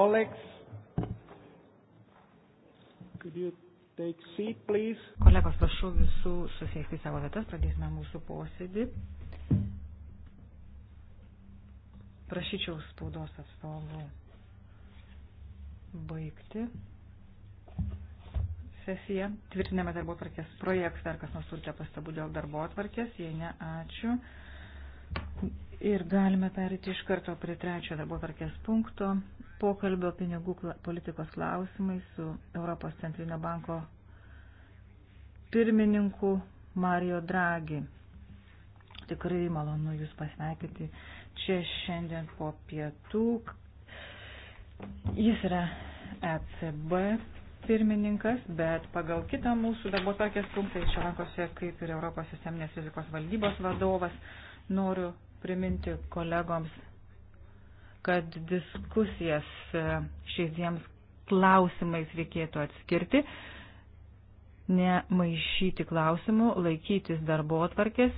Colleagues, could you take seat, please? Kolegos, prašau visų susėsti savo vietas, pradėsime mūsų posėdį. Prašyčiau spaudos atstovų baigti sesiją. Tvirtiname darbo tvarkės projektą, ar kas nors turite pastabų dėl darbo tvarkės, jei ne, ačiū. Ir galime perėti iš karto prie trečio darbo tvarkės punkto pokalbio pinigų politikos klausimai su Europos centrinio banko pirmininku Mario Draghi. Tikrai malonu Jūs pasveikinti čia šiandien po pietų. Jis yra ECB pirmininkas, bet pagal kitą mūsų darbo tarkės punktą iš rankose, kaip ir Europos sisteminės rizikos valdybos vadovas, noriu priminti kolegoms kad diskusijas e, šiais dviems klausimais reikėtų atskirti, nemaišyti klausimų, laikytis darbo atvarkės.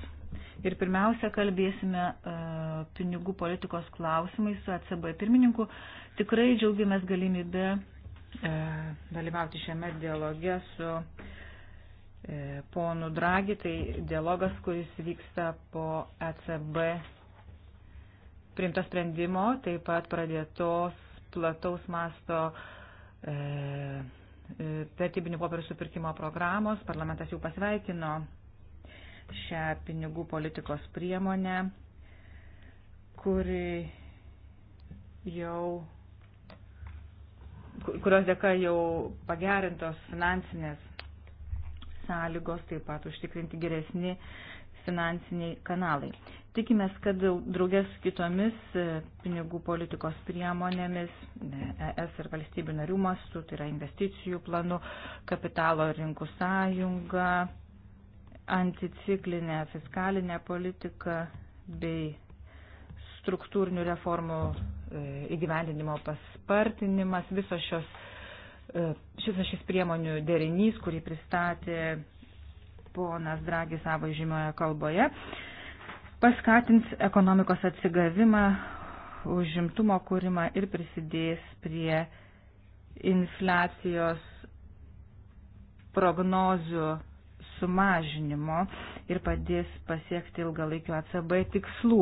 Ir pirmiausia, kalbėsime uh, pinigų politikos klausimais su ACB pirmininku. Tikrai džiaugiamės galimybę uh, dalyvauti šiame dialoge su uh, ponu Dragi, tai dialogas, kuris vyksta po ECB priimto sprendimo, taip pat pradėtos plataus masto e, e vertybinių popierų supirkimo programos. Parlamentas jau pasveikino šią pinigų politikos priemonę, kuri jau kurios dėka jau pagerintos finansinės sąlygos, taip pat užtikrinti geresni finansiniai kanalai. Tikimės, kad draugės kitomis e, pinigų politikos priemonėmis, ES e ir valstybių narių mastu, tai yra investicijų planų, kapitalo rinkų sąjunga, anticiklinė fiskalinė politika bei struktūrinių reformų e, įgyvendinimo paspartinimas, visos šios šis, šis priemonių derinys, kurį pristatė ponas Dragi savo žymioje kalboje, paskatins ekonomikos atsigavimą, užimtumo kūrimą ir prisidės prie infliacijos prognozių sumažinimo ir padės pasiekti ilgalaikio ACB tikslų.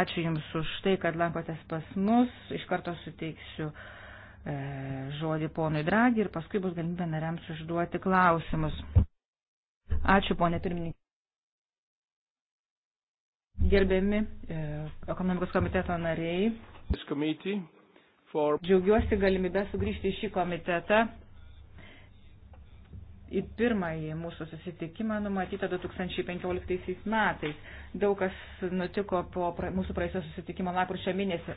Ačiū Jums už tai, kad lankotės pas mus. Iš karto suteiksiu e, žodį ponui Dragi ir paskui bus galimybė nariams užduoti klausimus. Ačiū, ponė pirmininkė. Gerbiami e, ekonomikos komiteto nariai. Džiaugiuosi galimybę sugrįžti į šį komitetą. Į pirmąjį mūsų susitikimą numatyta 2015 metais. Daug kas nutiko po mūsų praėjusio susitikimo lapkričio mėnesį.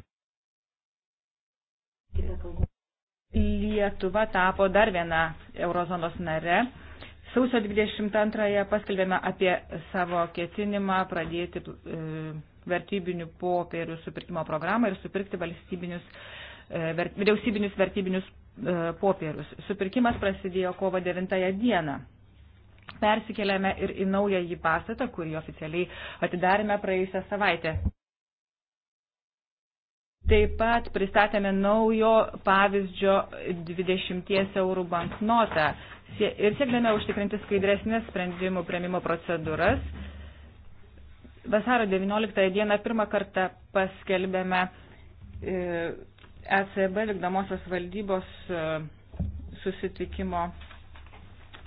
Lietuva tapo dar viena eurozonos nare Sausio 22-ąją paskelbėme apie savo ketinimą pradėti e, vertybinių popierių supirkimo programą ir supirkti valstybinius, e, ver, vyriausybinius vertybinius e, popierius. Supirkimas prasidėjo kovo 9-ąją dieną. Persikeliame ir į naująjį pastatą, kurį oficialiai atidarėme praėjusią savaitę. Taip pat pristatėme naujo pavyzdžio 20 eurų banknotą ir siekdame užtikrinti skaidresnės sprendimų prieimimo procedūras. Vasaro 19 dieną pirmą kartą paskelbėme ECB e vykdomosios valdybos e, susitikimo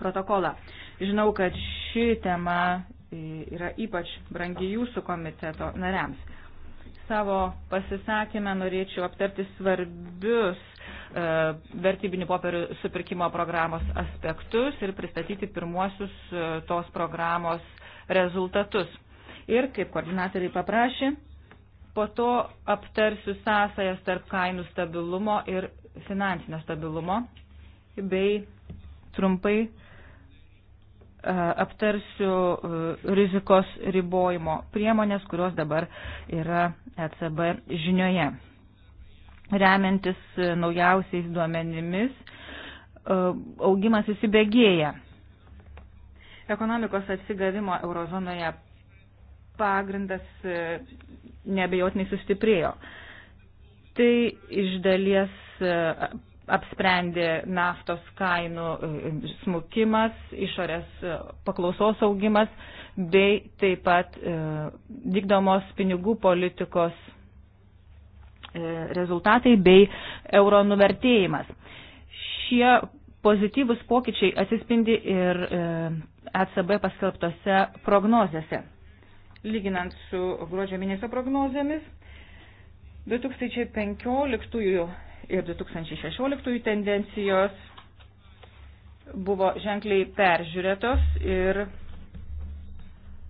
protokolą. Žinau, kad ši tema e, yra ypač brangi jūsų komiteto nariams. Savo pasisakymę norėčiau aptarti svarbius E, vertybinių popierių supirkimo programos aspektus ir pristatyti pirmuosius e, tos programos rezultatus. Ir kaip koordinatoriai paprašė, po to aptarsiu sąsajas tarp kainų stabilumo ir finansinio stabilumo, bei trumpai e, aptarsiu rizikos ribojimo priemonės, kurios dabar yra ECB žinioje remiantis e, naujausiais duomenimis, e, augimas įsibėgėja. Ekonomikos atsigavimo eurozonoje pagrindas e, nebejotinai sustiprėjo. Tai iš dalies apsprendė naftos kainų smukimas, išorės paklausos augimas bei taip pat vykdomos pinigų politikos E, rezultatai bei euro nuvertėjimas. Šie pozityvus pokyčiai atsispindi ir ECB e paskelbtose prognozėse. Lyginant su gruodžio mėnesio prognozėmis, 2015 ir 2016 tendencijos buvo ženkliai peržiūrėtos ir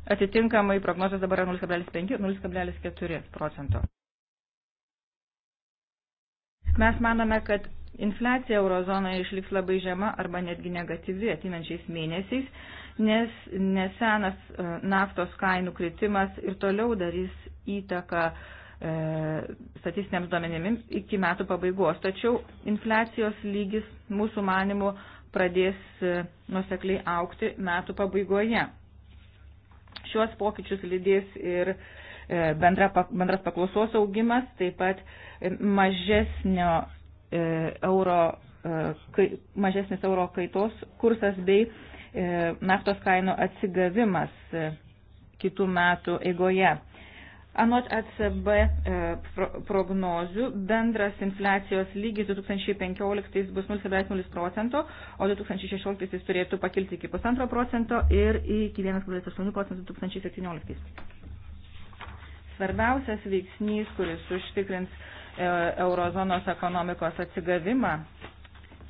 atitinkamai prognozijos dabar yra 0,5-0,4 procento. Mes manome, kad infliacija eurozonoje išliks labai žema arba netgi negatyvi atinančiais mėnesiais, nes nesenas e, naftos kainų kritimas ir toliau darys įtaką e, statistiniams duomenimis iki metų pabaigos. Tačiau infliacijos lygis mūsų manimų pradės e, nusekliai aukti metų pabaigoje. Šiuos pokyčius lydės ir e, E, bendra, bendras paklausos augimas, taip pat mažesnio e, euro, e, kai, mažesnis euro kaitos kursas bei naftos kainų atsigavimas kitų metų eigoje. Anot ECB prognozių, bendras infliacijos lygis 2015 bus 0,0 procento, o 2016 turėtų pakilti iki 1,5 procento ir iki 1,8 procento 2017. Svarbiausias veiksnys, kuris užtikrins e, eurozonos ekonomikos atsigavimą,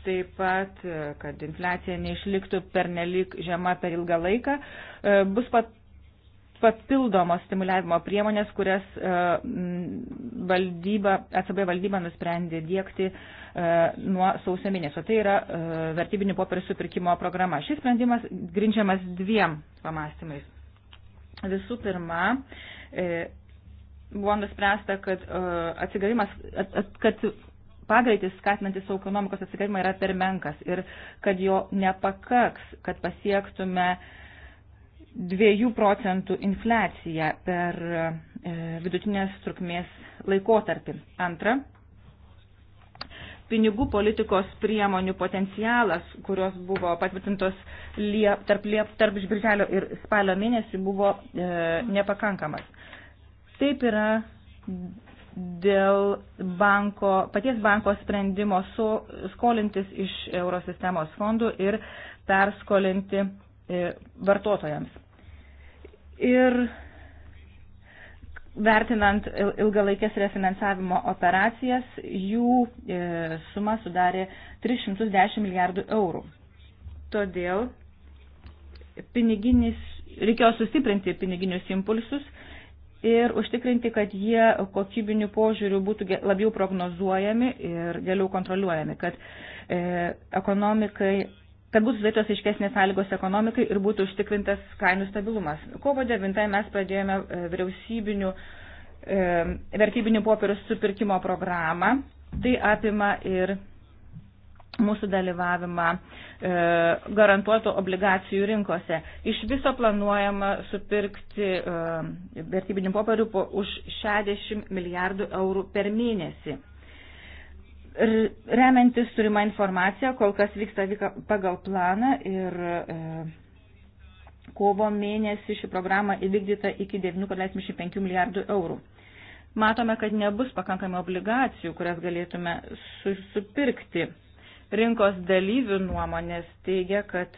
taip pat, e, kad infliacija neišliktų pernelyg žema per ilgą laiką, e, bus pat papildomos stimuliavimo priemonės, kurias valdyba, ECB valdyba nusprendė dėkti nuo sausio mėnesio. Tai yra vertybinių popierių supirkimo programa. Šis sprendimas grindžiamas dviem pamastymais. Visų pirma, buvo nuspręsta, kad e, atsigavimas, kad pagreitis skatinantis ekonomikos atsigavimą yra per menkas ir kad jo nepakaks, kad pasiektume 2 procentų infliaciją per e, vidutinės trukmės laikotarpį. Antra, pinigų politikos priemonių potencialas, kurios buvo patvirtintos liep, tarp, liep, tarp birželio ir spalio mėnesį, buvo e, nepakankamas. Taip yra dėl banko, paties banko sprendimo su, skolintis iš eurosistemos fondų ir perskolinti e, vartotojams. Ir vertinant ilgalaikės refinansavimo operacijas, jų e, suma sudarė 310 milijardų eurų. Todėl piniginis, reikėjo sustiprinti piniginius impulsus, e, ir užtikrinti, kad jie kokybinių požiūrių būtų labiau prognozuojami ir geriau kontroliuojami, kad e, ekonomikai kad būtų sudarytos aiškesnės sąlygos ekonomikai ir būtų užtikrintas kainų stabilumas. Kovo 9 mes pradėjome e, vyriausybinių e, vertybinių popierių supirkimo programą. Tai apima ir mūsų dalyvavimą e, garantuotų obligacijų rinkose. Iš viso planuojama supirkti e, vertybinių popierių po, už 60 milijardų eurų per mėnesį. Ir remiantis turimą informaciją, kol kas vyksta pagal planą ir e, kovo mėnesį ši programa įvykdyta iki 9,5 milijardų eurų matome, kad nebus pakankamai obligacijų, kurias galėtume susipirkti. Rinkos dalyvių nuomonės teigia, kad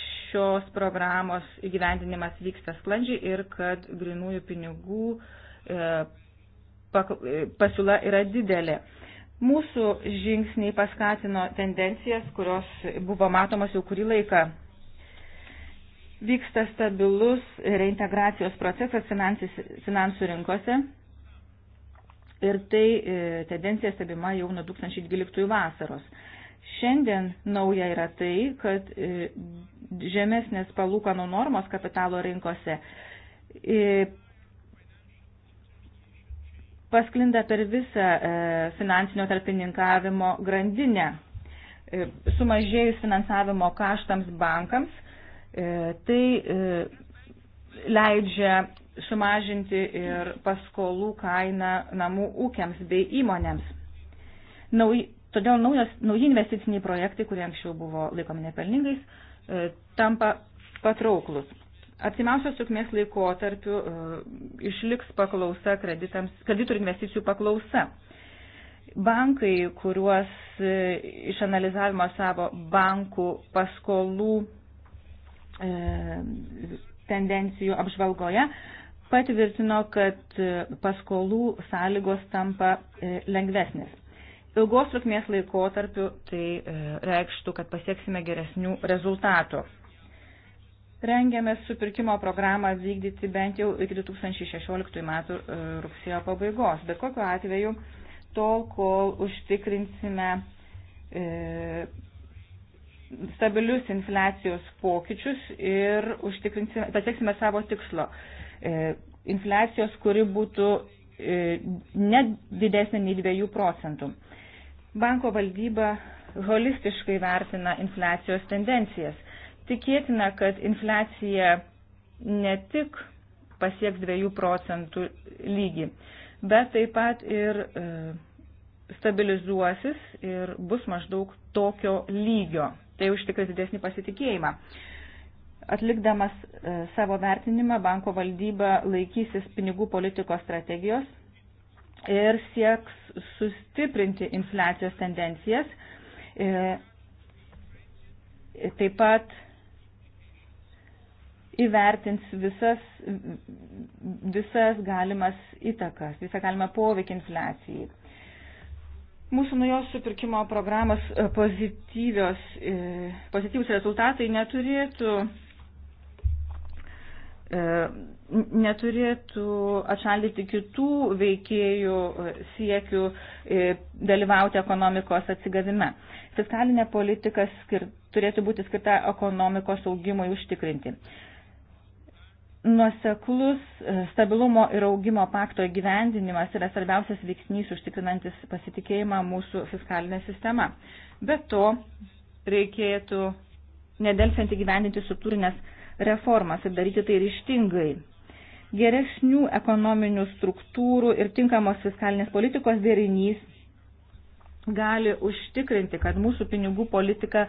šios programos įgyvendinimas vyksta sklandžiai ir kad grinųjų pinigų e, e, pasiūla yra didelė. Mūsų žingsniai paskatino tendencijas, kurios buvo matomas jau kurį laiką. Vyksta stabilus reintegracijos procesas finansų rinkose ir tai e, tendencija stebima jau nuo 2012 vasaros. Šiandien nauja yra tai, kad e, žemesnės palūkanų normos kapitalo rinkose e, pasklinda per visą finansinio tarpininkavimo grandinę. Sumažėjus finansavimo kaštams bankams, tai leidžia sumažinti ir paskolų kainą namų ūkiams bei įmonėms. Nauj, todėl naujos, nauji investiciniai projektai, kurie anksčiau buvo laikomi nepelningais, e, tampa patrauklus. Artimiausios sėkmės laikotarpiu e, išliks paklausa kreditams, kreditų ir investicijų paklausa. Bankai, kuriuos e, išanalizavimo savo bankų paskolų e, tendencijų apžvalgoje patvirtino, kad e, paskolų sąlygos tampa e, lengvesnės. Ilgos trukmės laikotarpiu tai e, reikštų, kad pasieksime geresnių rezultatų. Rengiamės supirkimo programą vykdyti bent jau iki 2016 metų rugsėjo pabaigos. Bet kokiu atveju, tol, kol užtikrinsime e, stabilius infliacijos pokyčius ir pasieksime savo tikslo E, infliacijos, kuri būtų e, net didesnė nei 2 procentų. Banko valdyba holistiškai vertina infliacijos tendencijas. Tikėtina, kad infliacija ne tik pasieks 2 procentų lygį, bet taip pat ir e, stabilizuosis ir bus maždaug tokio lygio. Tai užtikris didesnį pasitikėjimą. Atlikdamas e, savo vertinimą, banko valdyba laikysis pinigų politikos strategijos ir sieks sustiprinti infliacijos tendencijas. E, taip pat įvertins visas, visas galimas įtakas, visą galimą poveikį infliacijai. Mūsų naujos supirkimo programos pozityvios, e, pozityvus rezultatai neturėtų E, neturėtų atšaldyti kitų veikėjų siekių e, dalyvauti ekonomikos atsigavime. Fiskalinė politika skir, turėtų būti skirta ekonomikos augimui užtikrinti. Nuoseklus e, stabilumo ir augimo pakto įgyvendinimas yra svarbiausias veiksnys užtikrinantis pasitikėjimą mūsų fiskalinė sistema. Be to, reikėtų nedelsiant įgyvendinti struktūrinės reformas ir daryti tai ryštingai. Geresnių ekonominių struktūrų ir tinkamos fiskalinės politikos derinys gali užtikrinti, kad mūsų pinigų politika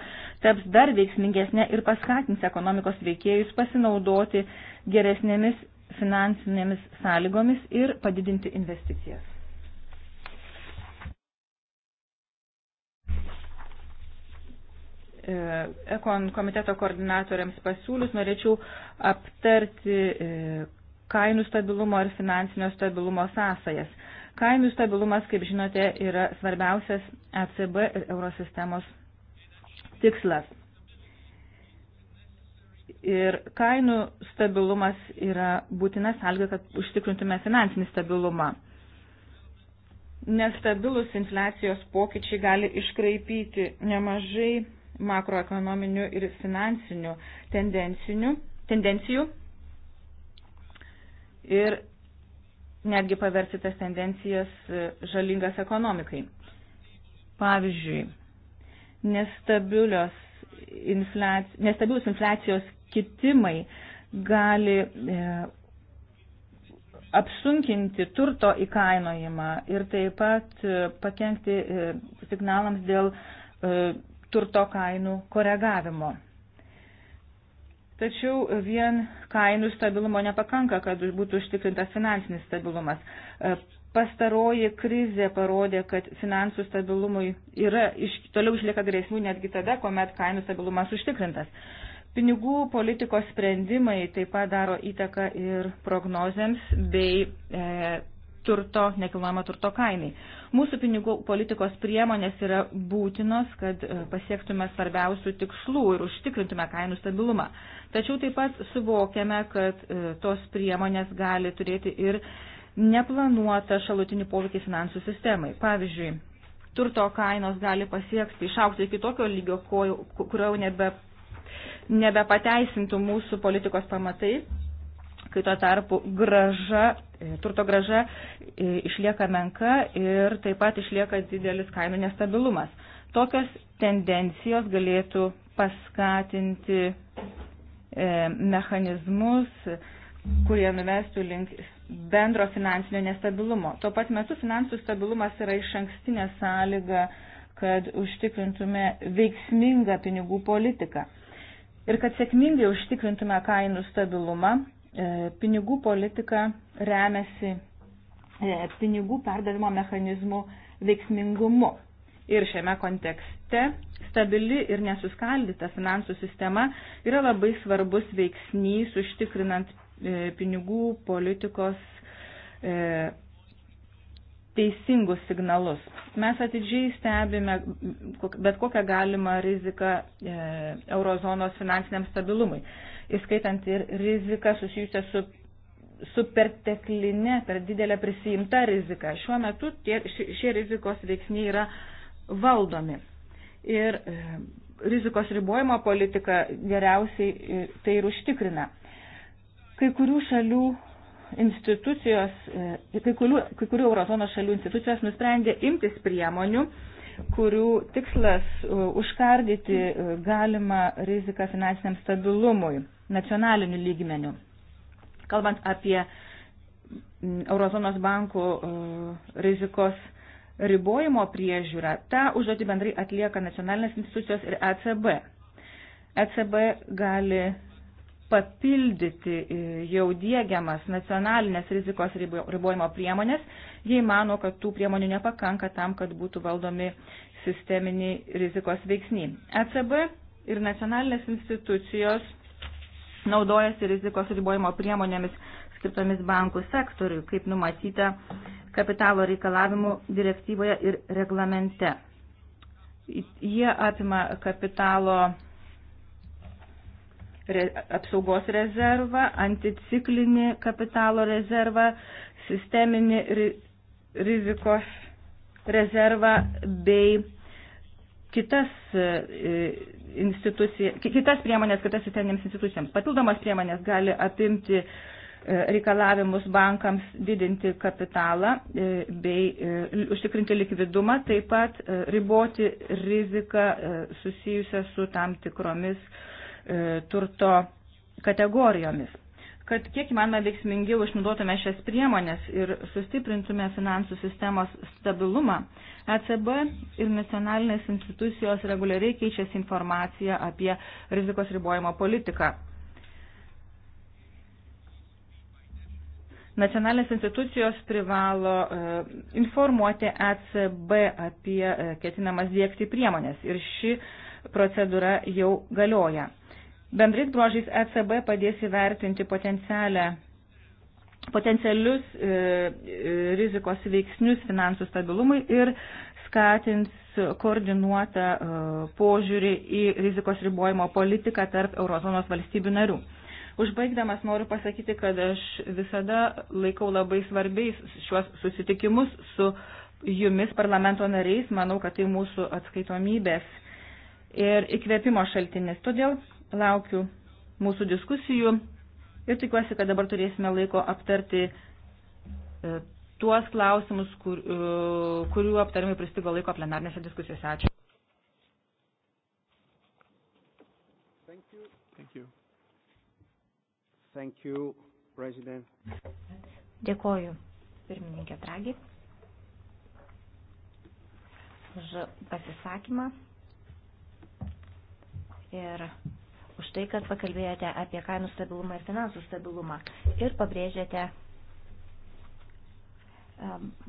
taps dar veiksmingesnė ir paskatins ekonomikos veikėjus pasinaudoti geresnėmis finansinėmis sąlygomis ir padidinti investicijas. E, ekon komiteto koordinatoriams pasiūlius, norėčiau aptarti e, kainų stabilumo ir finansinio stabilumo sąsajas. Kainų stabilumas, kaip žinote, yra svarbiausias ECB ir eurosistemos tikslas. Ir kainų stabilumas yra būtina sąlyga, kad užtikrintume finansinį stabilumą. Nestabilus infliacijos pokyčiai gali iškraipyti nemažai makroekonominių ir finansinių tendencijų ir netgi paversti tas tendencijas e, žalingas ekonomikai. Pavyzdžiui, nestabilios infliac... nestabilius infliacijos kitimai gali e, apsunkinti turto įkainojimą ir taip pat e, pakengti e, signalams dėl e, turto kainų koregavimo. Tačiau vien kainų stabilumo nepakanka, kad būtų užtikrintas finansinis stabilumas. E, pastaroji krizė parodė, kad finansų stabilumui yra, iš, toliau išlieka grėsmių netgi tada, kuomet kainų stabilumas užtikrintas. Pinigų politikos sprendimai taip pat daro įtaką ir prognozėms bei e, turto, nekilnojamo turto kainai. Mūsų pinigų politikos priemonės yra būtinos, kad e, pasiektume svarbiausių tikslų ir užtikrintume kainų stabilumą. Tačiau taip pat suvokiame, kad e, tos priemonės gali turėti ir neplanuotą šalutinį poveikį finansų sistemai. Pavyzdžiui, turto kainos gali pasiekti, išaukti iki tokio lygio, kurio nebe, nebepateisintų mūsų politikos pamatai kai tuo tarpu graža, e, turto graža e, išlieka menka ir taip pat išlieka didelis kainų nestabilumas. Tokios tendencijos galėtų paskatinti e, mechanizmus, kurie nuvestų link bendro finansinio nestabilumo. Tuo pat metu finansų stabilumas yra iš ankstinė sąlyga, kad užtikrintume veiksmingą pinigų politiką. Ir kad sėkmingai užtikrintume kainų stabilumą, E, pinigų politika remiasi e, pinigų perdavimo mechanizmų veiksmingumu. Ir šiame kontekste stabili ir nesuskaldyta finansų sistema yra labai svarbus veiksnys užtikrinant e, pinigų politikos teisingus signalus. Mes atidžiai stebime bet kokią galimą riziką eurozonos finansiniam stabilumui įskaitant ir riziką susijusią su, su perteklinė, per didelė prisijimta rizika. Šiuo metu tie, šie rizikos veiksniai yra valdomi. Ir e, rizikos ribojimo politika geriausiai e, tai ir užtikrina. Kai kurių šalių institucijos, e, kai kurių, kai kurių eurozonos šalių institucijos nusprendė imtis priemonių, kurių tikslas e, užkardyti e, galimą riziką finansiniam stabilumui nacionaliniu lygmeniu. Kalbant apie Eurozonos bankų e, rizikos ribojimo priežiūrą, tą užduotį bendrai atlieka nacionalinės institucijos ir ECB. ECB gali papildyti jau dėgiamas nacionalinės rizikos ribojimo priemonės jei mano, kad tų priemonių nepakanka tam, kad būtų valdomi sisteminiai rizikos veiksniai. ECB ir nacionalinės institucijos naudojasi rizikos ribojimo priemonėmis skirtomis bankų sektoriui, kaip numatyta kapitalo reikalavimų direktyvoje ir reglamente. Jie apima kapitalo re, apsaugos rezervą, anticiklinį kapitalo rezervą, sisteminį rizikos rezervą bei kitas e, institucijas, kitas priemonės, kitas socialinėms institucijams. Papildomas priemonės gali apimti e, reikalavimus bankams didinti kapitalą e, bei užtikrinti likvidumą, taip pat riboti riziką susijusią su tam tikromis turto kategorijomis kad kiek įmanoma veiksmingiau išnaudotume šias priemonės ir sustiprintume finansų sistemos stabilumą, ECB ir nacionalinės institucijos reguliariai keičiasi informaciją apie rizikos ribojimo politiką. Nacionalinės institucijos privalo e, informuoti ECB apie e, ketinamas dėkti priemonės ir ši procedūra jau galioja. Bendrais bruožais ECB padės įvertinti potencialius e, e, rizikos veiksnius finansų stabilumui ir skatins koordinuotą e, požiūrį į rizikos ribojimo politiką tarp eurozonos valstybių narių. Užbaigdamas noriu pasakyti, kad aš visada laikau labai svarbiais šiuos susitikimus su jumis parlamento nariais. Manau, kad tai mūsų atskaitomybės ir įkvėpimo šaltinis. Todėl laukiu mūsų diskusijų ir tikiuosi, kad dabar turėsime laiko aptarti e, tuos klausimus, kur, e, kurių aptarimai pristigo laiko plenarnėse diskusijose. Ačiū. Thank you. Thank you. Thank you, President. Dėkoju, pirmininkė Dragi, už pasisakymą ir tai, kad pakalbėjote apie kainų stabilumą ir finansų stabilumą ir pabrėžėte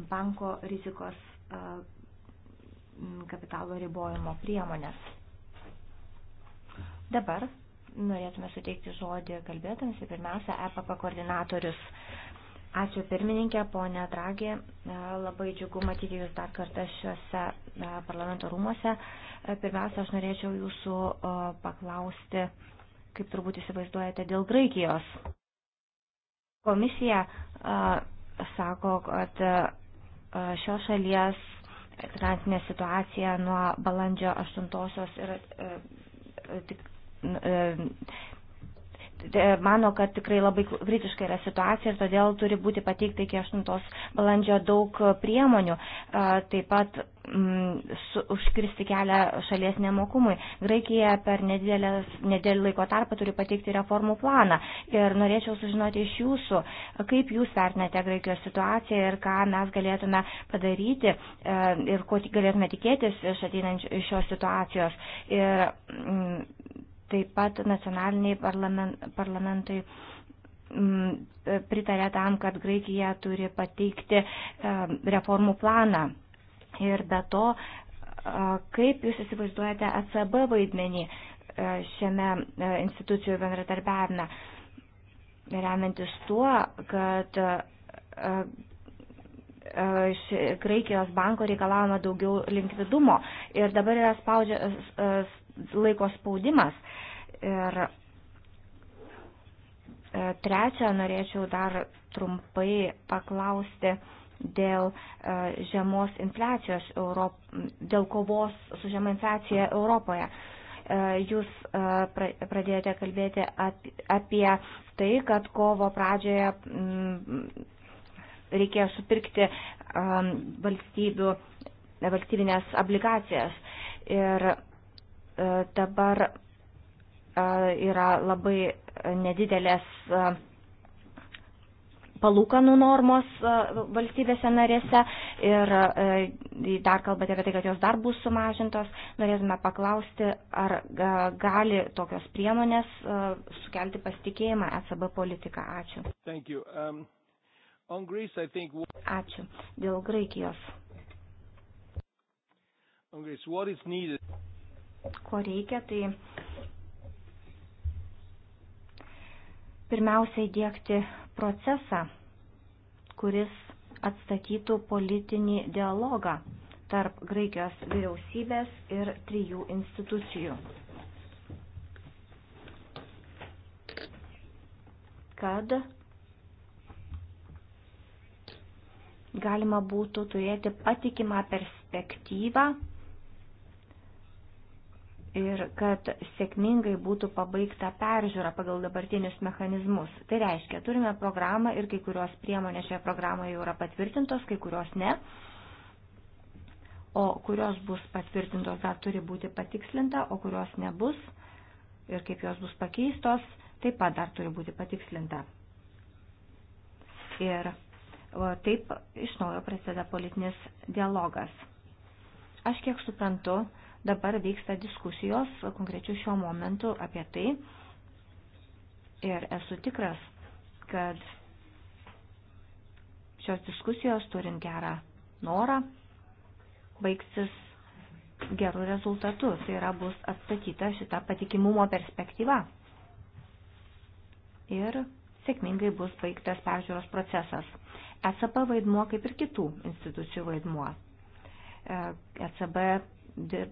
banko rizikos kapitalo ribojimo priemonės. Dabar norėtume suteikti žodį kalbėtams ir pirmiausia EPP koordinatorius. Ačiū pirmininkė, ponė Dragė, e, labai džiugu matyti Jūs dar kartą šiuose e, parlamento rūmose. E, pirmiausia, aš norėčiau Jūsų paklausti kaip turbūt įsivaizduojate, dėl Graikijos. Komisija a, sako, kad a, šios šalies finansinė situacija nuo balandžio 8 ir a, tik E, mano, kad tikrai labai kritiškai yra situacija ir todėl turi būti pateikta iki 8 balandžio daug priemonių, taip pat m, mm, su, užkirsti kelią šalies nemokumui. Graikija per nedėlį laiko tarpą turi pateikti reformų planą ir norėčiau sužinoti iš jūsų, kaip jūs vertinate Graikijos situaciją ir ką mes galėtume padaryti e, ir ko galėtume tikėtis iš ateinančios šios situacijos. Ir, m, mm, Taip pat nacionaliniai parlamentai mm, pritarė tam, kad Graikija turi pateikti e, reformų planą. Ir be to, e, kaip jūs įsivaizduojate ECB vaidmenį e, šiame institucijų bendradarbiavime, remiantis tuo, kad iš Graikijos banko reikalavome daugiau likvidumo ir dabar yra spaudžia, laiko spaudimas. Ir e, trečia, norėčiau dar trumpai paklausti dėl e, žemos infliacijos, Europ... dėl kovos su žema infliacija Europoje e, jūs pradėjote kalbėti apie tai, kad kovo pradžioje mm, reikėjo supirkti valstybių, valstybinės obligacijas. Ir E, dabar e, yra labai nedidelės e, palūkanų normos valstybėse narėse ir dar kalbate apie tai, kad jos dar bus sumažintos. Norėtume paklausti, ar gali tokios priemonės sukelti pasitikėjimą ECB politiką. Ačiū. Um, Greece, think... Ačiū. Dėl Graikijos. Greece, ko reikia, tai pirmiausia įdėkti procesą, kuris atstatytų politinį dialogą tarp Graikijos vyriausybės ir trijų institucijų. Kad galima būtų turėti patikimą perspektyvą ir kad sėkmingai būtų pabaigta peržiūra pagal dabartinius mechanizmus. Tai reiškia, turime programą ir kai kurios priemonės šioje programoje jau yra patvirtintos, kai kurios ne. O kurios bus patvirtintos dar turi būti patikslinta, o kurios nebus ir kaip jos bus pakeistos, taip pat dar turi būti patikslinta. Ir taip iš naujo prasideda politinis dialogas. Aš kiek suprantu, Dabar vyksta diskusijos konkrečių šiuo momentu apie tai ir esu tikras, kad šios diskusijos turint gerą norą baigsis gerų rezultatų, tai yra bus atstatyta šita patikimumo perspektyva. Ir sėkmingai bus baigtas peržiūros procesas. ECB vaidmuo kaip ir kitų institucijų vaidmuo. ECB e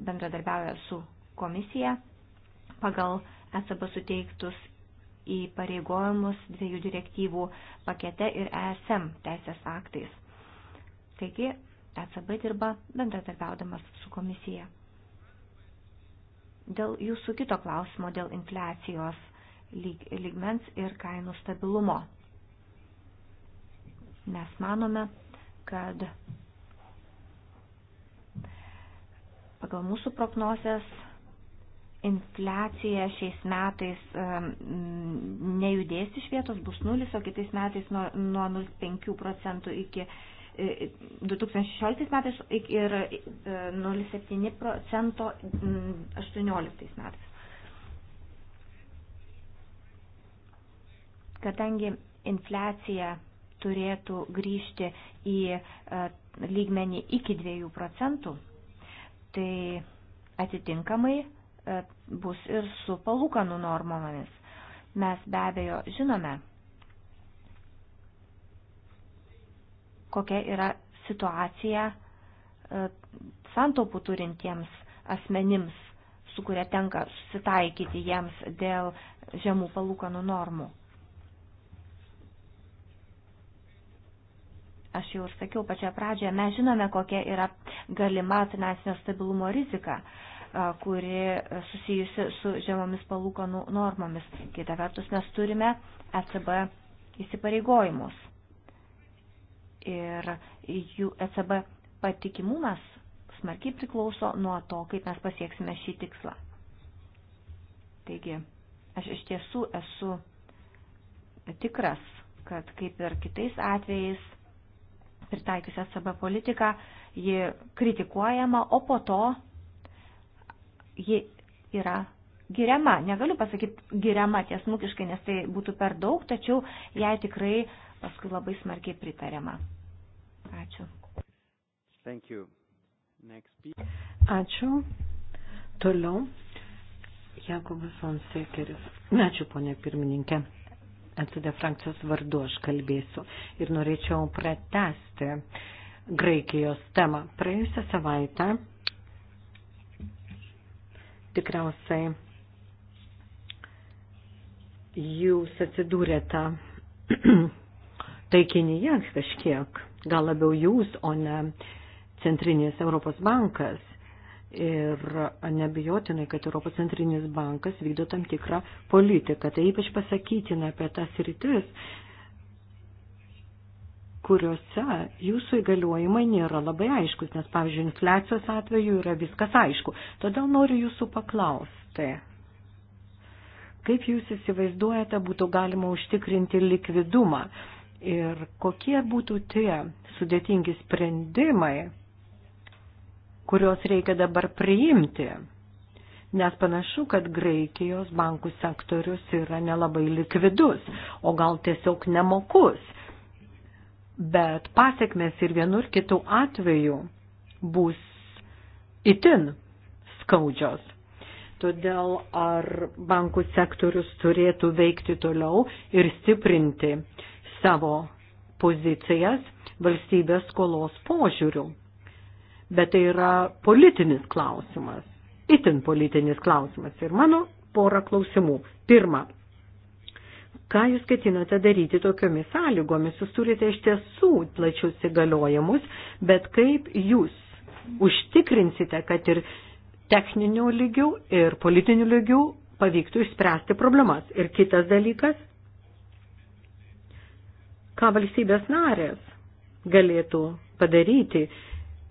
bendradarbiauja su komisija pagal ECB suteiktus įpareigojimus dviejų direktyvų pakete ir ESM teisės aktais. Taigi, ECB dirba bendradarbiaudamas su komisija. Dėl jūsų kito klausimo dėl infliacijos lyg, lygmens ir kainų stabilumo. Mes manome, kad Pagal mūsų prognozes infliacija šiais metais nejudės iš vietos, bus nulis, o kitais metais nuo, nuo 0,5 procentų iki 2016 e, e, metais ir 0,7 e, procento 2018 metais. Kadangi infliacija turėtų grįžti į lygmenį iki 2 procentų, tai atitinkamai e, bus ir su palūkanų normomis. Mes be abejo žinome, kokia yra situacija e, santaupų turintiems asmenims, su kuria tenka susitaikyti jiems dėl žemų palūkanų normų. Aš jau ir sakiau pačią pradžią, mes žinome, kokia yra galima finansinio stabilumo rizika kuri susijusi su žemomis palūkanų normomis. Kita vertus, mes turime ECB įsipareigojimus. Ir jų ECB patikimumas smarkiai priklauso nuo to, kaip mes pasieksime šį tikslą. Taigi, aš iš tiesų esu tikras, kad kaip ir kitais atvejais pritaikiusi ECB politiką, ji kritikuojama, o po to ji yra giriama. Negaliu pasakyti giriama tiesmukiškai, nes tai būtų per daug, tačiau jai tikrai paskui labai smarkiai pritariama. Ačiū. Thank you. Next Ačiū. Toliau. Jakubas Fonsekeris. Ačiū, ponė pirmininkė. ECD frakcijos vardu aš kalbėsiu ir norėčiau pratesti Graikijos temą. Praėjusią savaitę tikriausiai jūs atsidūrėte taikinyje kažkiek, gal labiau jūs, o ne Centrinės Europos bankas Ir nebijotinai, kad Europos centrinis bankas vykdo tam tikrą politiką. Tai ypač pasakytina apie tas rytis, kuriuose jūsų įgaliojimai nėra labai aiškus, nes, pavyzdžiui, infliacijos atveju yra viskas aišku. Todėl noriu jūsų paklausti, kaip jūs įsivaizduojate būtų galima užtikrinti likvidumą ir kokie būtų tie sudėtingi sprendimai, kuriuos reikia dabar priimti, nes panašu, kad Graikijos bankų sektorius yra nelabai likvidus, o gal tiesiog nemokus. Bet pasiekmes ir vienur kitų atveju bus itin skaudžios. Todėl ar bankų sektorius turėtų veikti toliau ir stiprinti savo pozicijas valstybės skolos požiūrių bet tai yra politinis klausimas, itin politinis klausimas. Ir mano pora klausimų. Pirma, ką jūs ketinate daryti tokiomis sąlygomis? Jūs turite iš tiesų plačius įgaliojimus, bet kaip jūs užtikrinsite, kad ir techninių lygių ir politinių lygių pavyktų išspręsti problemas. Ir kitas dalykas, ką valstybės narės galėtų padaryti,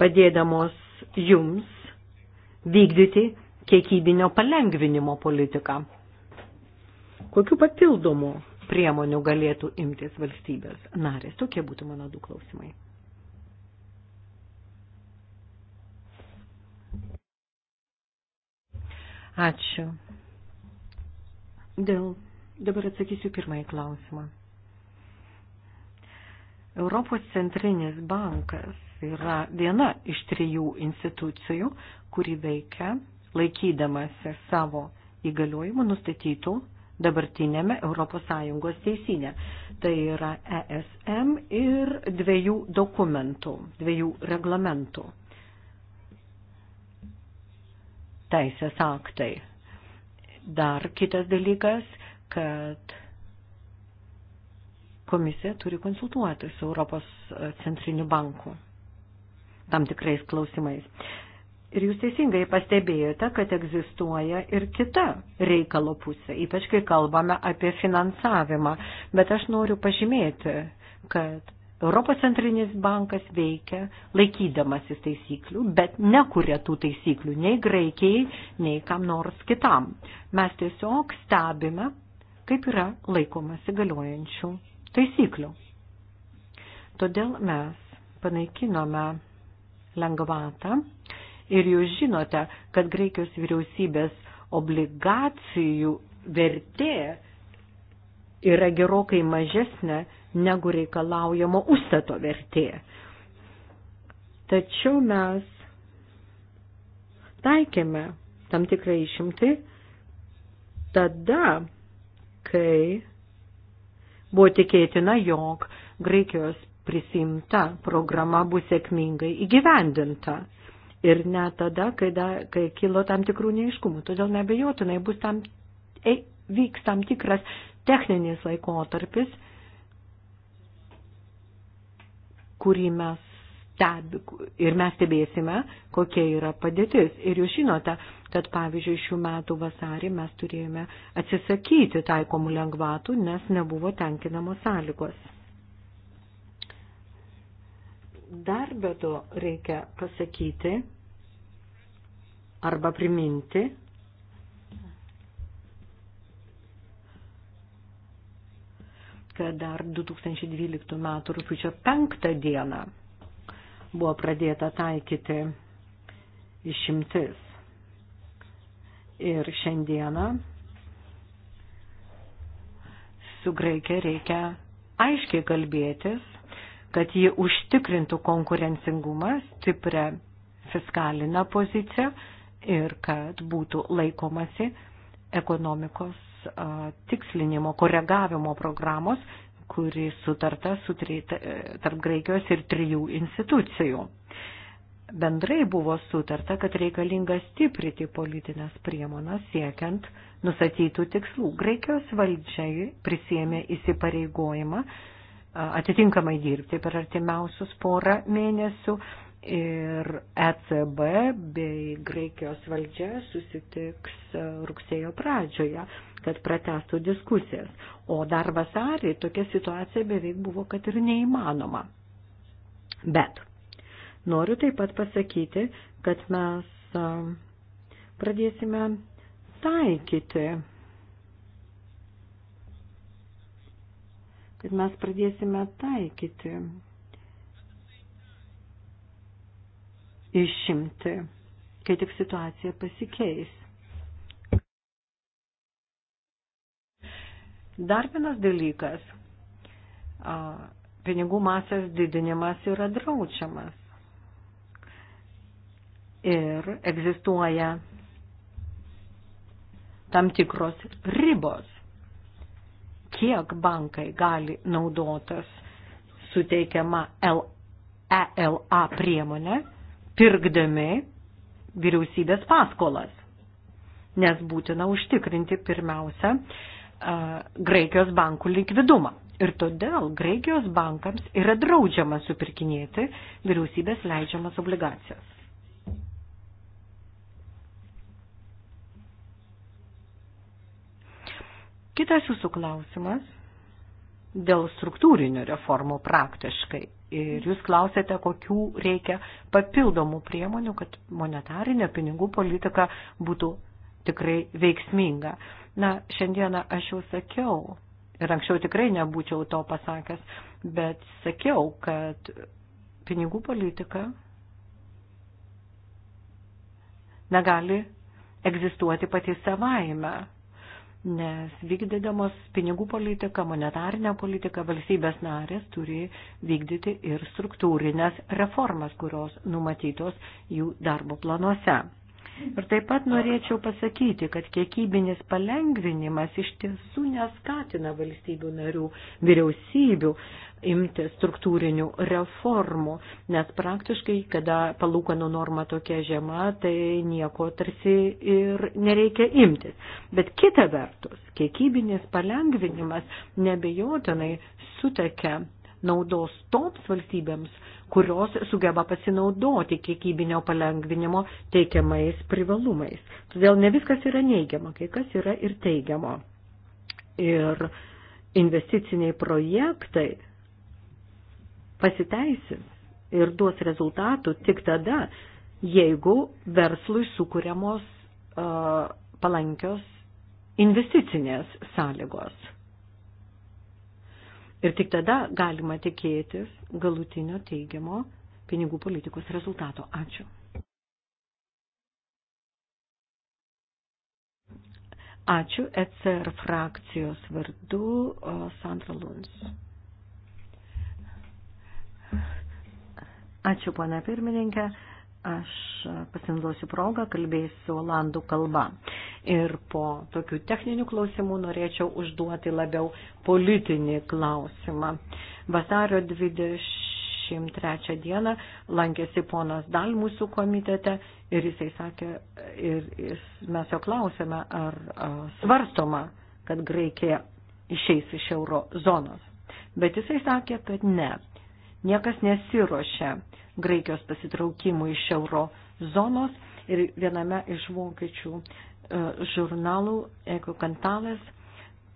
padėdamos jums vykdyti kiekybinio palengvinimo politiką. Kokiu papildomu priemonių galėtų imtis valstybės narės? Tokie būtų mano du klausimai. Ačiū. Dėl, dabar atsakysiu pirmąjį klausimą. Europos centrinis bankas yra viena iš trijų institucijų, kuri veikia laikydamasi savo įgaliojimų nustatytų dabartinėme ES teisinė. Tai yra ESM ir dviejų dokumentų, dviejų reglamentų teisės aktai. Dar kitas dalykas, kad komisija turi konsultuoti su Europos centriniu banku tam tikrais klausimais. Ir jūs teisingai pastebėjote, kad egzistuoja ir kita reikalo pusė, ypač kai kalbame apie finansavimą. Bet aš noriu pažymėti, kad Europos centrinis bankas veikia laikydamasis taisyklių, bet nekuria tų taisyklių nei Graikijai, nei kam nors kitam. Mes tiesiog stebime, kaip yra laikomasi galiojančių taisyklių. Todėl mes panaikinome lengvatą. Ir jūs žinote, kad Graikijos vyriausybės obligacijų vertė yra gerokai mažesnė negu reikalaujamo užstato vertė. Tačiau mes taikėme tam tikrai išimti tada, kai buvo tikėtina, jog Graikijos prisimta programa bus sėkmingai įgyvendinta. Ir net tada, kai, da, kai kilo tam tikrų neiškumų. Todėl nebejotinai bus tam, e, vyks tam tikras techninis laikotarpis, kurį mes stebi, ir mes stebėsime, kokia yra padėtis. Ir jūs žinote, kad pavyzdžiui šių metų vasarį mes turėjome atsisakyti taikomų lengvatų, nes nebuvo tenkinamos sąlygos. Dar be to reikia pasakyti arba priminti, kad dar 2012 m. rūpiučio 5 dieną buvo pradėta taikyti išimtis. Ir šiandieną su Graikija reikia aiškiai kalbėtis kad ji užtikrintų konkurencingumą, stiprią fiskalinę poziciją ir kad būtų laikomasi ekonomikos tikslinimo, koregavimo programos, kuri sutarta su tri, e, tarp Graikijos ir trijų institucijų. Bendrai buvo sutarta, kad reikalinga stiprinti politinės priemonas siekiant nusatytų tikslų. Graikijos valdžiai prisėmė įsipareigojimą atitinkamai dirbti per artimiausius porą mėnesių ir ECB bei Graikijos valdžia susitiks rugsėjo pradžioje, kad pratestų diskusijas. O dar vasarį tokia situacija beveik buvo, kad ir neįmanoma. Bet noriu taip pat pasakyti, kad mes pradėsime taikyti kad mes pradėsime taikyti išimti, kai tik situacija pasikeis. Dar vienas dalykas - pinigų masės didinimas yra draudžiamas. Ir egzistuoja tam tikros ribos kiek bankai gali naudotas suteikiama ELA priemonė, pirkdami vyriausybės paskolas. Nes būtina užtikrinti pirmiausia Graikijos bankų likvidumą. Ir todėl Graikijos bankams yra draudžiama supirkinėti vyriausybės leidžiamas obligacijas. Kitas jūsų klausimas dėl struktūrinių reformų praktiškai. Ir jūs klausėte, kokių reikia papildomų priemonių, kad monetarinė pinigų politika būtų tikrai veiksminga. Na, šiandieną aš jau sakiau, ir anksčiau tikrai nebūčiau to pasakęs, bet sakiau, kad pinigų politika negali egzistuoti pati savaime nes vykdydamos pinigų politiką, monetarinę politiką valstybės narės turi vykdyti ir struktūrinės reformas, kurios numatytos jų darbo planuose. Ir taip pat norėčiau pasakyti, kad kiekybinis palengvinimas iš tiesų neskatina valstybių narių vyriausybių imti struktūrinių reformų, nes praktiškai, kada palūkanų norma tokia žema, tai nieko tarsi ir nereikia imtis. Bet kita vertus, kiekybinis palengvinimas nebejotinai sutekia naudos toms valstybėms, kurios sugeba pasinaudoti kiekybinio palengvinimo teikiamais privalumais. Todėl ne viskas yra neigiama, kai kas yra ir teigiamo. Ir investiciniai projektai pasiteisins ir duos rezultatų tik tada, jeigu verslui sukūriamos uh, palankios investicinės sąlygos. Ir tik tada galima tikėtis galutinio teigiamo pinigų politikos rezultato. Ačiū. Ačiū ECR frakcijos vardu Sandra Luns. Ačiū, pana pirmininkė aš pasinaudosiu progą, kalbėsiu olandų kalba. Ir po tokių techninių klausimų norėčiau užduoti labiau politinį klausimą. Vasario 23 dieną lankėsi ponas Dal mūsų komitete ir jisai sakė, ir jis, mes jo klausėme, ar a, svarstoma, kad Graikija išeis iš euro zonos. Bet jisai sakė, kad ne, niekas nesiuošia Graikijos pasitraukimų iš euro zonos ir viename iš vokiečių e, žurnalų Eko Kantalas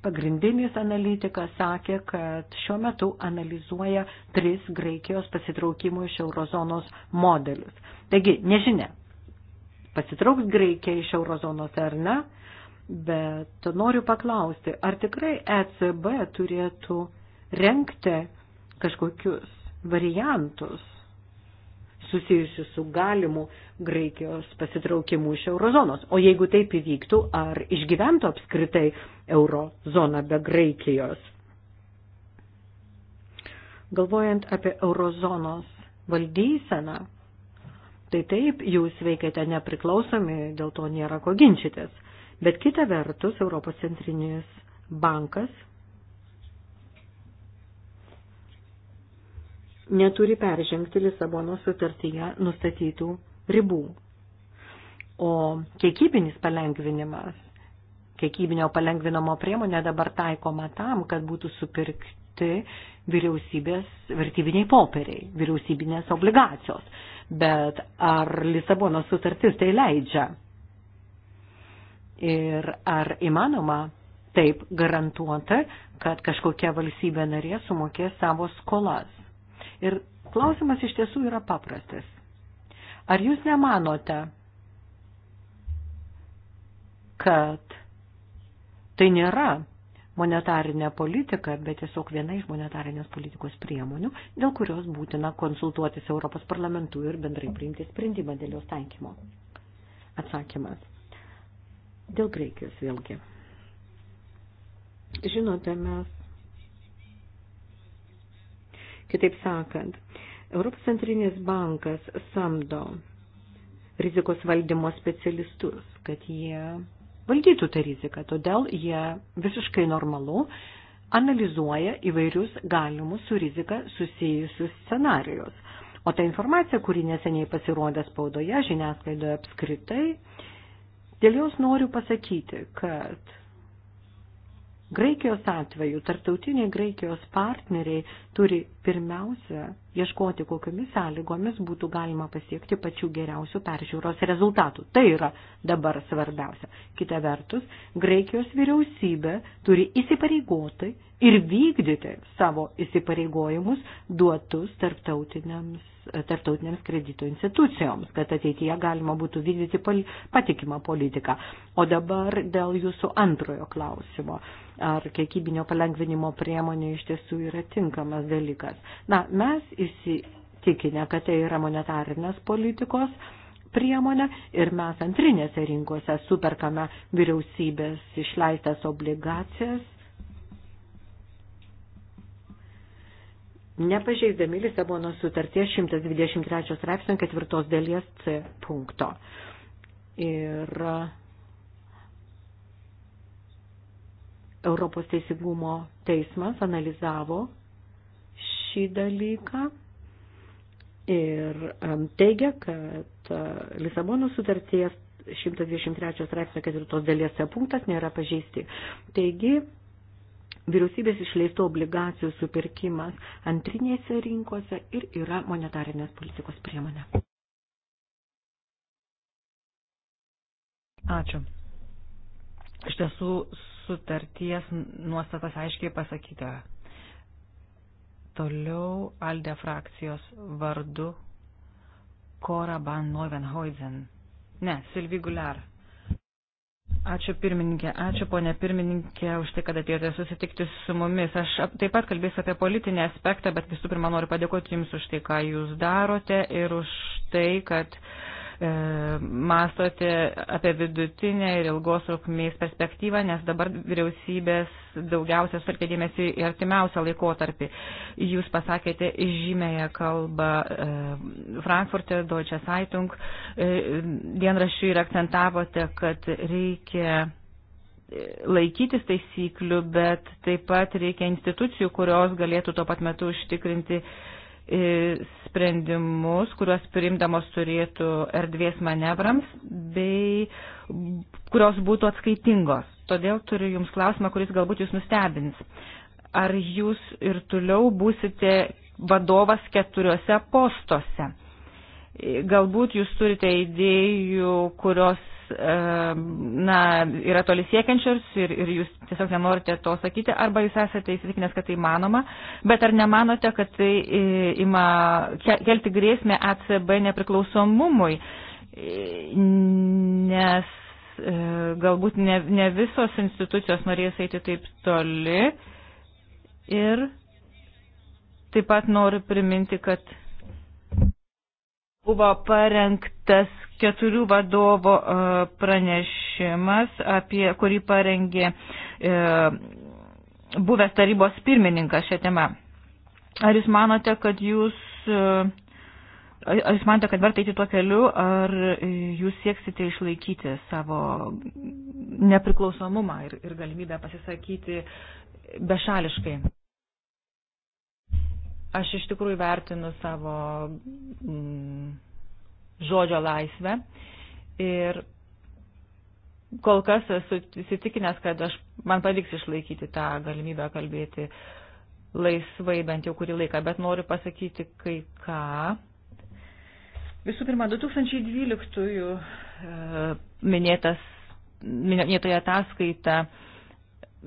pagrindinis analitikas sakė, kad šiuo metu analizuoja tris Graikijos pasitraukimų iš eurozonos modelius. Taigi, nežinia, pasitrauks Graikija iš eurozonos ar ne, bet noriu paklausti, ar tikrai ECB turėtų renkti kažkokius variantus susijusių su galimu Graikijos pasitraukimu iš eurozonos. O jeigu taip įvyktų, ar išgyventų apskritai eurozona be Graikijos? Galvojant apie eurozonos valdyseną, tai taip, jūs veikiate nepriklausomi, dėl to nėra ko ginčytis. Bet kita vertus, Europos centrinis bankas neturi peržengti Lisabono sutartyje nustatytų ribų. O kiekybinis palengvinimas, kiekybinio palengvinamo priemonė dabar taikoma tam, kad būtų supirkti vyriausybės vertybiniai popieriai, vyriausybinės obligacijos. Bet ar Lisabono sutartis tai leidžia? Ir ar įmanoma taip garantuoti, kad kažkokia valstybė narė sumokės savo skolas? Ir klausimas iš tiesų yra paprastas. Ar jūs nemanote, kad tai nėra monetarinė politika, bet tiesiog viena iš monetarinės politikos priemonių, dėl kurios būtina konsultuotis Europos parlamentu ir bendrai priimti sprendimą dėl jos taikymo. Atsakymas. Dėl Graikijos vėlgi. Žinote, mes Kitaip sakant, Europos centrinis bankas samdo rizikos valdymo specialistus, kad jie valdytų tą riziką. Todėl jie visiškai normalu analizuoja įvairius galimus su rizika susijusius scenarius. O ta informacija, kuri neseniai pasirodė spaudoje, žiniasklaidoje apskritai, dėl jos noriu pasakyti, kad Graikijos atveju tarptautiniai Graikijos partneriai turi pirmiausia ieškoti, kokiamis sąlygomis būtų galima pasiekti pačių geriausių peržiūros rezultatų. Tai yra dabar svarbiausia. Kita vertus, Graikijos vyriausybė turi įsipareigoti ir vykdyti savo įsipareigojimus duotus tarptautiniams tarptautinėms kredito institucijoms, kad ateityje galima būtų vykdyti patikimą politiką. O dabar dėl jūsų antrojo klausimo, ar kiekybinio palengvinimo priemonė iš tiesų yra tinkamas dalykas. Na, mes įsitikinę, kad tai yra monetarinės politikos priemonę ir mes antrinėse rinkose superkame vyriausybės išleistas obligacijas nepažeisdami Lisabono sutarties 123 straipsnio ketvirtos dalies C punkto. Ir Europos teisingumo teismas analizavo šį dalyką ir teigia, kad e, Lisabono sutarties 123 straipsnio ketvirtos dalies C punktas nėra pažeisti. Taigi, vyriausybės išleistų obligacijų supirkimas antrinėse rinkose ir yra monetarinės politikos priemonė. Ačiū. Iš tiesų sutarties nuostatas aiškiai pasakyta. Toliau Alde frakcijos vardu Kora Ban Neuvenhuizen. Ne, Silvi Gular. Ačiū pirmininkė, ačiū ponė pirmininkė už tai, kad atėjote susitikti su mumis. Aš taip pat kalbėsiu apie politinį aspektą, bet visų pirma noriu padėkoti Jums už tai, ką Jūs darote ir už tai, kad uh, E, mastote apie vidutinę ir ilgos trukmės perspektyvą, nes dabar vyriausybės daugiausia sarkia dėmesį į artimiausią laikotarpį. Jūs pasakėte žymėje kalbą e, Frankfurte, Deutsche Zeitung, e, dienraščių ir akcentavote, kad reikia laikytis taisyklių, bet taip pat reikia institucijų, kurios galėtų tuo pat metu užtikrinti uh, sprendimus, kuriuos priimdamos turėtų erdvės manevrams, bei kurios būtų atskaitingos. Todėl turiu Jums klausimą, kuris galbūt Jūs nustebins. Ar Jūs ir toliau būsite vadovas keturiuose postuose? Galbūt Jūs turite idėjų, kurios na, yra toli siekiančios ir, ir jūs tiesiog nenorite to sakyti, arba jūs esate įsitikinęs, kad tai manoma, bet ar nemanote, kad tai e, ima kelti grėsmę ECB nepriklausomumui, e, nes e, galbūt ne, ne visos institucijos norės eiti taip toli ir taip pat noriu priminti, kad Buvo parengtas keturių vadovo e, pranešimas, apie kurį parengė e, buvęs tarybos pirmininkas šią temą. Ar jūs manote, kad jūs, e, ar jūs manote, kad verta eiti tuo keliu, ar jūs sieksite išlaikyti savo nepriklausomumą ir, ir galimybę pasisakyti bešališkai? Aš iš tikrųjų vertinu savo mm, žodžio laisvę ir kol kas esu įsitikinęs, kad aš, man pavyks išlaikyti tą galimybę kalbėti laisvai bent jau kurį laiką, bet noriu pasakyti kai ką. Visų pirma, 2012 e, minėtas, minėtoje ataskaita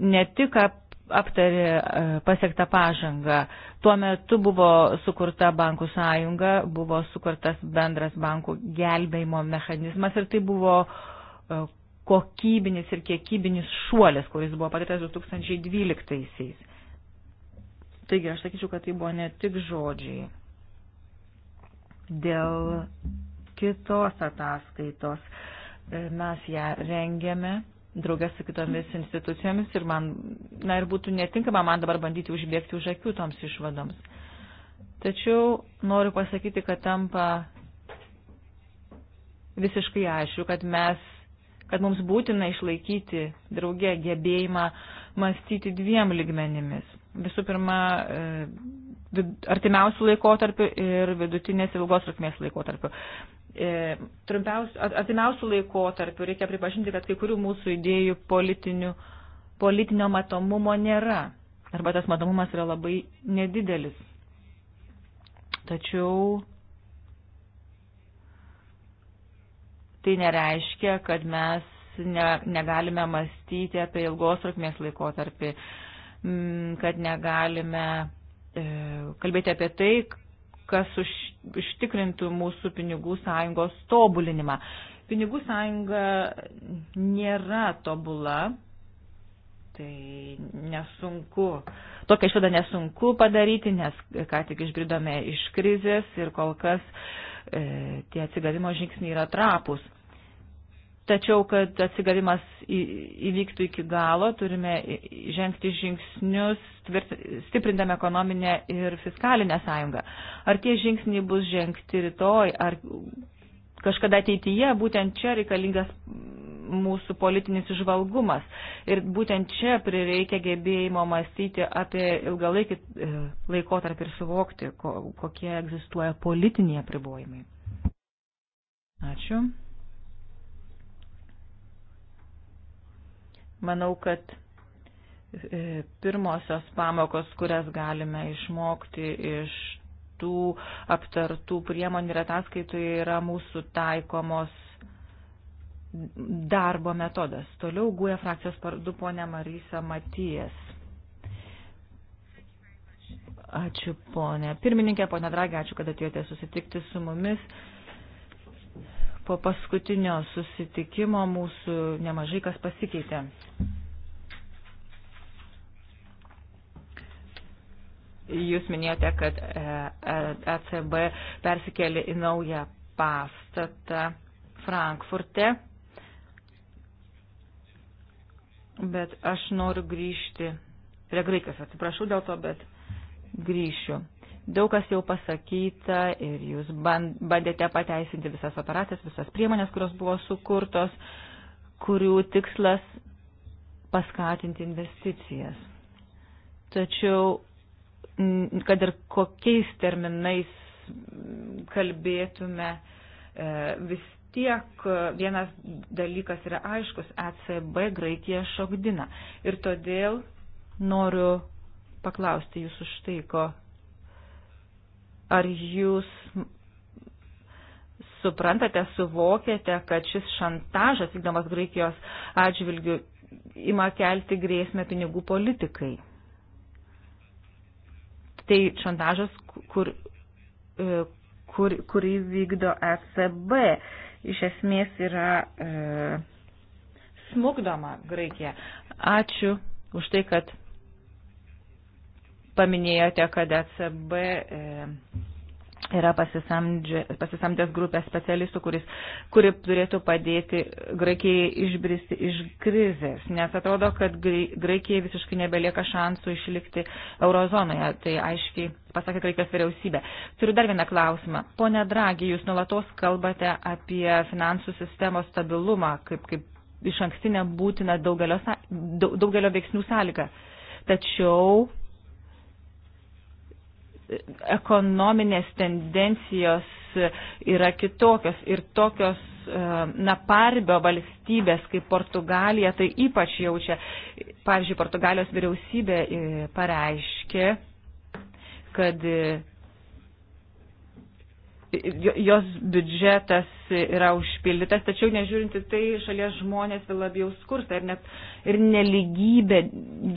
ne tik ap, aptarė e, pasiektą pažangą. Tuo metu buvo sukurta bankų sąjunga, buvo sukurtas bendras bankų gelbėjimo mechanizmas ir tai buvo e, kokybinis ir kiekybinis šuolis, kuris buvo padarytas 2012-aisiais. Taigi aš sakyčiau, kad tai buvo ne tik žodžiai. Dėl kitos ataskaitos e, mes ją rengiame draugės su kitomis institucijomis ir man, na ir būtų netinkama man dabar bandyti užbėgti už akių toms išvadoms. Tačiau noriu pasakyti, kad tampa visiškai aišku, kad mes, kad mums būtina išlaikyti draugė gebėjimą mąstyti dviem ligmenimis. Visų pirma, e, artimiausių laikotarpių ir vidutinės ilgos trukmės laikotarpių. E, Atimiausių laikotarpių reikia pripažinti, kad kai kurių mūsų idėjų politinio matomumo nėra. Arba tas matomumas yra labai nedidelis. Tačiau tai nereiškia, kad mes ne, negalime mąstyti apie ilgos trukmės laikotarpį, kad negalime e, kalbėti apie tai, kas už ištikrintų mūsų pinigų sąjungos tobulinimą. Pinigų sąjunga nėra tobula, tai nesunku. Tokią išvadą nesunku padaryti, nes ką tik išbridome iš krizės ir kol kas e, tie atsigavimo žingsniai yra trapus. Tačiau, kad atsigavimas įvyktų iki galo, turime žengti žingsnius, stiprindami ekonominę ir fiskalinę sąjungą. Ar tie žingsniai bus žengti rytoj, ar kažkada ateityje, būtent čia reikalingas mūsų politinis išvalgumas. Ir būtent čia prireikia gebėjimo mąstyti apie ilgalaikį e, laikotarpį ir suvokti, kokie egzistuoja politiniai apribojimai. Ačiū. Manau, kad e, pirmosios pamokos, kurias galime išmokti iš tų aptartų priemonių ir ataskaitoje yra mūsų taikomos darbo metodas. Toliau guoja frakcijos vardu ponė Marisa Matijas. Ačiū ponė. Pirmininkė, ponė Dragė, ačiū, kad atėjote susitikti su mumis. Po paskutinio susitikimo mūsų nemažai kas pasikeitė. Jūs minėjote, kad ECB e, e persikėlė į naują pastatą Frankfurte, bet aš noriu grįžti prie Graikijos. Atsiprašau dėl to, bet grįšiu. Daug kas jau pasakyta ir jūs bandėte pateisinti visas operacijas, visas priemonės, kurios buvo sukurtos, kurių tikslas paskatinti investicijas. Tačiau, kad ir kokiais terminais kalbėtume, e, vis tiek vienas dalykas yra aiškus, ECB Graikija šokdina. Ir todėl noriu paklausti jūsų štai ko. Ar jūs suprantate, suvokiate, kad šis šantažas vykdomas Graikijos atžvilgių ima kelti grėsmę pinigų politikai? Tai šantažas, kur, e, kur, kurį vykdo ECB, iš esmės yra e, smugdoma Graikija. Ačiū už tai, kad paminėjote, kad ECB e, yra pasisamdęs grupę specialistų, kuris, kuri turėtų padėti Graikijai išbristi iš krizės, nes atrodo, kad Graikijai visiškai nebelieka šansų išlikti eurozonoje, tai aiškiai pasakė Graikijos vyriausybė. Turiu dar vieną klausimą. Pone Dragi, jūs nulatos kalbate apie finansų sistemos stabilumą, kaip, kaip iš ankstinę būtina daugelio, daugelio veiksnių sąlygą. Tačiau ekonominės tendencijos yra kitokios ir tokios e, na, parbio valstybės kaip Portugalija tai ypač jaučia. Pavyzdžiui, Portugalijos vyriausybė e, pareiškė, kad e, jos biudžetas yra užpildytas, tačiau nežiūrinti tai šalies žmonės labiau skursta ir, net, ir neligybė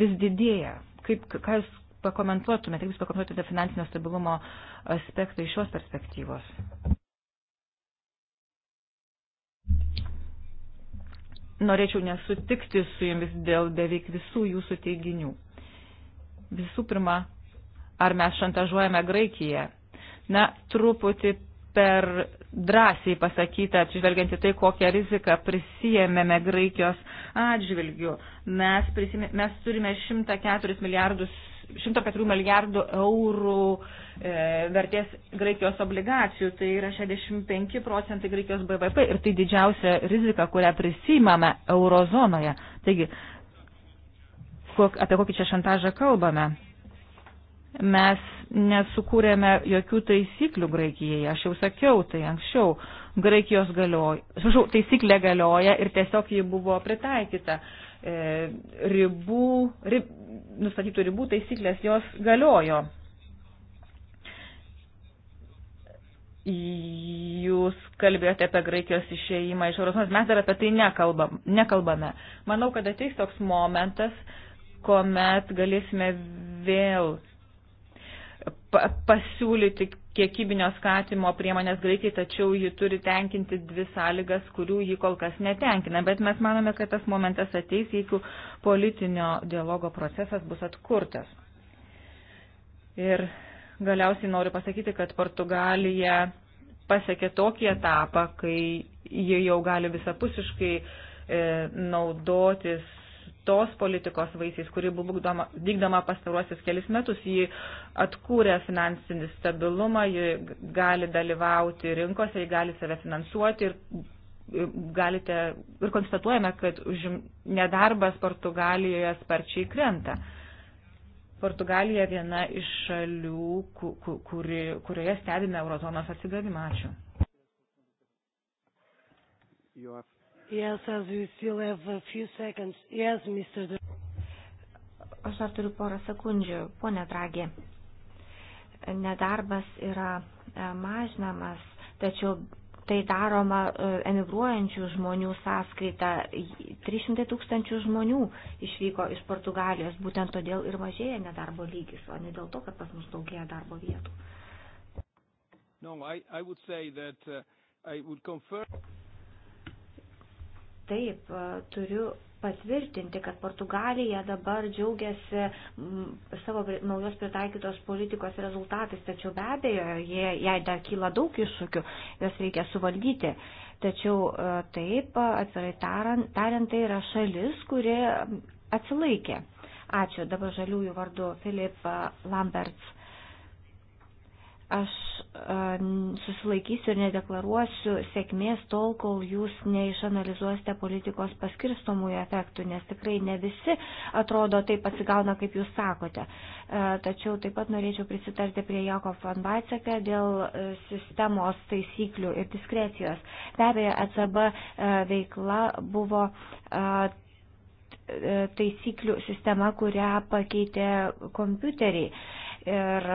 vis didėja. Kaip, ką jūs pakomentuotumėte, kaip jūs pakomentuotumėte finansinio stabilumo aspektą iš šios perspektyvos? Norėčiau nesutikti su jumis dėl beveik visų jūsų teiginių. Visų pirma, ar mes šantažuojame Graikiją? Na, truputį per drąsiai pasakyta, atsižvelgiant į tai, kokią riziką prisijėmėme Graikijos atžvilgių. Mes, prisimė, mes turime 104 milijardus 104 milijardų eurų e, vertės Graikijos obligacijų, tai yra 65 procentai Graikijos BVP ir tai didžiausia rizika, kurią prisimame eurozonoje. Taigi, kok, apie kokį čia šantažą kalbame? Mes nesukūrėme jokių taisyklių Graikijai, aš jau sakiau tai anksčiau. Graikijos galioja, sužau, taisyklė galioja ir tiesiog ji buvo pritaikyta. Uh, E, ribų, rib, nustatytų ribų taisyklės jos galiojo. Jūs kalbėjote apie Graikijos išėjimą iš Eurozonos, mes dar apie tai nekalbam, nekalbame. Manau, kad ateis toks momentas, kuomet galėsime vėl pasiūlyti kiekybinio skatimo priemonės Graikijai, tačiau ji turi tenkinti dvi sąlygas, kurių ji kol kas netenkina. Bet mes manome, kad tas momentas ateis, jeigu politinio dialogo procesas bus atkurtas. Ir galiausiai noriu pasakyti, kad Portugalija pasiekė tokį etapą, kai jie jau gali visapusiškai e, naudotis tos politikos vaisiais, kuri buvo vykdoma, vykdoma pastaruosius kelis metus. Ji atkūrė finansinį stabilumą, ji gali dalyvauti rinkose, ji gali save finansuoti ir galite ir konstatuojame, kad užim, nedarbas Portugalijoje sparčiai krenta. Portugalija viena iš šalių, kuri, kurioje stebime eurozonos atsigavimą. Ačiū. You have Yes, as we still have a few seconds. Yes, Mr. De... Aš dar turiu porą sekundžių, ponė Dragė. Nedarbas yra e, mažinamas, tačiau tai daroma e, emigruojančių žmonių sąskaita. 300 tūkstančių žmonių išvyko iš Portugalijos, būtent todėl ir mažėja nedarbo lygis, o ne dėl to, kad pas mus daugėja darbo vietų. No, I, I would say that, uh, I would confirm... Taip, e, turiu patvirtinti, kad Portugalija dabar džiaugiasi savo naujos pritaikytos politikos rezultatais, tačiau be abejo, jie, jai dar kyla daug iššūkių, jos reikia suvaldyti. Tačiau e, taip, atvirai tariant, tai yra šalis, kuri atsilaikė. Ačiū. Dabar žaliųjų vardu Filip e, Lamberts. Aš susilaikysiu ir nedeklaruosiu sėkmės tol, kol jūs neišanalizuosite politikos paskirstomųjų efektų, nes tikrai ne visi atrodo taip atsigauna, kaip jūs sakote. Tačiau taip pat norėčiau prisitarti prie Jakob van Weizsäcker dėl e, sistemos taisyklių ir diskrecijos. Be abejo, ECB e, veikla buvo e, taisyklių sistema, kurią pakeitė kompiuteriai. Ir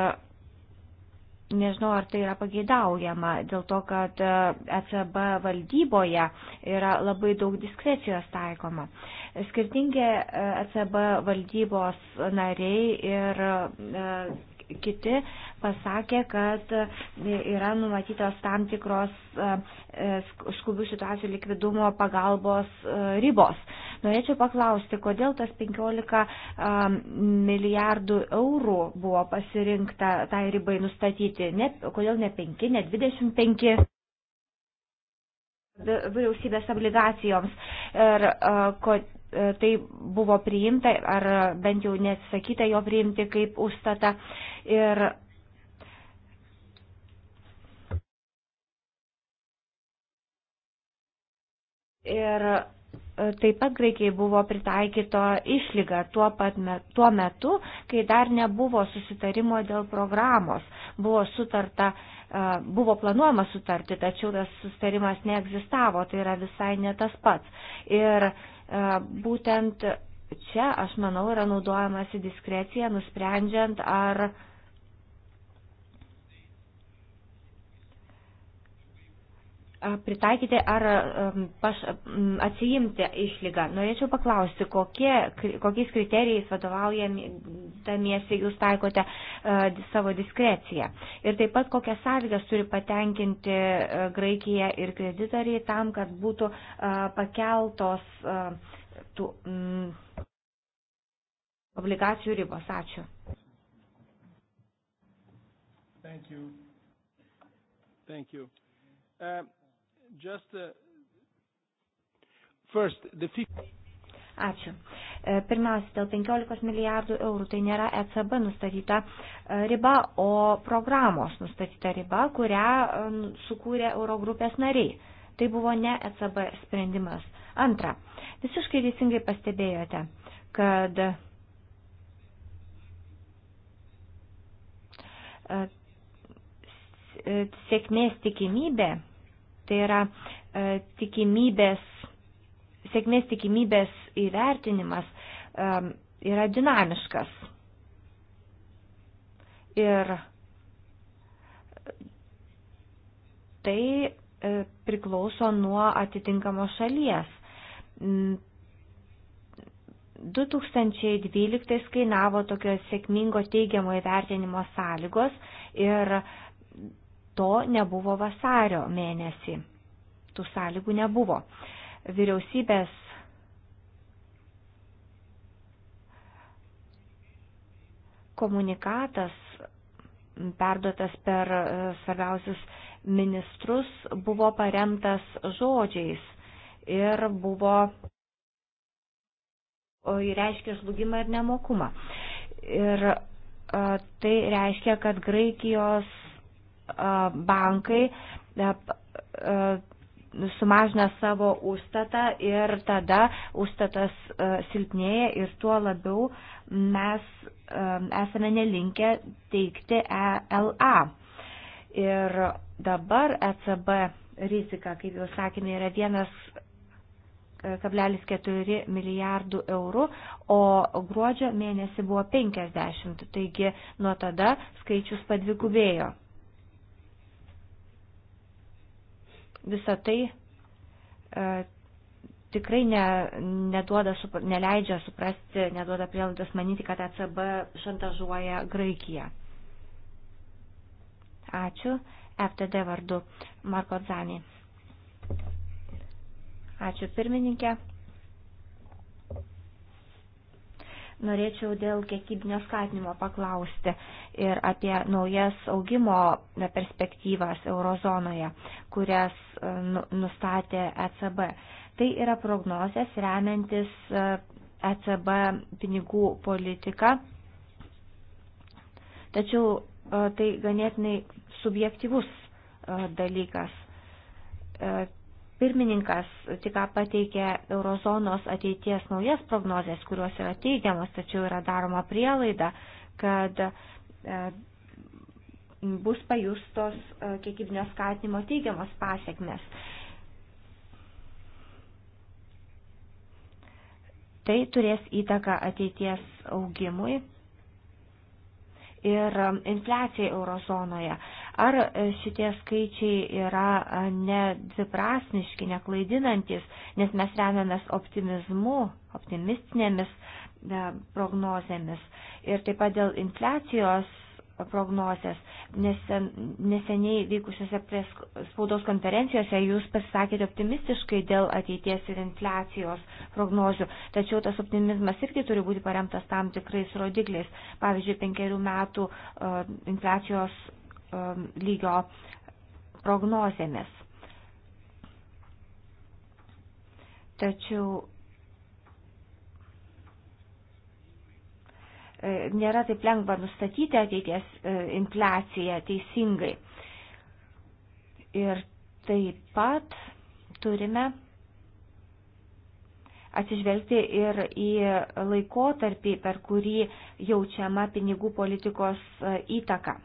nežinau, ar tai yra pageidaujama, dėl to, kad ECB e valdyboje yra labai daug diskrecijos taikoma. Skirtingi ECB e valdybos nariai ir e, kiti pasakė, kad yra numatytos tam tikros e, e, skubių situacijų likvidumo pagalbos e, ribos. Norėčiau paklausti, kodėl tas 15 milijardų eurų buvo pasirinkta tai ribai nustatyti, ne, kodėl ne 5, ne 25 vyriausybės obligacijoms ir E, tai buvo priimta, ar bent jau nesakyta jo priimti kaip užstata. Ir Ir e, taip pat Graikijai buvo pritaikyto išlyga tuo, pat met, tuo metu, kai dar nebuvo susitarimo dėl programos. Buvo sutarta, e, buvo planuojama sutarti, tačiau tas susitarimas neegzistavo, tai yra visai ne tas pats. Ir E, būtent čia, aš manau, yra naudojamasi diskrecija, nusprendžiant, ar pritaikyti ar paš, atsijimti išlygą. Norėčiau paklausti, kokie, kokiais kriterijais vadovaujamiesi jūs taikote savo diskreciją. Ir taip pat kokias sąlygas turi patenkinti Graikija ir kreditoriai tam, kad būtų pakeltos tų m, obligacijų ribos. Ačiū. Thank you. Thank you. Uh, Just, uh, first, the Ačiū. E, pirmiausia, dėl 15 milijardų eurų tai nėra ECB nustatyta e, riba, o programos nustatyta riba, kurią sukūrė Eurogrupės nariai. Tai buvo ne ECB sprendimas. Antra, visiškai teisingai pastebėjote, kad e, sėkmės tikimybė tai yra e, tikimybės, sėkmės tikimybės įvertinimas e, yra dinamiškas. Ir tai e, priklauso nuo atitinkamos šalies. 2012 mm, kainavo tokio sėkmingo teigiamo įvertinimo sąlygos ir To nebuvo vasario mėnesį. Tų sąlygų nebuvo. Vyriausybės komunikatas perduotas per e, svarbiausius ministrus buvo paremtas žodžiais ir buvo įreiškė žlugimą ir nemokumą. Ir e, tai reiškia, kad Graikijos bankai sumažina savo užstatą ir tada užstatas silpnėja ir tuo labiau mes esame nelinkę teikti ELA. Ir dabar ECB rizika, kaip jau sakėme, yra vienas 1,4 milijardų eurų, o gruodžio mėnesį buvo 50, taigi nuo tada skaičius padvigubėjo. Visą tai e, tikrai ne, neduoda, neleidžia suprasti, neduoda prielaidos manyti, kad ECB šantažuoja Graikiją. Ačiū. FTD vardu Marko Dzanį. Ačiū pirmininkė. norėčiau dėl kiekybinio skatinimo paklausti ir apie naujas augimo perspektyvas eurozonoje, kurias e, nu, nustatė ECB. Tai yra prognozės remiantis ECB e pinigų politiką. Tačiau e, tai ganėtinai subjektivus dalykas Pirmininkas tik pateikė eurozonos ateities naujas prognozes, kurios yra teigiamas, tačiau yra daroma prielaida, kad e, bus pajustos e, kiekybinio skatinimo teigiamos pasiekmes. Tai turės įtaką ateities augimui ir e, infliacijai eurozonoje. Ar e, šitie skaičiai yra e, nedviprasmiški, neklaidinantis, nes mes remiamės optimizmu, optimistinėmis e, prognozėmis. Ir taip pat dėl infliacijos prognozės. Nesen, neseniai vykusiuose spaudos konferencijose jūs pasisakėte optimistiškai dėl ateities ir infliacijos prognozių, tačiau tas optimizmas irgi turi būti paremtas tam tikrais rodikliais. Pavyzdžiui, penkerių metų uh, infliacijos Um, lygio prognozėmis. Tačiau e, nėra taip lengva nustatyti ateities e, infliaciją teisingai. Ir taip pat turime atsižvelgti ir į laikotarpį, per kurį jaučiama pinigų politikos e, įtaka.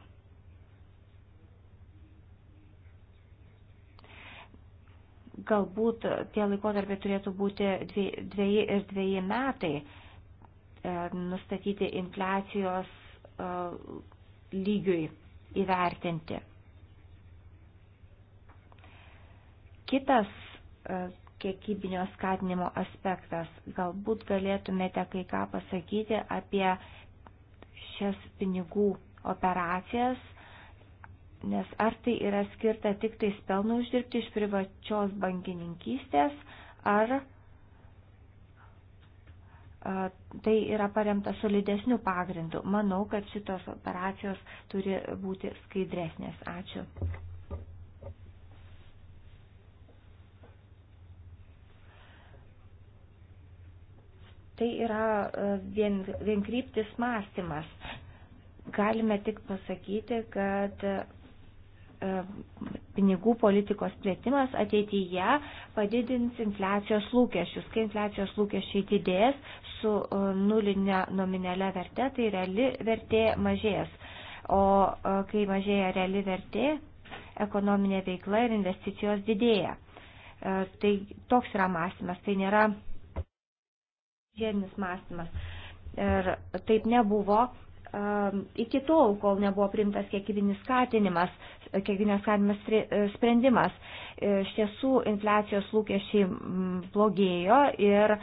Galbūt tie laikotarpiai turėtų būti dviejai ir dviejai metai, e, nustatyti infliacijos e, lygiui įvertinti. Kitas e, kiekybinio skatinimo aspektas. Galbūt galėtumėte kai ką pasakyti apie šias pinigų operacijas Nes ar tai yra skirta tik tais pelnų uždirbti iš privačios bankininkystės, ar tai yra paremta solidesnių pagrindų. Manau, kad šitos operacijos turi būti skaidresnės. Ačiū. Tai yra vien, vienkryptis mąstymas. Galime tik pasakyti, kad E, pinigų politikos plėtimas ateityje padidins infliacijos lūkesčius. Kai infliacijos lūkesčiai didės su e, nulinė nominale verte, tai reali vertė mažės. O e, kai mažėja reali vertė, ekonominė veikla ir investicijos didėja. Tai toks yra mąstymas, tai nėra žiedinis mąstymas. Ir taip nebuvo iki tol, kol nebuvo primtas kiekybinis skatinimas kiekvienio skatimas e, sprendimas. E, iš tiesų, infliacijos lūkesčiai blogėjo ir e,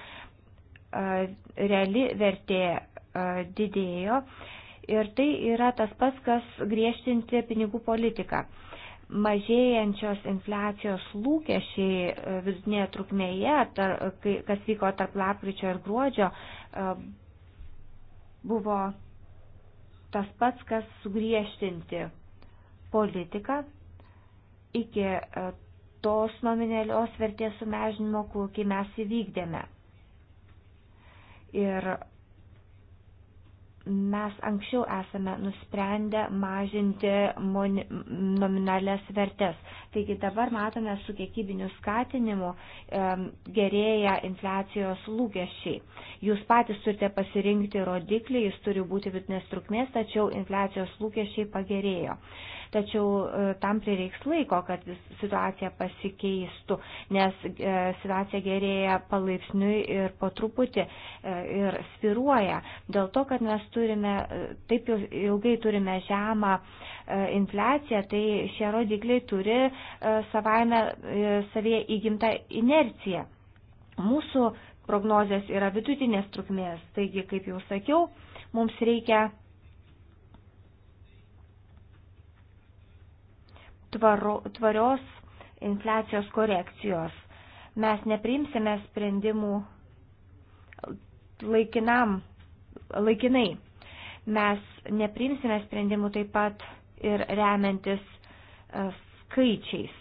reali vertė didėjo. Ir tai yra tas pats, kas griežtinti pinigų politiką. Mažėjančios infliacijos lūkesčiai vidutinėje trukmėje, tar, kas vyko tarp lapkričio ir gruodžio, buvo tas pats, kas sugriežtinti politiką iki e, tos nominalios vertės sumežinimo, kokį mes įvykdėme. Ir mes anksčiau esame nusprendę mažinti moni, nominalias vertės. Taigi dabar matome su kiekybiniu skatinimu e, gerėja infliacijos lūkesčiai. Jūs patys turite pasirinkti rodiklį, jis turi būti vidutinės trukmės, tačiau infliacijos lūkesčiai pagerėjo. E, tačiau e, tam prireiks laiko, kad situacija pasikeistų, nes e, situacija gerėja palaipsniui ir po truputį e, ir sviruoja. Dėl to, kad mes turime, taip ilgai turime žemą infliaciją, tai šie rodikliai turi savaime savie įgimtą inerciją. Mūsų prognozės yra vidutinės trukmės, taigi, kaip jau sakiau, mums reikia tvaro, tvarios infliacijos korekcijos. Mes nepriimsime sprendimų laikinam, laikinai. Mes nepriimsime sprendimų taip pat ir remiantis e, skaičiais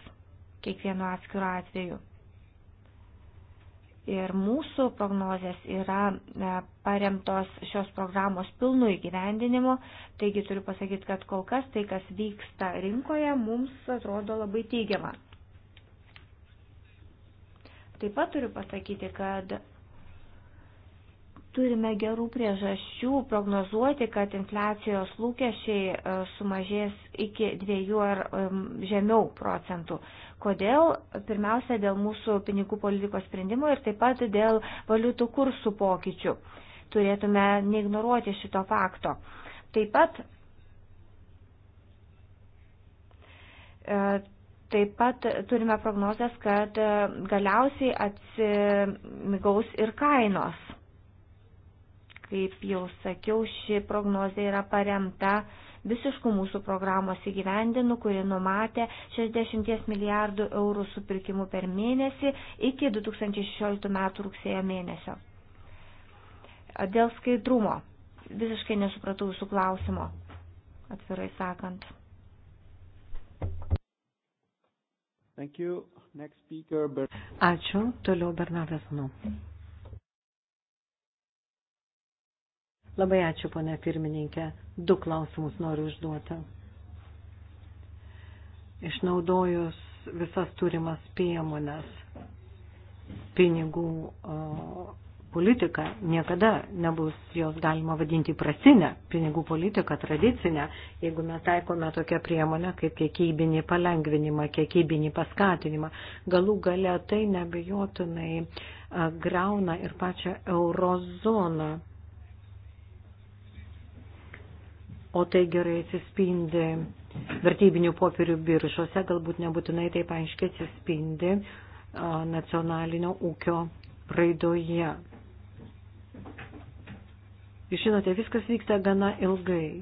kiekvienu atskiru atveju. Ir mūsų prognozės yra e, paremtos šios programos pilnų įgyvendinimu, taigi turiu pasakyti, kad kol kas tai, kas vyksta rinkoje, mums atrodo labai teigiama. Taip pat turiu pasakyti, kad turime gerų priežasčių prognozuoti, kad infliacijos lūkesčiai e, sumažės iki dviejų ar žemiau procentų. Kodėl? Pirmiausia, dėl mūsų pinigų politikos sprendimų ir taip pat dėl valiutų kursų pokyčių. Turėtume neignoruoti šito fakto. Taip pat, e, taip pat turime prognozes, kad e, galiausiai atsimigaus ir kainos. Kaip jau sakiau, ši prognozė yra paremta uh, visiškų mūsų programos įgyvendinų, kuri numatė 60 milijardų eurų supirkimų per mėnesį iki 2016 metų rugsėjo mėnesio. Dėl skaidrumo. Visiškai nesupratau jūsų klausimo, atvirai sakant. Thank you. Next speaker, Ber Ačiū. Toliau Bernardas Nu. Labai ačiū, ponė pirmininkė. Du klausimus noriu užduoti. Išnaudojus visas turimas priemonės, pinigų politika niekada nebus jos galima vadinti prasinę pinigų politiką, tradicinę, jeigu mes taikome tokią priemonę kaip kiekybinį palengvinimą, kiekybinį paskatinimą. Galų gale tai nebejotinai grauna ir pačią eurozoną o tai gerai atsispindi vertybinių popierių biržose, galbūt nebūtinai taip aiškiai atsispindi nacionalinio ūkio raidoje. Jūs žinote, viskas vyksta gana ilgai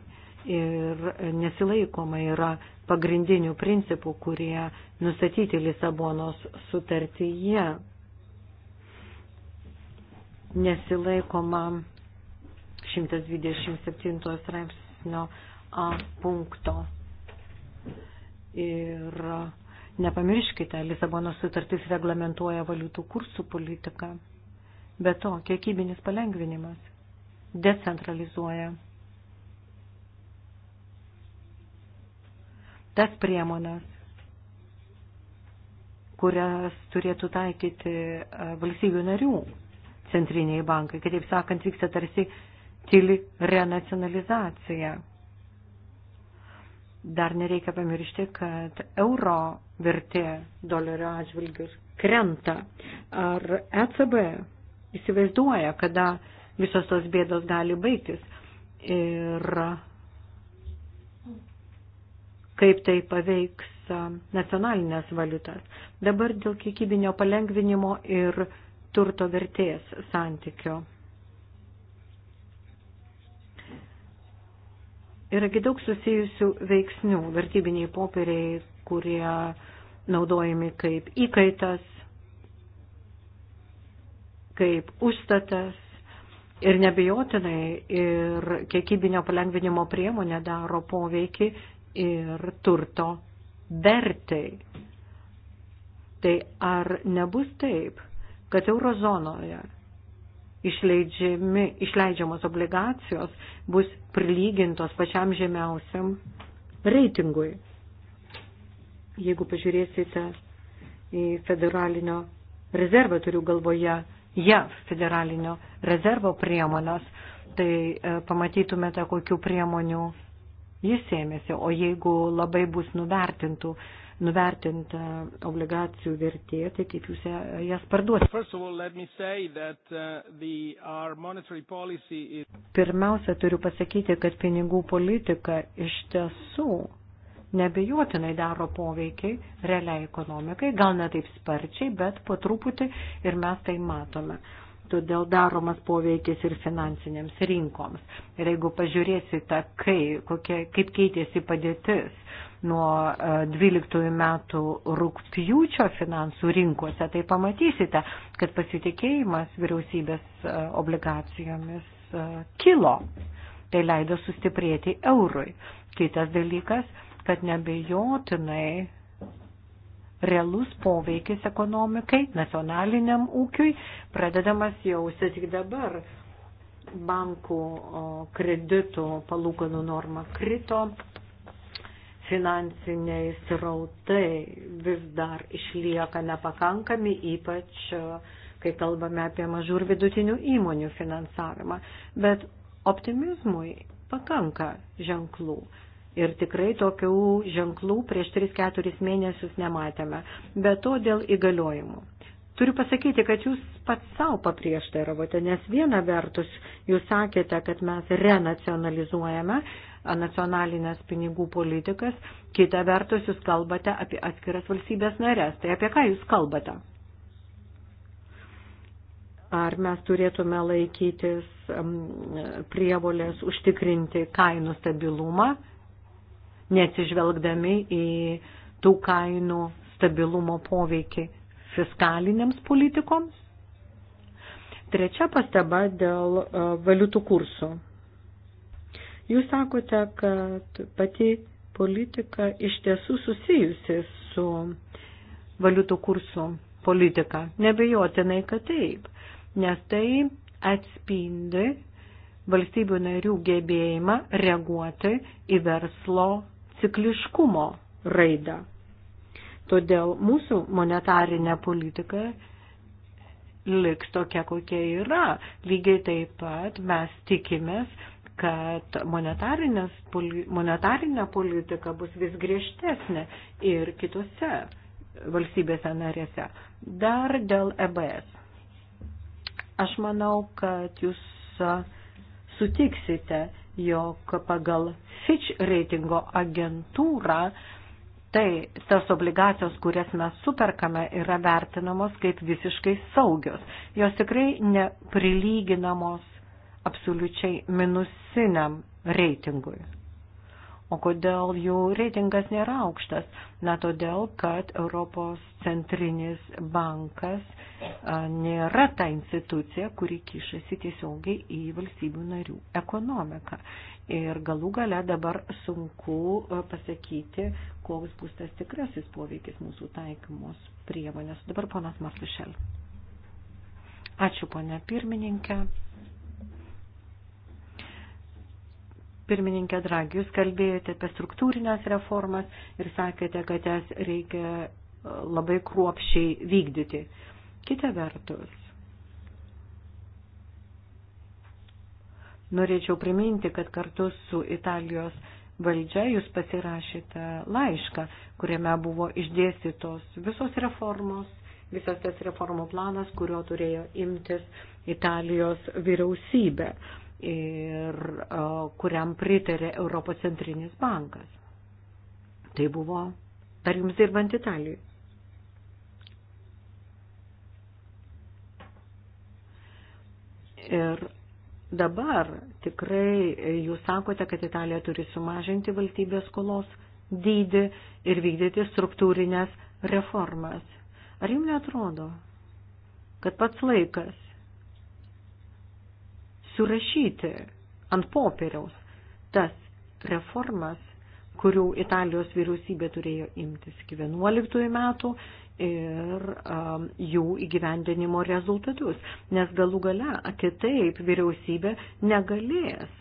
ir nesilaikoma yra pagrindinių principų, kurie nustatyti Lisabonos sutartyje. Nesilaikoma 127 straipsnio straipsnio A punkto. Ir nepamirškite, Lisabono sutartis reglamentuoja valiutų kursų politiką. Be to, kiekybinis palengvinimas decentralizuoja. Tas priemonas, kurias turėtų taikyti e, valstybių narių centriniai bankai. Kitaip sakant, vyksta tarsi tyli renacionalizacija. Dar nereikia pamiršti, kad euro vertė dolerio atžvilgius krenta. Ar ECB įsivaizduoja, kada visos tos bėdos gali baigtis ir kaip tai paveiks nacionalinės valiutas. Dabar dėl kiekybinio palengvinimo ir turto vertės santykio. Yragi daug susijusių veiksnių, vertybiniai popieriai, kurie naudojami kaip įkaitas, kaip užstatas ir nebejotinai ir kiekybinio palengvinimo priemonė daro poveikį ir turto vertai. Tai ar nebus taip, kad eurozonoje išleidžiamos obligacijos bus prilygintos pačiam žemiausiam reitingui. Jeigu pažiūrėsite į federalinio rezervą, turiu galvoje JAV federalinio rezervo priemonės, tai e, pamatytumėte, kokių priemonių jis ėmėsi. O jeigu labai bus nuvertintų nuvertinta obligacijų vertė, tai kaip jūs jas parduosite. Uh, Pirmiausia, turiu pasakyti, kad pinigų politika iš tiesų nebejotinai daro poveikiai realiai ekonomikai, gal ne taip sparčiai, bet po truputį ir mes tai matome. Todėl daromas poveikis ir finansinėms rinkoms. Ir jeigu pažiūrėsite, kai, kokie, kaip keitėsi padėtis nuo 12 e, metų rūpjūčio finansų rinkose, tai pamatysite, kad pasitikėjimas vyriausybės e, obligacijomis e, kilo. Tai leido sustiprėti eurui. Kitas dalykas, kad nebejotinai realus poveikis ekonomikai, nacionaliniam ūkiui, pradedamas jausti tik dabar. Bankų kreditų palūkanų norma krito, finansiniai srautai vis dar išlieka nepakankami, ypač e, kai kalbame apie mažų ir vidutinių įmonių finansavimą. Bet optimizmui pakanka ženklų. Ir tikrai tokių ženklų prieš 3-4 mėnesius nematėme. Be to dėl įgaliojimų. Turiu pasakyti, kad jūs pats savo paprieštaravote, nes viena vertus jūs sakėte, kad mes renacionalizuojame nacionalinės pinigų politikas, kita vertus jūs kalbate apie atskiras valstybės narės. Tai apie ką jūs kalbate? Ar mes turėtume laikytis prievolės užtikrinti kainų stabilumą, neatsižvelgdami į tų kainų stabilumo poveikį fiskalinėms politikoms? Trečia pastaba dėl e, valiutų kursų Jūs sakote, kad pati politika iš tiesų susijusi su valiutų kursų politika. Nebejotinai, kad taip, nes tai atspindi valstybių narių gebėjimą reaguoti į verslo cikliškumo raidą. Todėl mūsų monetarinė politika liks tokia, kokia yra. Lygiai taip pat mes tikimės, kad monetarinė politika bus vis griežtesnė ir kitose valstybėse narėse. Dar dėl EBS. Aš manau, kad jūs sutiksite, jog pagal Fitch reitingo agentūrą tai tas obligacijos, kurias mes superkame, yra vertinamos kaip visiškai saugios. Jos tikrai neprilyginamos absoliučiai minusiniam reitingui. O kodėl jų reitingas nėra aukštas? Na, todėl, kad Europos centrinis bankas nėra ta institucija, kuri kišasi tiesiogiai į valstybių narių ekonomiką. Ir galų gale dabar sunku pasakyti, koks bus tas tikrasis poveikis mūsų taikymos priemonės. Dabar ponas Martušel. Ačiū, ponia pirmininkė. Pirmininkė Dragi, jūs kalbėjote apie struktūrinės reformas ir sakėte, kad jas reikia e, labai kruopšiai vykdyti. Kita vertus, norėčiau priminti, kad kartu su Italijos valdžia jūs pasirašėte laišką, kuriame buvo išdėstytos visos reformos, visas tas reformų planas, kurio turėjo imtis Italijos vyriausybė ir kuriam pritarė Europos centrinis bankas. Tai buvo dar jums dirbant Italijoje. Ir dabar tikrai jūs sakote, kad Italija turi sumažinti valstybės skolos dydį ir vykdyti struktūrinės reformas. Ar jums netrodo, kad pats laikas surašyti ant popieriaus tas reformas, kurių Italijos vyriausybė turėjo imtis iki 11 metų ir um, jų įgyvendinimo rezultatus, nes galų gale kitaip vyriausybė negalės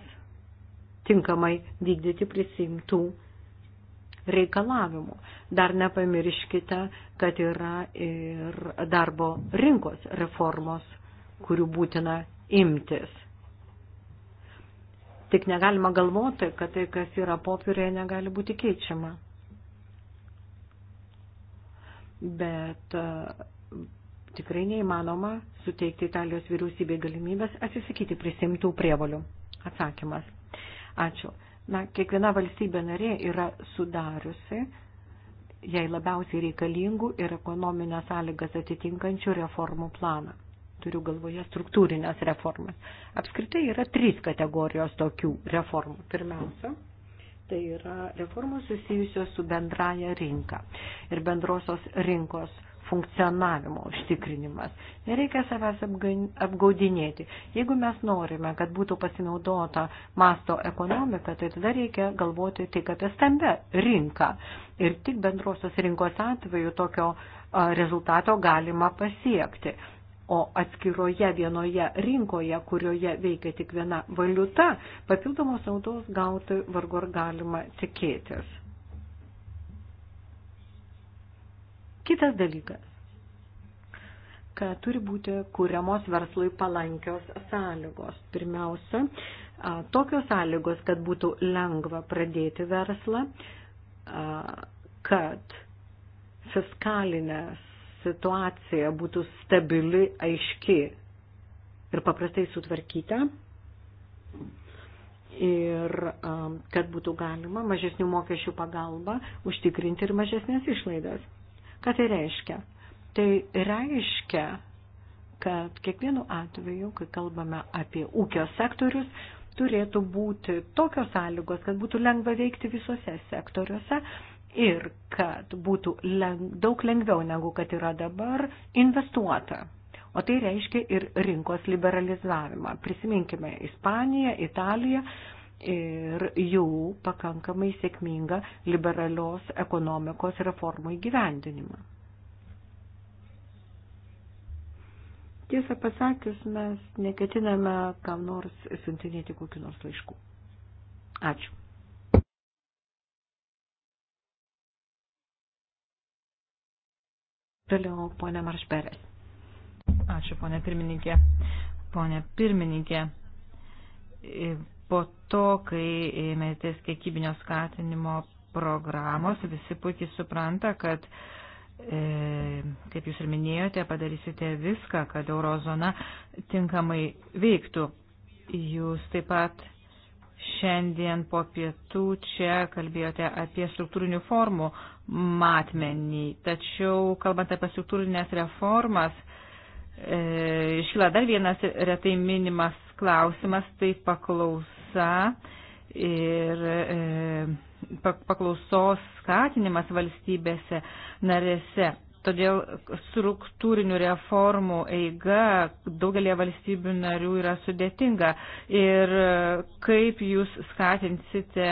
tinkamai vykdyti prisimtų reikalavimų. Dar nepamirškite, kad yra ir darbo rinkos reformos, kurių būtina imtis Tik negalima galvoti, kad tai, kas yra popieriuje, negali būti keičiama. Bet e, tikrai neįmanoma suteikti Italijos vyriausybei galimybės atsisakyti prisimtų prievolių. Atsakymas. Ačiū. Na, kiekviena valstybė narė yra sudariusi jai labiausiai reikalingų ir ekonominės sąlygas atitinkančių reformų planą turiu galvoje struktūrinės reformas. Apskritai yra trys kategorijos tokių reformų. Pirmiausia, tai yra reformos susijusios su bendraja rinka ir bendrosios rinkos funkcionavimo užtikrinimas. Nereikia savęs apgaudinėti. Jeigu mes norime, kad būtų pasinaudota masto ekonomika, tai tada reikia galvoti tik apie stambę rinką. Ir tik bendrosios rinkos atveju tokio rezultato galima pasiekti o atskiroje vienoje rinkoje, kurioje veikia tik viena valiuta, papildomos naudos gauti vargu ar galima tikėtis. Kitas dalykas, kad turi būti kūriamos verslui palankios sąlygos. Pirmiausia, tokios sąlygos, kad būtų lengva pradėti verslą, kad fiskalinės situacija būtų stabili, aiški ir paprastai sutvarkyta. Ir kad būtų galima mažesnių mokesčių pagalba užtikrinti ir mažesnės išlaidas. Ką tai reiškia? Tai reiškia, kad kiekvienu atveju, kai kalbame apie ūkio sektorius, turėtų būti tokios sąlygos, kad būtų lengva veikti visose sektoriuose ir kad būtų leng, daug lengviau negu kad yra dabar investuota. O tai reiškia ir rinkos liberalizavimą. Prisiminkime Ispaniją, Italiją ir jų pakankamai sėkmingą liberalios ekonomikos reformų įgyvendinimą. Tiesą pasakius, mes neketiname kam nors siuntinėti kokiu nors laišku. Ačiū. Toliau, ponė Maršperės. Ačiū, ponė pirmininkė. Ponė pirmininkė, po to, kai ėmėtės kiekybinio skatinimo programos, visi puikiai supranta, kad e, kaip jūs ir minėjote, padarysite viską, kad eurozona tinkamai veiktų. Jūs taip pat Šiandien po pietų čia kalbėjote apie struktūrinių formų matmenį, tačiau kalbant apie struktūrinės reformas, e, iškyla dar vienas retai minimas klausimas, tai paklausa ir e, paklausos skatinimas valstybėse narėse. Todėl struktūrinių reformų eiga daugelie valstybių narių yra sudėtinga. Ir kaip jūs skatinsite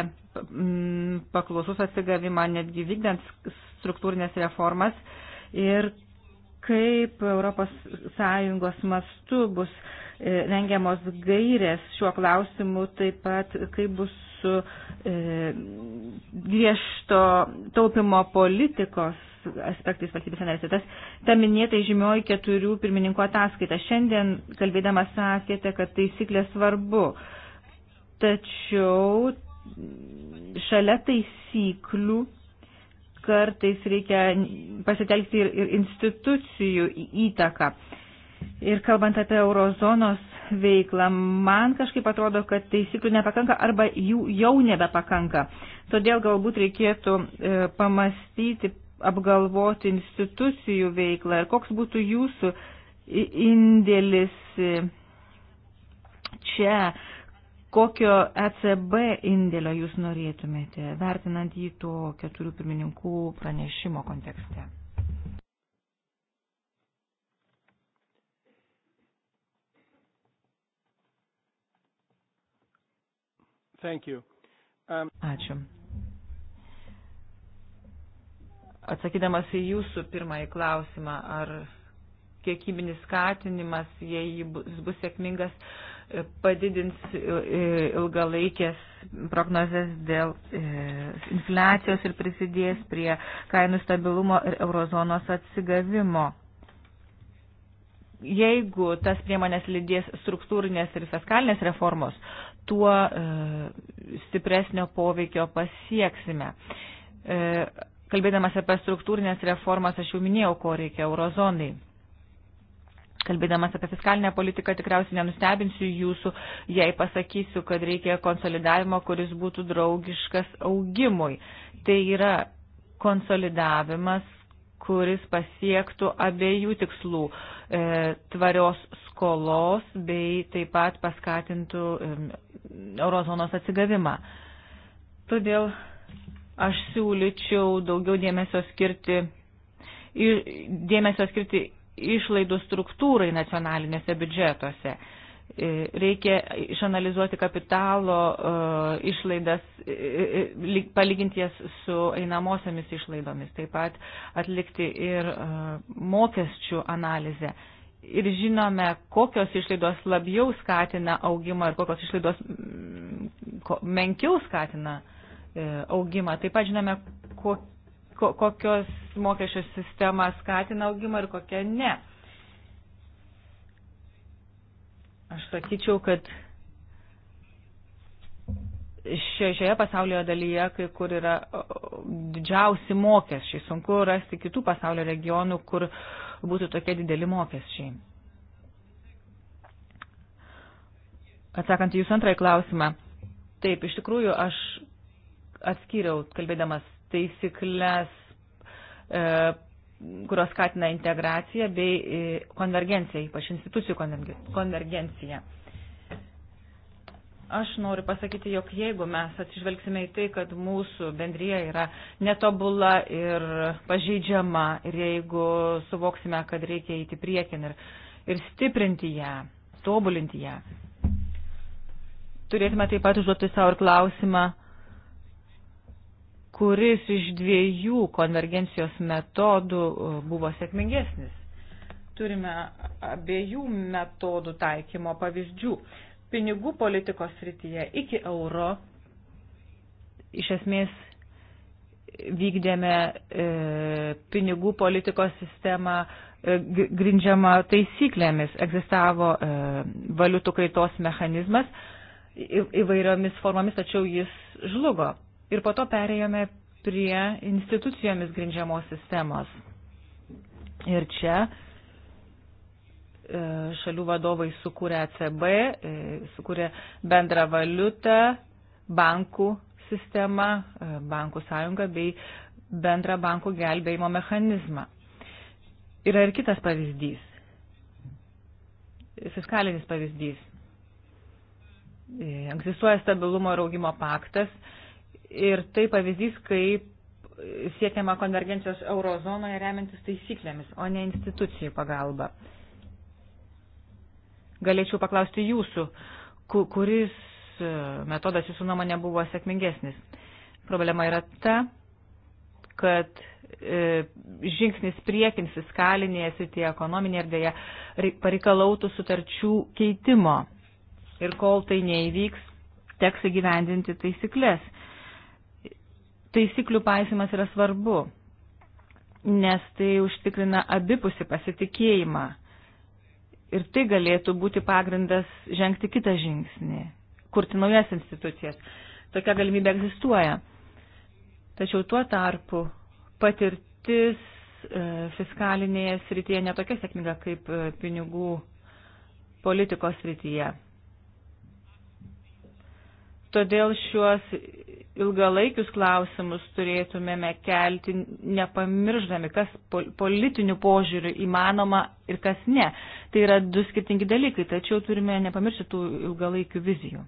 paklausus atsigavimą netgi vykdant struktūrinės reformas ir kaip ES mastu bus e, rengiamos gairės šiuo klausimu, taip pat kaip bus mūsų e, griežto taupimo politikos aspektais valstybės narėse. Tas, ta minėta žymioji keturių pirmininkų ataskaita. Šiandien kalbėdama sakėte, kad taisyklė svarbu. Tačiau šalia taisyklių kartais reikia pasitelkti ir, ir institucijų įtaką. E, Ir kalbant apie eurozonos veiklą, man kažkaip atrodo, kad taisyklių nepakanka arba jų jau nebepakanka. Todėl galbūt reikėtų e, pamastyti, apgalvoti institucijų veiklą ir koks būtų jūsų indėlis e, čia, kokio ECB indėlio jūs norėtumėte, vertinant jį to keturių pirmininkų pranešimo kontekste. Thank you. Um... Ačiū. Atsakydamas į jūsų pirmąjį klausimą, ar kiekybinis skatinimas, jei jis bus sėkmingas, e, padidins ilgalaikės prognozes dėl e, infliacijos ir prisidės prie kainų stabilumo ir eurozonos atsigavimo. Jeigu tas priemonės lydės struktūrinės ir fiskalinės reformos, tuo e, stipresnio poveikio pasieksime. E, kalbėdamas apie struktūrinės reformas, aš jau minėjau, ko reikia eurozonai. Kalbėdamas apie fiskalinę politiką, tikriausiai nenustebinsiu jūsų, jei pasakysiu, kad reikia konsolidavimo, kuris būtų draugiškas augimui. Tai yra konsolidavimas, kuris pasiektų abiejų tikslų e, - tvarios skolos bei taip pat paskatintų e, eurozonos atsigavimą. Todėl aš siūlyčiau daugiau dėmesio skirti, ir, dėmesio skirti išlaidų struktūrai nacionalinėse biudžetuose. E, E, reikia išanalizuoti kapitalo e, išlaidas, e, palyginti jas su einamosiamis išlaidomis, taip pat atlikti ir mokesčių analizę. Ir žinome, kokios išlaidos labiau skatina augimą ir kokios išlaidos menkiau skatina augimą. Taip pat žinome, kokios mokesčio sistema skatina augimą ir kokia ne. Aš sakyčiau, kad šioje pasaulio dalyje, kai kur yra didžiausi mokesčiai. Sunku rasti kitų pasaulio regionų, kur būtų tokie dideli mokesčiai. Atsakant į jūsų antrąjį klausimą, taip, iš tikrųjų aš atskyriau, kalbėdamas taisyklės e, kurios skatina integraciją bei e, konvergenciją, ypač institucijų konvergenciją. Aš noriu pasakyti, jog jeigu mes atsižvelgsime į tai, kad mūsų bendryje yra netobula ir pažeidžiama ir jeigu suvoksime, kad reikia eiti priekin ir, ir stiprinti ją, tobulinti ją, turėtume taip pat užduoti savo ir klausimą, kuris iš dviejų konvergencijos metodų e, buvo sėkmingesnis. Turime abiejų metodų taikymo pavyzdžių. Pinigų politikos srityje iki euro iš esmės vykdėme e, pinigų politikos sistemą e, grindžiamą taisyklėmis. Egzistavo e, valiutų kaitos mechanizmas į, įvairiomis formomis, tačiau jis žlugo ir po to perėjome prie institucijomis grindžiamos sistemos. Ir čia e, šalių vadovai sukūrė ECB, e, sukūrė bendrą valiutą, bankų sistemą, e, bankų sąjungą bei bendrą bankų gelbėjimo mechanizmą. Yra ir kitas pavyzdys. Fiskalinis pavyzdys. Egzistuoja stabilumo ir augimo paktas, Ir tai pavyzdys, kaip siekiama konvergencijos eurozonoje remiantis taisyklėmis, o ne institucijų pagalba. Galėčiau paklausti jūsų, kuris e, metodas jūsų nuomonė buvo sėkmingesnis. Problema yra ta, kad e, žingsnis priekin fiskalinėje srityje, ekonominėje erdvėje pareikalautų sutarčių keitimo. Ir kol tai neįvyks, teks įgyvendinti taisyklės taisyklių paisimas yra svarbu, nes tai užtikrina abipusi pasitikėjimą. Ir tai galėtų būti pagrindas žengti kitą žingsnį, kurti naujas institucijas. Tokia galimybė egzistuoja. Tačiau tuo tarpu patirtis e, fiskalinėje srityje netokia sėkminga kaip e, pinigų politikos srityje. Todėl šiuos ilgalaikius klausimus turėtumėme kelti, nepamirždami, kas politinių požiūrių įmanoma ir kas ne. Tai yra du skirtingi dalykai, tačiau turime nepamiršti tų ilgalaikių vizijų.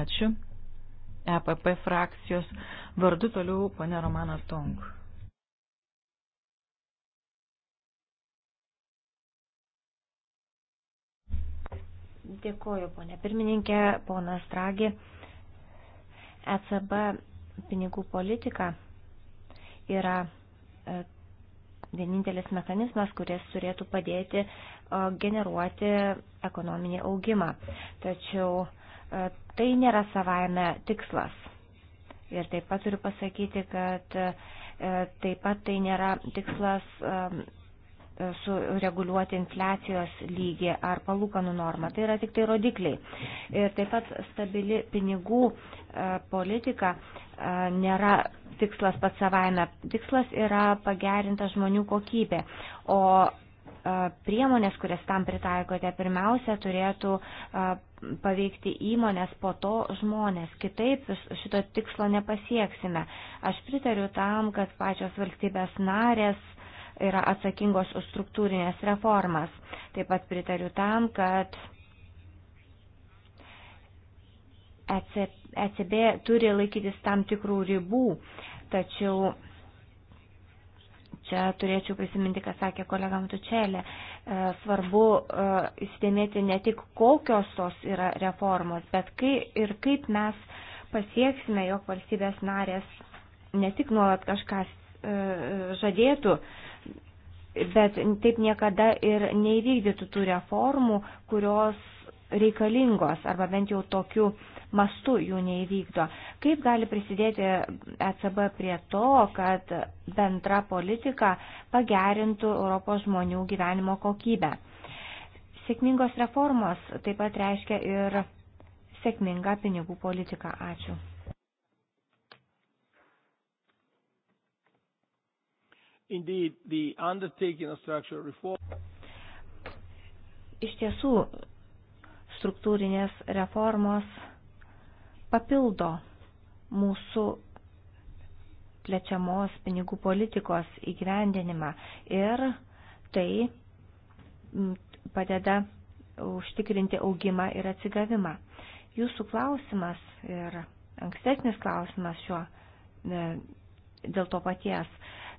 Ačiū. EPP frakcijos vardu toliau pane Romanas Tonk. Dėkuoju, ponė pirmininkė, ponas Dragi. ECB pinigų politika yra e, vienintelis mechanizmas, kuris turėtų padėti e, generuoti ekonominį augimą. Tačiau e, tai nėra savaime tikslas. Ir taip pat turiu pasakyti, kad taip pat tai nėra tikslas E, sureguliuoti infliacijos lygį ar palūkanų normą. Tai yra tik tai rodikliai. Ir taip pat stabili pinigų e, politika e, nėra tikslas pats savaime. Tikslas yra pagerinta žmonių kokybė. O priemonės, kurias tam pritaikote, pirmiausia turėtų paveikti įmonės, po to žmonės. Kitaip šito tikslo nepasieksime. Aš pritariu tam, kad pačios valstybės narės yra atsakingos už struktūrinės reformas. Taip pat pritariu tam, kad ECB turi laikytis tam tikrų ribų, tačiau čia turėčiau prisiminti, ką sakė kolega Matučelė, e, svarbu e, įsidėmėti ne tik kokios tos yra reformos, bet kai ir kaip mes pasieksime, jog valstybės narės ne tik nuolat kažkas e, žadėtų, bet taip niekada ir neįvykdytų tų reformų, kurios reikalingos arba bent jau tokiu mastu jų neįvykdo. Kaip gali prisidėti ECB prie to, kad bendra politika pagerintų Europos žmonių gyvenimo kokybę? Sėkmingos reformos taip pat reiškia ir sėkmingą pinigų politiką. Ačiū. Indeed, the undertaking of structural reform. Iš tiesų, struktūrinės reformos papildo mūsų plečiamos pinigų politikos įgyvendinimą ir tai padeda užtikrinti augimą ir atsigavimą. Jūsų klausimas ir ankstesnis klausimas šiuo e, dėl to paties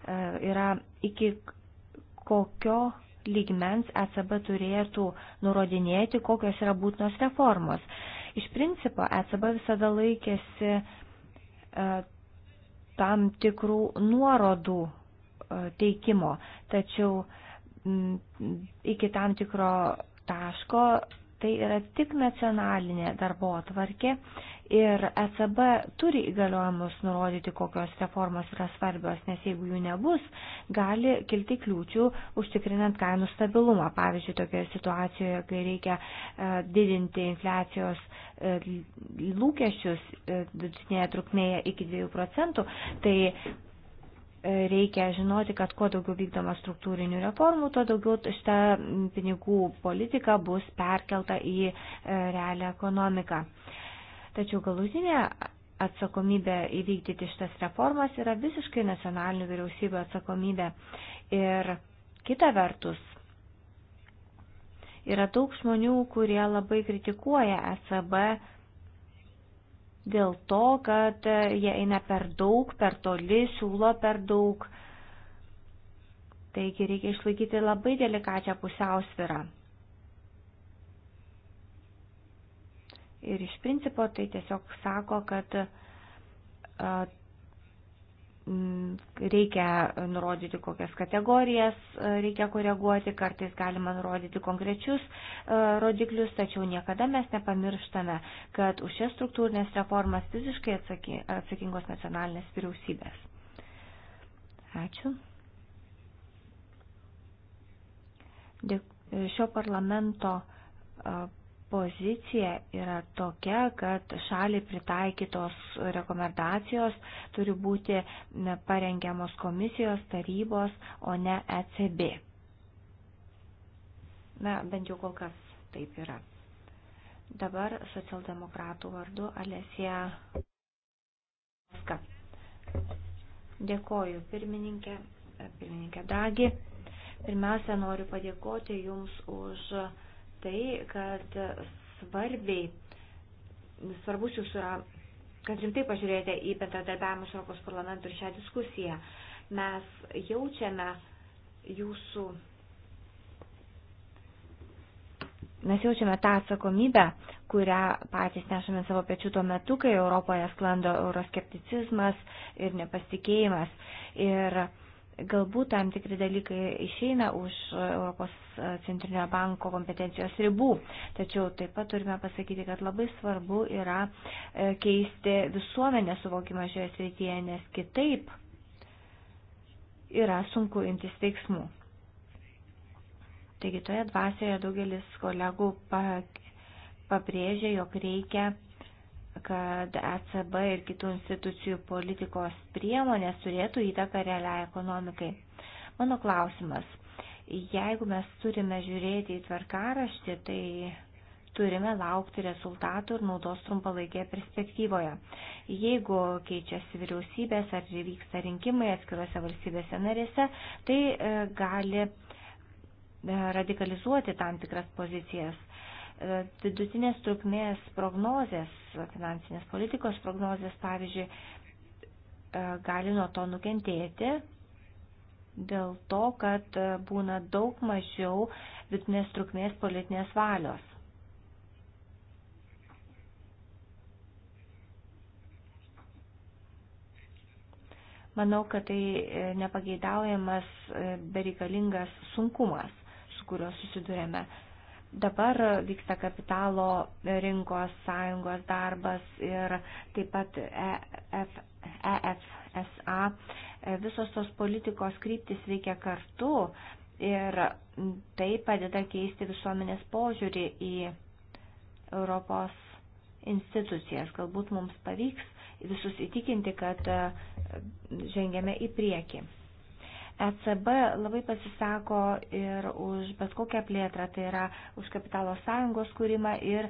E, yra iki kokio lygmens ECB turėtų nurodinėti, kokios yra būtinos reformos. Iš principo ECB visada laikėsi e, tam tikrų nuorodų e, teikimo, tačiau iki tam tikro taško tai yra tik nacionalinė darbo atvarkė ir ECB turi įgaliojimus nurodyti, kokios reformos yra svarbios, nes jeigu jų nebus, gali kilti kliūčių užtikrinant kainų stabilumą. Pavyzdžiui, tokioje situacijoje, kai reikia e, didinti infliacijos e, lūkesčius e, vidutinėje trukmėje iki 2 procentų, tai reikia žinoti, kad kuo daugiau vykdoma struktūrinių reformų, tuo daugiau šita pinigų politika bus perkelta į e, realią ekonomiką. Tačiau galutinė atsakomybė įvykdyti šitas reformas yra visiškai nacionalinių vyriausybių atsakomybė. Ir kita vertus, yra daug žmonių, kurie labai kritikuoja ECB dėl to, kad e, jie eina per daug, per toli, siūlo per daug. Taigi reikia išlaikyti labai delikačią pusiausvirą. Ir iš principo tai tiesiog sako, kad e, Mm, reikia nurodyti, kokias kategorijas e, reikia koreguoti, kartais galima nurodyti konkrečius e, rodiklius, tačiau niekada mes nepamirštame, kad už šias struktūrinės reformas fiziškai atsakingos nacionalinės vyriausybės. Ačiū. Dėk, šio parlamento e, pozicija yra tokia, kad šalį pritaikytos rekomendacijos turi būti parengiamos komisijos, tarybos, o ne ECB. Na, bent jau kol kas taip yra. Dabar socialdemokratų vardu Alesija Paska. Dėkoju pirmininkė, pirmininkė Dagi. Pirmiausia, noriu padėkoti Jums už uh, tai, kad svarbiai, svarbus jūs yra, kad rimtai pažiūrėjote į bendradarbiavimą su Europos parlamentu ir šią diskusiją. Mes jaučiame jūsų, mes jaučiame tą atsakomybę, kurią patys nešame savo pečių tuo metu, kai Europoje sklando euroskepticizmas ir nepasitikėjimas. Ir Galbūt tam tikri dalykai išeina už Europos centrinio banko kompetencijos ribų, tačiau taip pat turime pasakyti, kad labai svarbu yra e, keisti visuomenę suvokimą šioje srityje, nes kitaip yra sunku imtis veiksmų. Taigi toje dvasioje daugelis kolegų pabrėžė, jog reikia kad ECB ir kitų institucijų politikos priemonės turėtų įtaką realiai ekonomikai. Mano klausimas, jeigu mes turime žiūrėti į tvarkaraštį, tai turime laukti rezultatų ir naudos trumpalaikėje perspektyvoje. Jeigu keičiasi vyriausybės ar vyksta rinkimai atskiruose valstybėse narėse, tai e, gali e, radikalizuoti tam tikras pozicijas. E, vidutinės trukmės prognozės, finansinės politikos prognozės, pavyzdžiui, e, gali nuo to nukentėti dėl to, kad e, būna daug mažiau vidutinės trukmės politinės valios. Manau, kad tai nepageidaujamas bereikalingas sunkumas, su kuriuo susidurėme. Dabar vyksta kapitalo rinkos sąjungos darbas ir taip pat EFSA. E Visos tos politikos kryptis veikia kartu ir tai padeda keisti visuomenės požiūrį į Europos institucijas. Galbūt mums pavyks visus įtikinti, kad žengėme į priekį. ECB labai pasisako ir už bet kokią plėtrą, tai yra už kapitalo sąjungos kūrimą ir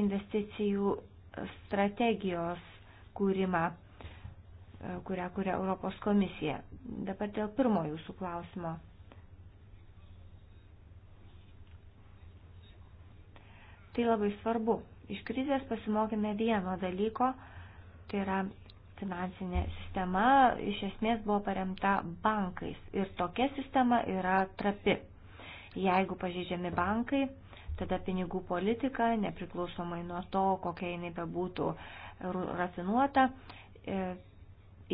investicijų strategijos kūrimą, e, kurią kuria Europos komisija. Dabar dėl pirmo jūsų klausimo. Tai labai svarbu. Iš krizės pasimokime vieno dalyko, tai yra finansinė sistema iš esmės buvo paremta bankais ir tokia sistema yra trapi. Jeigu pažeidžiami bankai, tada pinigų politika, nepriklausomai nuo to, kokia jinai bebūtų rafinuota, e,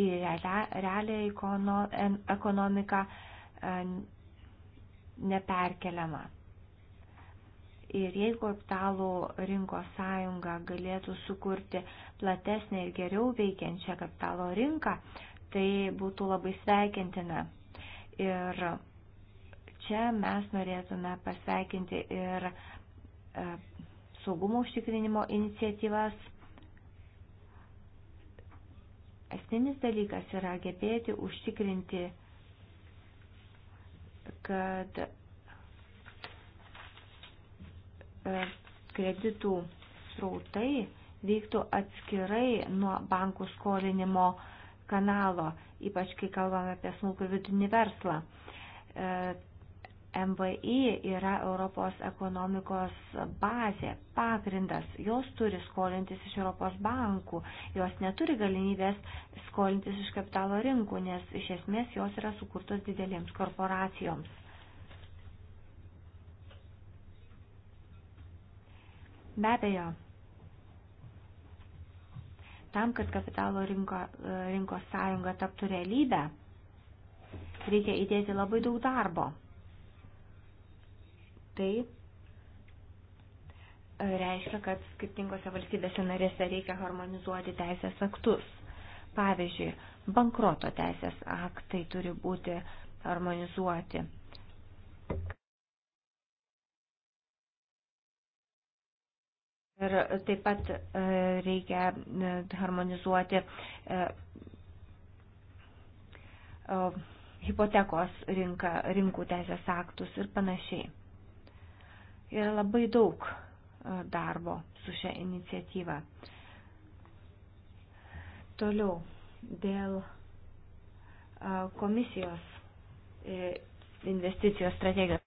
į realią ekonomiką e, neperkeliama. Ir jeigu kapitalų rinkos sąjunga galėtų sukurti platesnę ir geriau veikiančią kapitalo rinką, tai būtų labai sveikintina. Ir čia mes norėtume pasveikinti ir e, saugumo užtikrinimo iniciatyvas. Esminis dalykas yra gebėti užtikrinti, kad E, kreditų srautai vyktų atskirai nuo bankų skolinimo kanalo, ypač kai kalbame apie smulkų vidinį verslą. E, MVI yra Europos ekonomikos bazė, pagrindas. Jos turi skolintis iš Europos bankų, jos neturi galimybės skolintis iš kapitalo rinkų, nes iš esmės jos yra sukurtos didelėms korporacijoms. Be abejo, tam, kad kapitalo rinko, e, rinkos sąjunga taptų realybę, reikia įdėti labai daug darbo. Tai e, reiškia, kad skirtingose valstybėse narėse reikia harmonizuoti teisės aktus. Pavyzdžiui, bankroto teisės aktai turi būti harmonizuoti Ir taip pat e, reikia e, harmonizuoti e, hipotekos rinką, rinkų teisės aktus ir panašiai. Yra labai daug darbo su šia iniciatyva. Toliau dėl komisijos investicijos strategijos.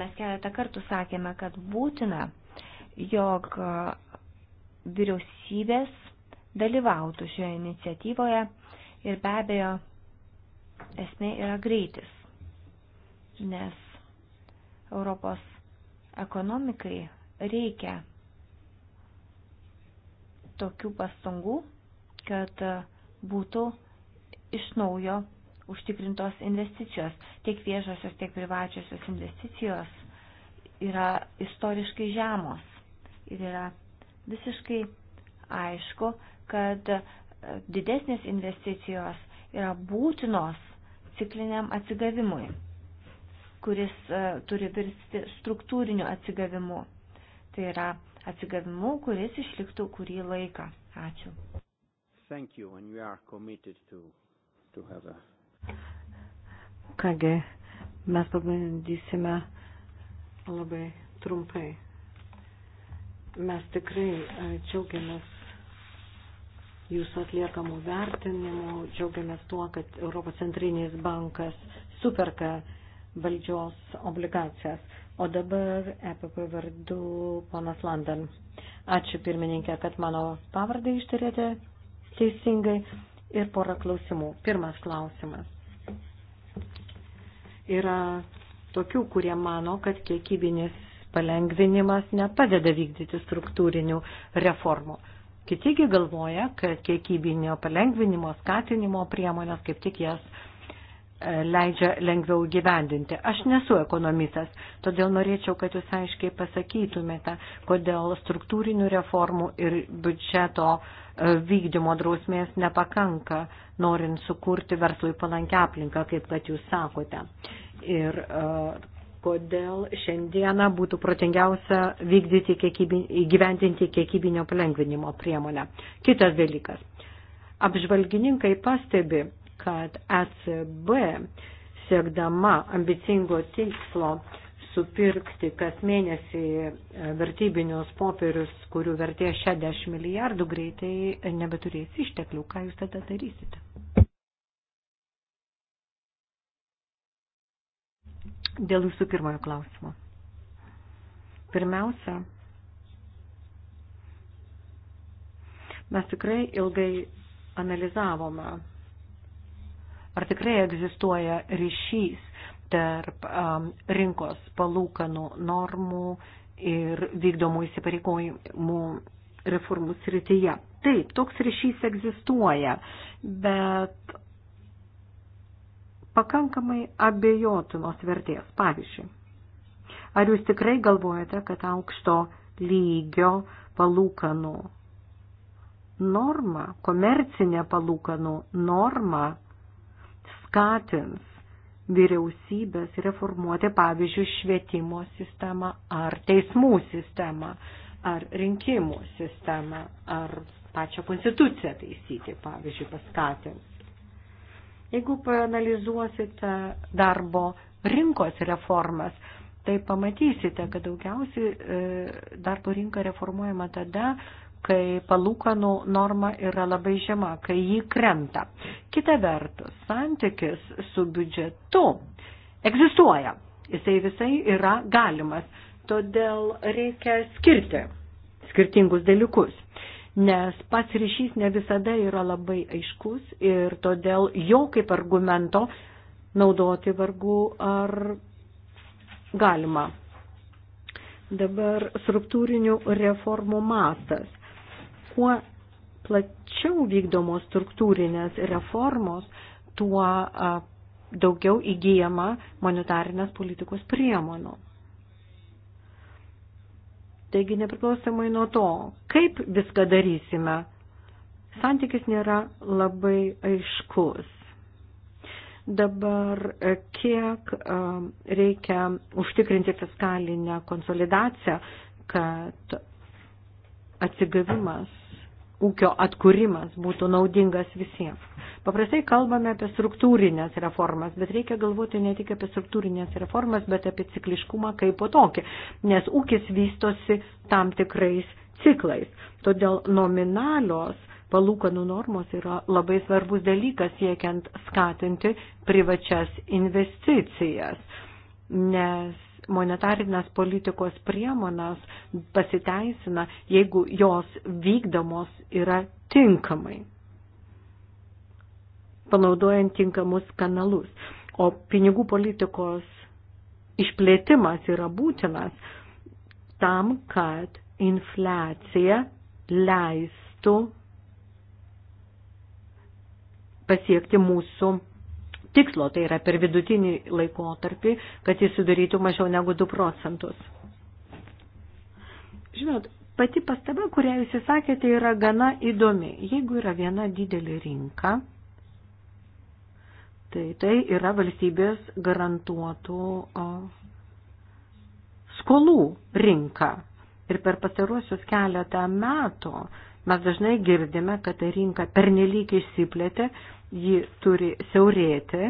Mes keletą kartų sakėme, kad būtina jog vyriausybės dalyvautų šioje iniciatyvoje ir be abejo esmė yra greitis, nes Europos ekonomikai reikia tokių pastangų, kad būtų iš naujo užtikrintos investicijos. Tiek viešosios, tiek privačiosios investicijos yra istoriškai žemos. Ir yra visiškai aišku, kad e, didesnės investicijos yra būtinos cikliniam atsigavimui, kuris e, turi virsti struktūriniu atsigavimu. Tai yra atsigavimu, kuris išliktų kurį laiką. Ačiū. You, to, to a... Kągi, mes pabandysime labai trumpai Mes tikrai e, džiaugiamės jūsų atliekamų vertinimų, džiaugiamės tuo, kad Europos centrinis bankas superka valdžios obligacijas. O dabar EPP vardu ponas Landan. Ačiū pirmininkė, kad mano pavardą ištarėte teisingai ir porą klausimų. Pirmas klausimas. Yra tokių, kurie mano, kad kiekybinis palengvinimas nepadeda vykdyti struktūrinių reformų. Kitigi galvoja, kad kiekybinio palengvinimo, skatinimo priemonės kaip tik jas e, leidžia lengviau gyvendinti. Aš nesu ekonomistas, todėl norėčiau, kad jūs aiškiai pasakytumėte, kodėl struktūrinių reformų ir biudžeto e, vykdymo drausmės nepakanka, norint sukurti verslui palankę aplinką, kaip kad jūs sakote. Ir e, kodėl šiandieną būtų protingiausia vykdyti kiekybin, įgyvendinti kiekybinio palengvinimo priemonę. Kitas dalykas. Apžvalgininkai pastebi, kad ECB siekdama ambicingo tikslo supirkti kas mėnesį e, vertybinius popierius, kurių vertė 60 milijardų, greitai nebeturės išteklių. Ką jūs tada darysite? Dėl jūsų pirmojo klausimo. Pirmiausia, mes tikrai ilgai analizavome, ar tikrai egzistuoja ryšys tarp um, rinkos palūkanų normų ir vykdomų įsipareigojimų reformų srityje. Taip, toks ryšys egzistuoja, bet pakankamai abejotinos vertės. Pavyzdžiui, ar jūs tikrai galvojate, kad aukšto lygio palūkanų norma, komercinė palūkanų norma skatins vyriausybės reformuoti, pavyzdžiui, švietimo sistemą ar teismų sistemą ar rinkimų sistemą ar pačią konstituciją taisyti, pavyzdžiui, paskatins. Jeigu paanalizuosite darbo rinkos reformas, tai pamatysite, kad daugiausiai e, darbo rinka reformuojama tada, kai palūkanų norma yra labai žema, kai jį krenta. Kita vertus, santykis su biudžetu egzistuoja, jisai visai yra galimas, todėl reikia skirti skirtingus dalykus nes pats ryšys ne visada yra labai aiškus ir todėl jo kaip argumento naudoti vargu ar galima. Dabar struktūrinių reformų mastas. Kuo plačiau vykdomos struktūrinės reformos, tuo daugiau įgyjama monetarinės politikos priemonų. Taigi nepriklausomai nuo to, kaip viską darysime, santykis nėra labai aiškus. Dabar kiek reikia užtikrinti fiskalinę konsolidaciją, kad atsigavimas ūkio atkūrimas būtų naudingas visiems. Paprastai kalbame apie struktūrinės reformas, bet reikia galvoti ne tik apie struktūrinės reformas, bet apie cikliškumą kaip po tokį, nes ūkis vystosi tam tikrais ciklais. Todėl nominalios palūkanų normos yra labai svarbus dalykas siekiant skatinti privačias investicijas, nes monetarinės politikos priemonės pasiteisina, jeigu jos vykdamos yra tinkamai, panaudojant tinkamus kanalus. O pinigų politikos išplėtimas yra būtinas tam, kad infliacija leistų pasiekti mūsų tikslo, tai yra per vidutinį laikotarpį, kad jis sudarytų mažiau negu 2 procentus. Žinot, pati pastaba, kurią jūs įsakėte, yra gana įdomi. Jeigu yra viena didelė rinka, tai tai yra valstybės garantuotų o, skolų rinka. Ir per pastaruosius keletą metų mes dažnai girdime, kad ta rinka pernelyg išsiplėtė ji turi siaurėti,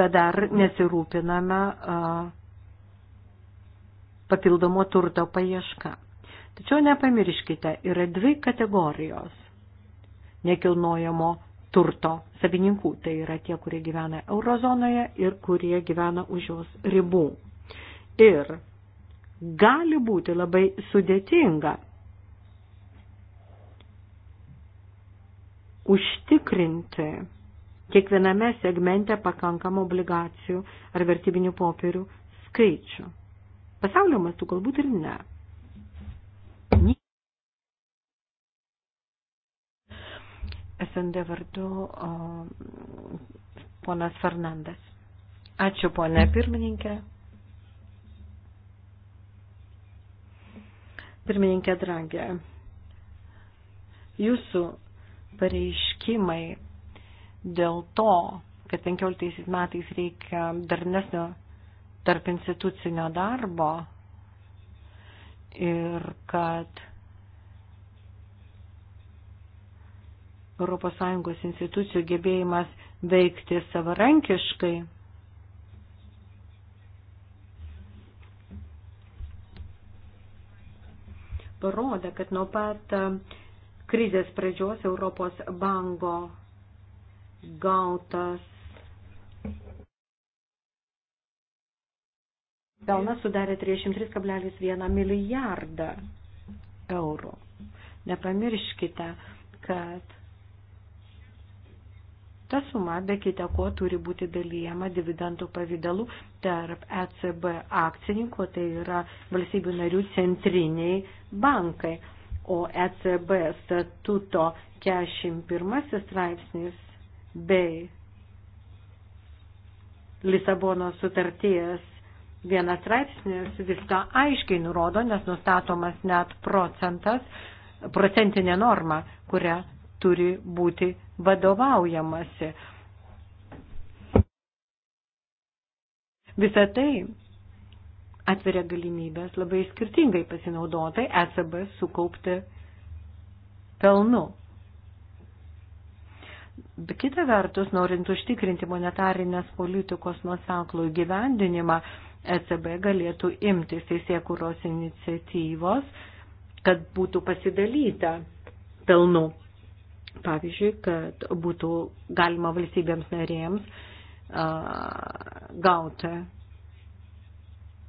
bet dar nesirūpiname papildomo turto paieška. Tačiau nepamirškite, yra dvi kategorijos nekilnojamo turto savininkų. Tai yra tie, kurie gyvena eurozonoje ir kurie gyvena už jos ribų. Ir gali būti labai sudėtinga užtikrinti kiekviename segmente pakankamą obligacijų ar vertybinių popierių skaičių. Pasaulio mastu galbūt ir ne. SND vardu o, ponas Fernandas. Ačiū, ponė pirmininkė. Pirmininkė Dragė, jūsų pareiškimai dėl to, kad 15 metais reikia darnesnio tarp institucinio darbo ir kad ES institucijų gebėjimas veikti savarankiškai parodė, kad nuo pat krizės pradžios Europos banko gautas pelnas sudarė 303,1 milijardą eurų. Nepamirškite, kad ta suma be kita ko turi būti dalyjama dividendų pavydalu tarp ECB akcininkų, tai yra valstybių narių centriniai bankai o ECB statuto 41 straipsnis bei Lisabono sutarties vienas straipsnis viską aiškiai nurodo, nes nustatomas net procentas, procentinė norma, kuria turi būti vadovaujamasi. Visą tai atveria galimybės labai skirtingai pasinaudotai ECB sukaupti pelnu. Be kita vertus, norint užtikrinti monetarinės politikos nuoseklų įgyvendinimą, ECB galėtų imtis teisėkūros iniciatyvos, kad būtų pasidalyta pelnu. Pavyzdžiui, kad būtų galima valstybėms narėms a, gauti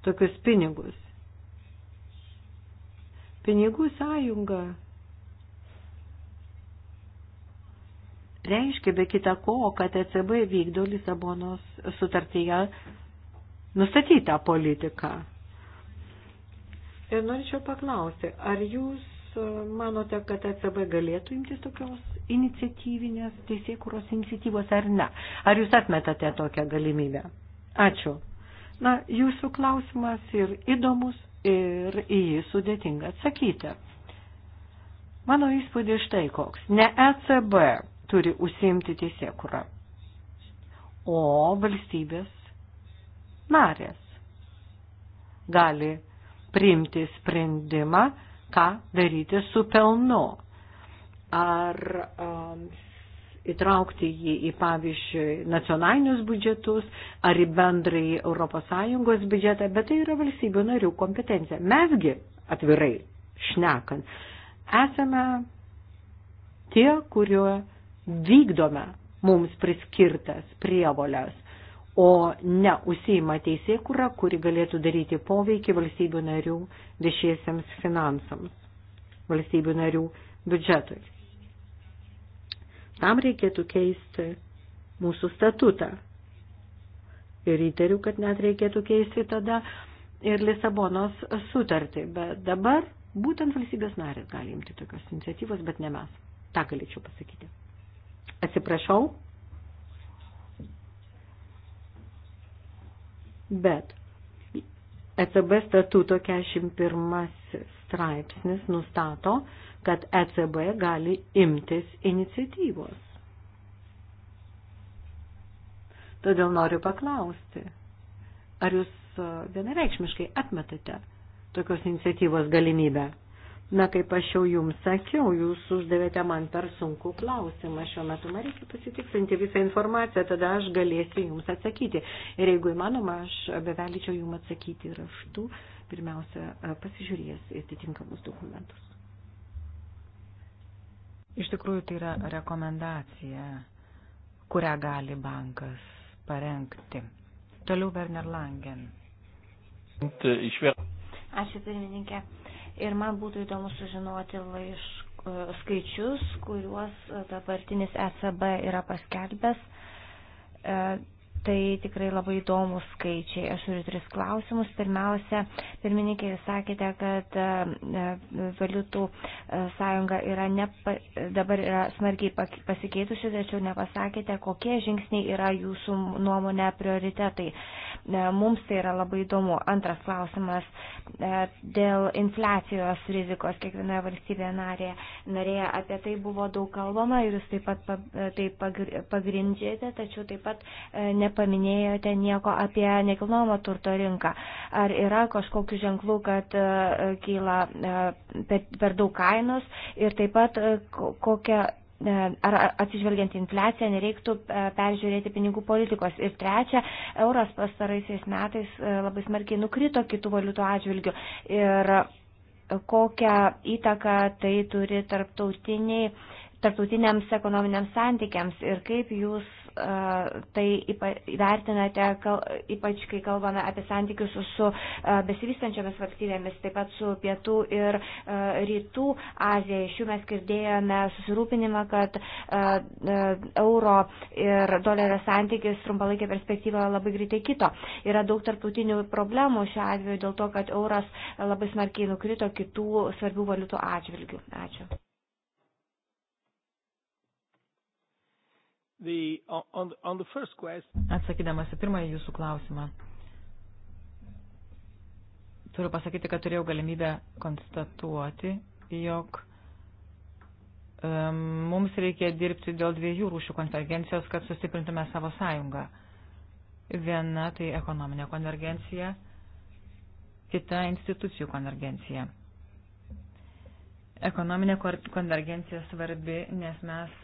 tokius pinigus. Pinigų sąjunga reiškia be kita ko, kad ECB vykdo Lisabonos sutartyje nustatytą politiką. Ir norėčiau paklausti, ar jūs manote, kad ECB galėtų imtis tokios iniciatyvinės teisėkuros iniciatyvos ar ne? Ar jūs atmetate tokią galimybę? Ačiū. Na, jūsų klausimas ir įdomus, ir į jį sudėtinga atsakyti. Mano įspūdis štai koks. Ne ECB turi užsiimti teisėkurą, o valstybės narės gali priimti sprendimą, ką daryti su pelnu. Ar um, įtraukti jį į, pavyzdžiui, nacionalinius biudžetus ar į bendrąjį ES biudžetą, bet tai yra valstybių narių kompetencija. Mesgi, atvirai šnekant, esame tie, kurio vykdome mums priskirtas prievolės, o ne užsima teisėkura, kuri galėtų daryti poveikį valstybių narių viešiesiams finansams, valstybių narių biudžetui. Tam reikėtų keisti mūsų statutą. Ir įtariu, kad net reikėtų keisti tada ir Lisabonos sutartį. Bet dabar būtent valstybės narės gali imti tokios iniciatyvos, bet ne mes. Ta galėčiau pasakyti. Atsiprašau. Bet ECB statuto 41 straipsnis nustato, kad ECB gali imtis iniciatyvos. Todėl noriu paklausti, ar jūs e, vienareikšmiškai atmetate tokios iniciatyvos galimybę? Na, kaip aš jau jums sakiau, jūs uždavėte man per sunku klausimą. Šiuo metu man reikia pasitiksinti visą informaciją, tada aš galėsiu jums atsakyti. Ir jeigu įmanoma, aš bevelyčiau jums atsakyti raštu, pirmiausia, e, pasižiūrės į atitinkamus dokumentus. Iš tikrųjų, tai yra rekomendacija, kurią gali bankas parengti. Toliau Werner Langen. Ačiū pirmininkė. Ir man būtų įdomu sužinoti laiš, e, skaičius, kuriuos e, dabartinis ECB yra paskelbęs e, Tai tikrai labai įdomus skaičiai. Aš turiu tris klausimus. Pirmiausia, pirmininkė, jūs sakėte, kad e, e, valiutų e, sąjunga yra nepa, dabar yra smarkiai pasikeitusi, tačiau nepasakėte, kokie žingsniai yra jūsų nuomonė prioritetai. Mums tai yra labai įdomu. Antras klausimas dėl infliacijos rizikos kiekvienoje valstybėje narėje. narėje. Apie tai buvo daug kalbama ir jūs taip pat tai pagrindžiate, tačiau taip pat ne nepaminėjote nieko apie nekilnojamo turto rinką. Ar yra kažkokių ženklų, kad e, kyla e, per daug kainos ir taip pat e, kokią ar atsižvelgiant infliaciją nereiktų peržiūrėti pinigų politikos. Ir trečia, euras pastaraisiais metais labai smarkiai nukrito kitų valiutų atžvilgių. Ir kokią įtaką tai turi tarptautiniai tarptautiniams ekonominiams santykiams ir kaip jūs tai įvertinate, ypač kai kalbame apie santykius su besivystančiomis valstybėmis, taip pat su pietų ir rytų Azija. Iš jų mes girdėjome susirūpinimą, kad euro ir dolerio santykis trumpalaikė perspektyva labai greitai kito. Yra daug tarptautinių problemų šiuo atveju dėl to, kad euras labai smarkiai nukrito kitų svarbių valiutų atžvilgių. Ačiū. The, on, on the first question. Atsakydamas į pirmąjį jūsų klausimą, turiu pasakyti, kad turėjau galimybę konstatuoti, jog um, mums reikia dirbti dėl dviejų rūšių konvergencijos, kad sustiprintume savo sąjungą. Viena tai ekonominė konvergencija, kita institucijų konvergencija. Ekonominė konvergencija svarbi, nes mes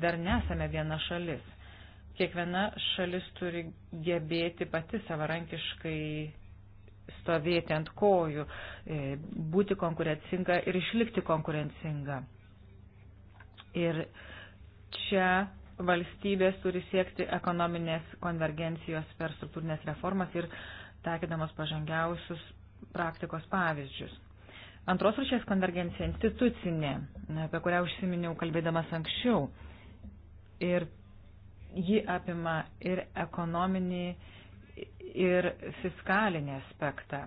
dar nesame viena šalis. Kiekviena šalis turi gebėti pati savarankiškai stovėti ant kojų, e, būti konkurencinga ir išlikti konkurencinga. Ir čia valstybės turi siekti ekonominės konvergencijos per struktūrinės reformas ir taikydamos pažangiausius praktikos pavyzdžius. Antros rušės konvergencija institucinė, apie kurią užsiminiau kalbėdamas anksčiau ir ji apima ir ekonominį, ir fiskalinį aspektą.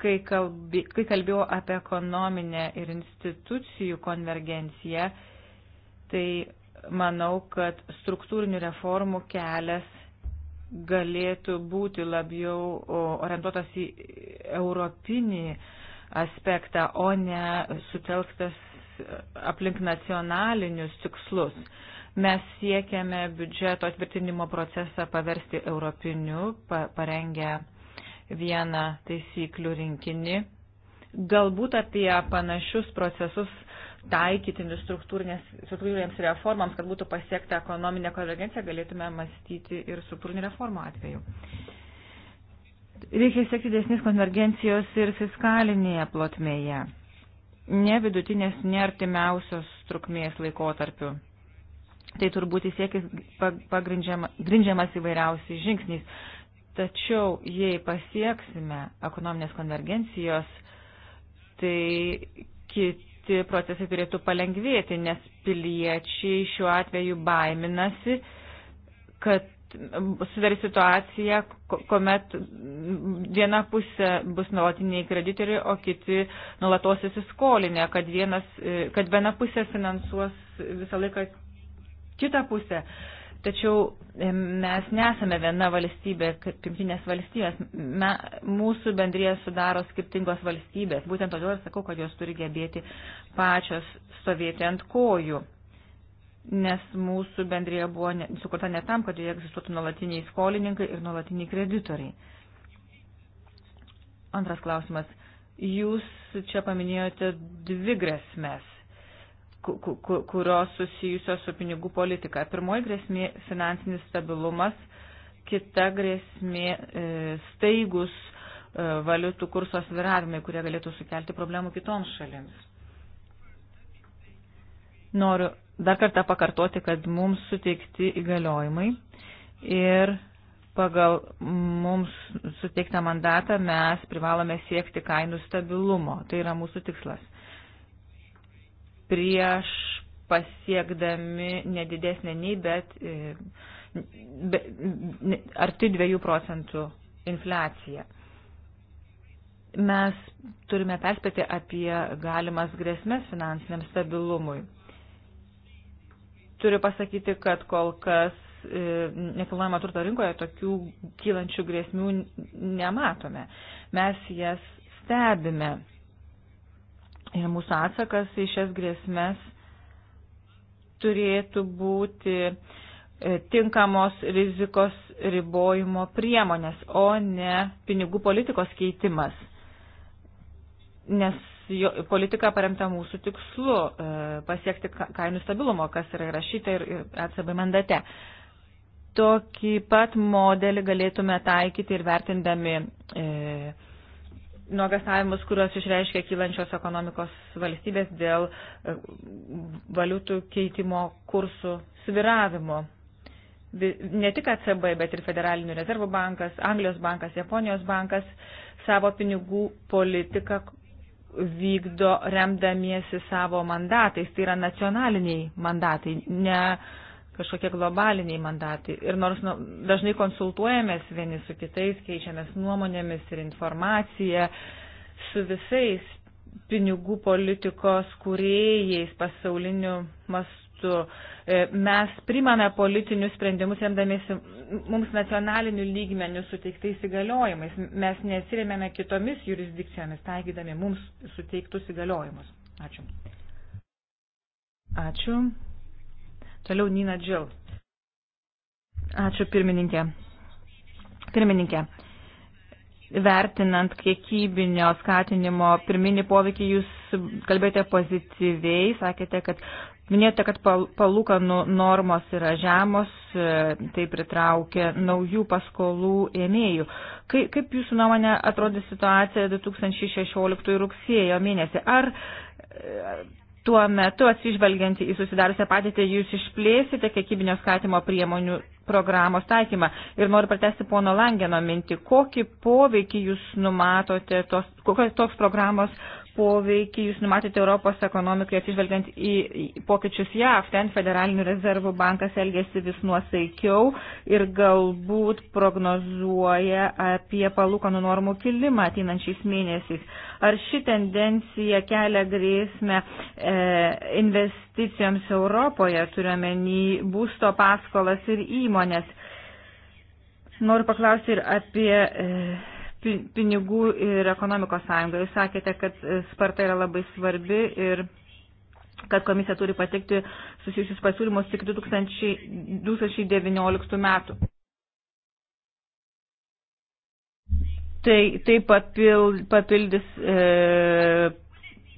Kai, kalbė, kai kalbėjau apie ekonominę ir institucijų konvergenciją, tai manau, kad struktūrinių reformų kelias galėtų būti labiau orientuotas į europinį aspektą, o ne sutelktas aplink nacionalinius tikslus. Mes siekiame biudžeto atvirtinimo procesą paversti europiniu, pa, parengę vieną taisyklių rinkinį. Galbūt apie panašius procesus taikytinius struktūrinėms reformams, kad būtų pasiekta ekonominė konvergencija, galėtume mąstyti ir struktūrinį reformą atveju. Reikia siekti dėsnės konvergencijos ir fiskalinėje plotmėje, ne vidutinės, ne artimiausios trukmės laikotarpiu. Tai turbūt įsiekis pagrindžiamas įvairiausiais žingsniais. Tačiau, jei pasieksime ekonominės konvergencijos, tai kiti procesai turėtų palengvėti, nes piliečiai šiuo atveju baiminasi, kad sudarys situacija, kuomet viena pusė bus nuolatiniai kreditoriai, o kiti nuolatos įsiskolinę, kad, vienas, kad viena pusė finansuos visą laiką kitą pusę. Tačiau e, mes nesame viena valstybė, kaip jungtinės valstybės. Me, mūsų bendrėje sudaro skirtingos valstybės. Būtent todėl ir sakau, kad jos turi gebėti pačios stovėti ant kojų. Nes mūsų bendrėje buvo ne, sukurta ne tam, kad joje egzistuotų nuolatiniai skolininkai ir nuolatiniai kreditoriai. Antras klausimas. Jūs čia paminėjote dvi grėsmės kurios susijusios su pinigų politika. Pirmoji grėsmė - finansinis stabilumas, kita grėsmė e, - staigus e, valiutų kurso sviravimai, kurie galėtų sukelti problemų kitoms šalims. Noriu dar kartą pakartoti, kad mums suteikti įgaliojimai ir pagal mums suteiktą mandatą mes privalome siekti kainų stabilumo. Tai yra mūsų tikslas prieš pasiekdami nedidesnę nei, bet e, be, arti 2 procentų infliaciją. Mes turime perspėti apie galimas grėsmės finansiniam stabilumui. Turiu pasakyti, kad kol kas e, nekilnojamo turto rinkoje tokių kylančių grėsmių nematome. Mes jas stebime Ir mūsų atsakas į šias grėsmės turėtų būti e, tinkamos rizikos ribojimo priemonės, o ne pinigų politikos keitimas. Nes jo, politika paremta mūsų tikslu e, pasiekti kainų stabilumo, kas yra įrašyta ir, ir ECB mandate. Tokį pat modelį galėtume taikyti ir vertindami e, nuogastavimus, kuriuos išreiškia kylančios ekonomikos valstybės dėl e, valiutų keitimo kursų sviravimo. Ne tik ECB, bet ir Federalinių rezervų bankas, Anglijos bankas, Japonijos bankas savo pinigų politiką vykdo remdamiesi savo mandatais, tai yra nacionaliniai mandatai, ne kažkokie globaliniai mandatai. Ir nors nu, dažnai konsultuojamės vieni su kitais, keičiamės nuomonėmis ir informaciją su visais pinigų politikos kūrėjais pasauliniu mastu. E, mes primame politinius sprendimus, remdamiesi mums nacionaliniu lygmeniu suteiktais įgaliojimais. Mes nesiremėme kitomis jurisdikcijomis, taikydami mums suteiktus įgaliojimus. Ačiū. Ačiū. Toliau Nina Džil. Ačiū pirmininkė. Pirmininkė, vertinant kiekybinio skatinimo pirminį poveikį, jūs kalbėjote pozityviai, sakėte, kad minėjote, kad palūkanų normos yra žemos, tai pritraukia naujų paskolų ėmėjų. Kaip, kaip jūsų nuomonė atrodė situacija 2016 rugsėjo mėnesį? Ar Tuo metu, atsižvelgiant į susidariusią patirtį, jūs išplėsite kiekybinio skatimo priemonių programos taikymą. Ir noriu pratesti pono Langeno mintį, kokį poveikį jūs numatote, tos, kokios toks programos poveikį jūs numatėte Europos ekonomikai atsižvelgiant į pokyčius JAV. Ten Federalinių rezervų bankas elgėsi vis nuosaikiau ir galbūt prognozuoja apie palūkanų normų kilimą ateinančiais mėnesiais. Ar ši tendencija kelia grėsmę e, investicijoms Europoje, turiuomenį būsto paskolas ir įmonės? Noriu paklausti ir apie. E, pinigų ir ekonomikos sąjungą. Jūs sakėte, kad e, sparta yra labai svarbi ir kad komisija turi patikti susijusius pasiūlymus tik 2019 metų. Tai, tai papil, papildys e,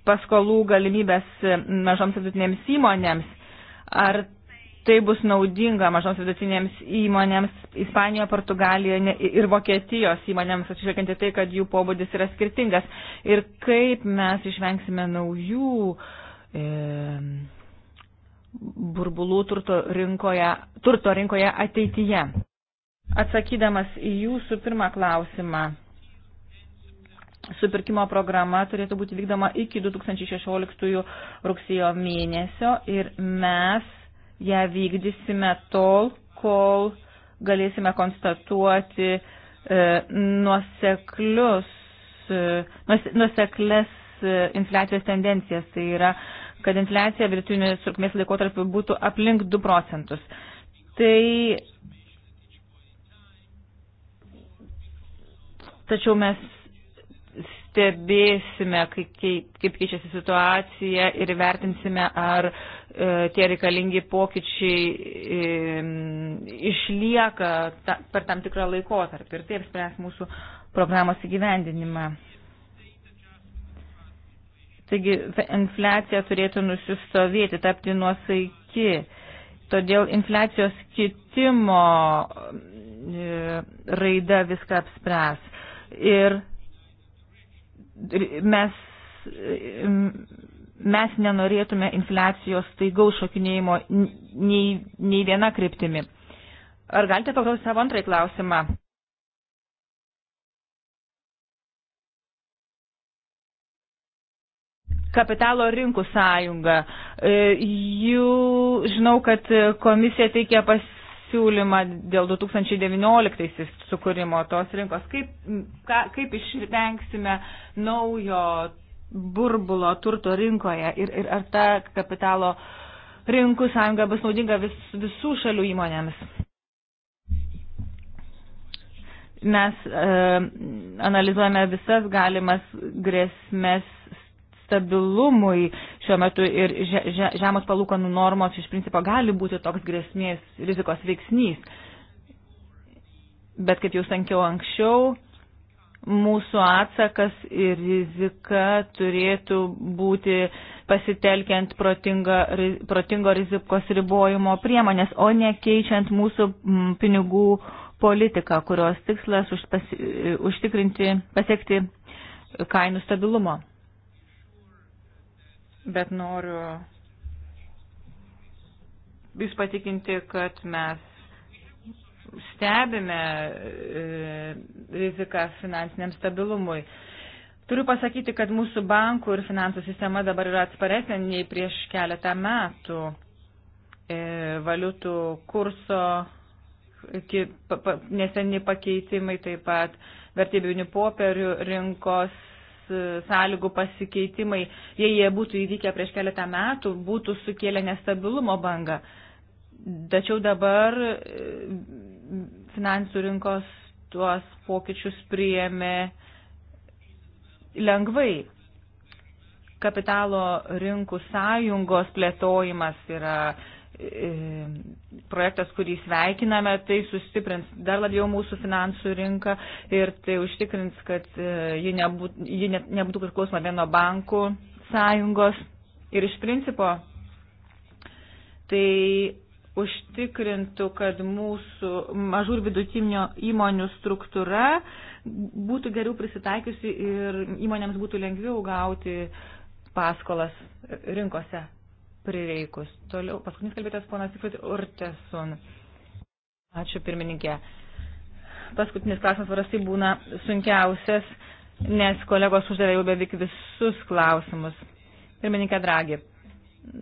paskolų galimybės e, mažoms vidutinėms įmonėms. Ar tai bus naudinga mažoms vidutinėms įmonėms Ispanijoje, Portugalijoje ir Vokietijos įmonėms, atsižvelgiant į tai, kad jų pobūdis yra skirtingas. Ir kaip mes išvengsime naujų e, burbulų turto rinkoje, turto rinkoje ateityje. Atsakydamas į jūsų pirmą klausimą, supirkimo programa turėtų būti vykdoma iki 2016 rugsėjo mėnesio ir mes ją vykdysime tol, kol galėsime konstatuoti e, nuoseklius, e, nuosekles e, infliacijos tendencijas. Tai yra, kad infliacija vidutinės trukmės laikotarpiu būtų aplink 2 procentus. Tai Tačiau mes stebėsime, kaip keičiasi situacija ir vertinsime, ar e, tie reikalingi pokyčiai e, išlieka per tam tikrą laikotarpį ir taip spręs mūsų programos įgyvendinimą. Taigi infliacija turėtų nusistovėti, tapti nuosaiki. Todėl infliacijos kitimo e, raida viską apspręs. Ir mes, mes nenorėtume infliacijos staigaus šokinėjimo nei, nei viena kryptimi. Ar galite paklausyti savo antrąjį klausimą? kapitalo rinkų sąjunga. E, jų žinau, kad komisija teikia pas, siūlymą dėl 2019 sukūrimo tos rinkos. Kaip, ka, kaip išvengsime naujo burbulo turto rinkoje ir, ir ar ta kapitalo rinkų sąjunga bus naudinga vis, visų šalių įmonėms? Mes e, analizuojame visas galimas grėsmės stabilumui šiuo metu ir že, že, žemos palūkanų normos iš principo gali būti toks grėsmės rizikos veiksnys. Bet kaip jau sankiau anksčiau, mūsų atsakas ir rizika turėtų būti pasitelkiant protinga, protingo rizikos ribojimo priemonės, o ne keičiant mūsų pinigų politiką, kurios tikslas už, pas, užtikrinti, pasiekti kainų stabilumo bet noriu jūs patikinti, kad mes stebime e, riziką finansiniam stabilumui. Turiu pasakyti, kad mūsų bankų ir finansų sistema dabar yra atsparesnė nei prieš keletą metų. E, valiutų kurso neseni pakeitimai taip pat vertybinių popierių rinkos E, sąlygų pasikeitimai, jei jie būtų įvykę prieš keletą metų, būtų sukėlę nestabilumo bangą. Tačiau dabar e, finansų rinkos tuos pokyčius priėmė lengvai. Kapitalo rinkų sąjungos plėtojimas yra uh, E, projektas, kurį sveikiname, tai sustiprins dar labiau mūsų finansų rinką ir tai užtikrins, kad e, ji nebūtų, ji nebūtų priklausoma vieno bankų sąjungos. Ir iš principo tai užtikrintų, kad mūsų mažų ir vidutinio įmonių struktūra būtų geriau prisitaikiusi ir įmonėms būtų lengviau gauti paskolas rinkose prireikus. Toliau, paskutinis kalbėtas ponas Sifrit Urtesun. Ačiū pirmininkė. Paskutinis klausimas varastai būna sunkiausias, nes kolegos uždavė jau beveik visus klausimus. Pirmininkė Dragi,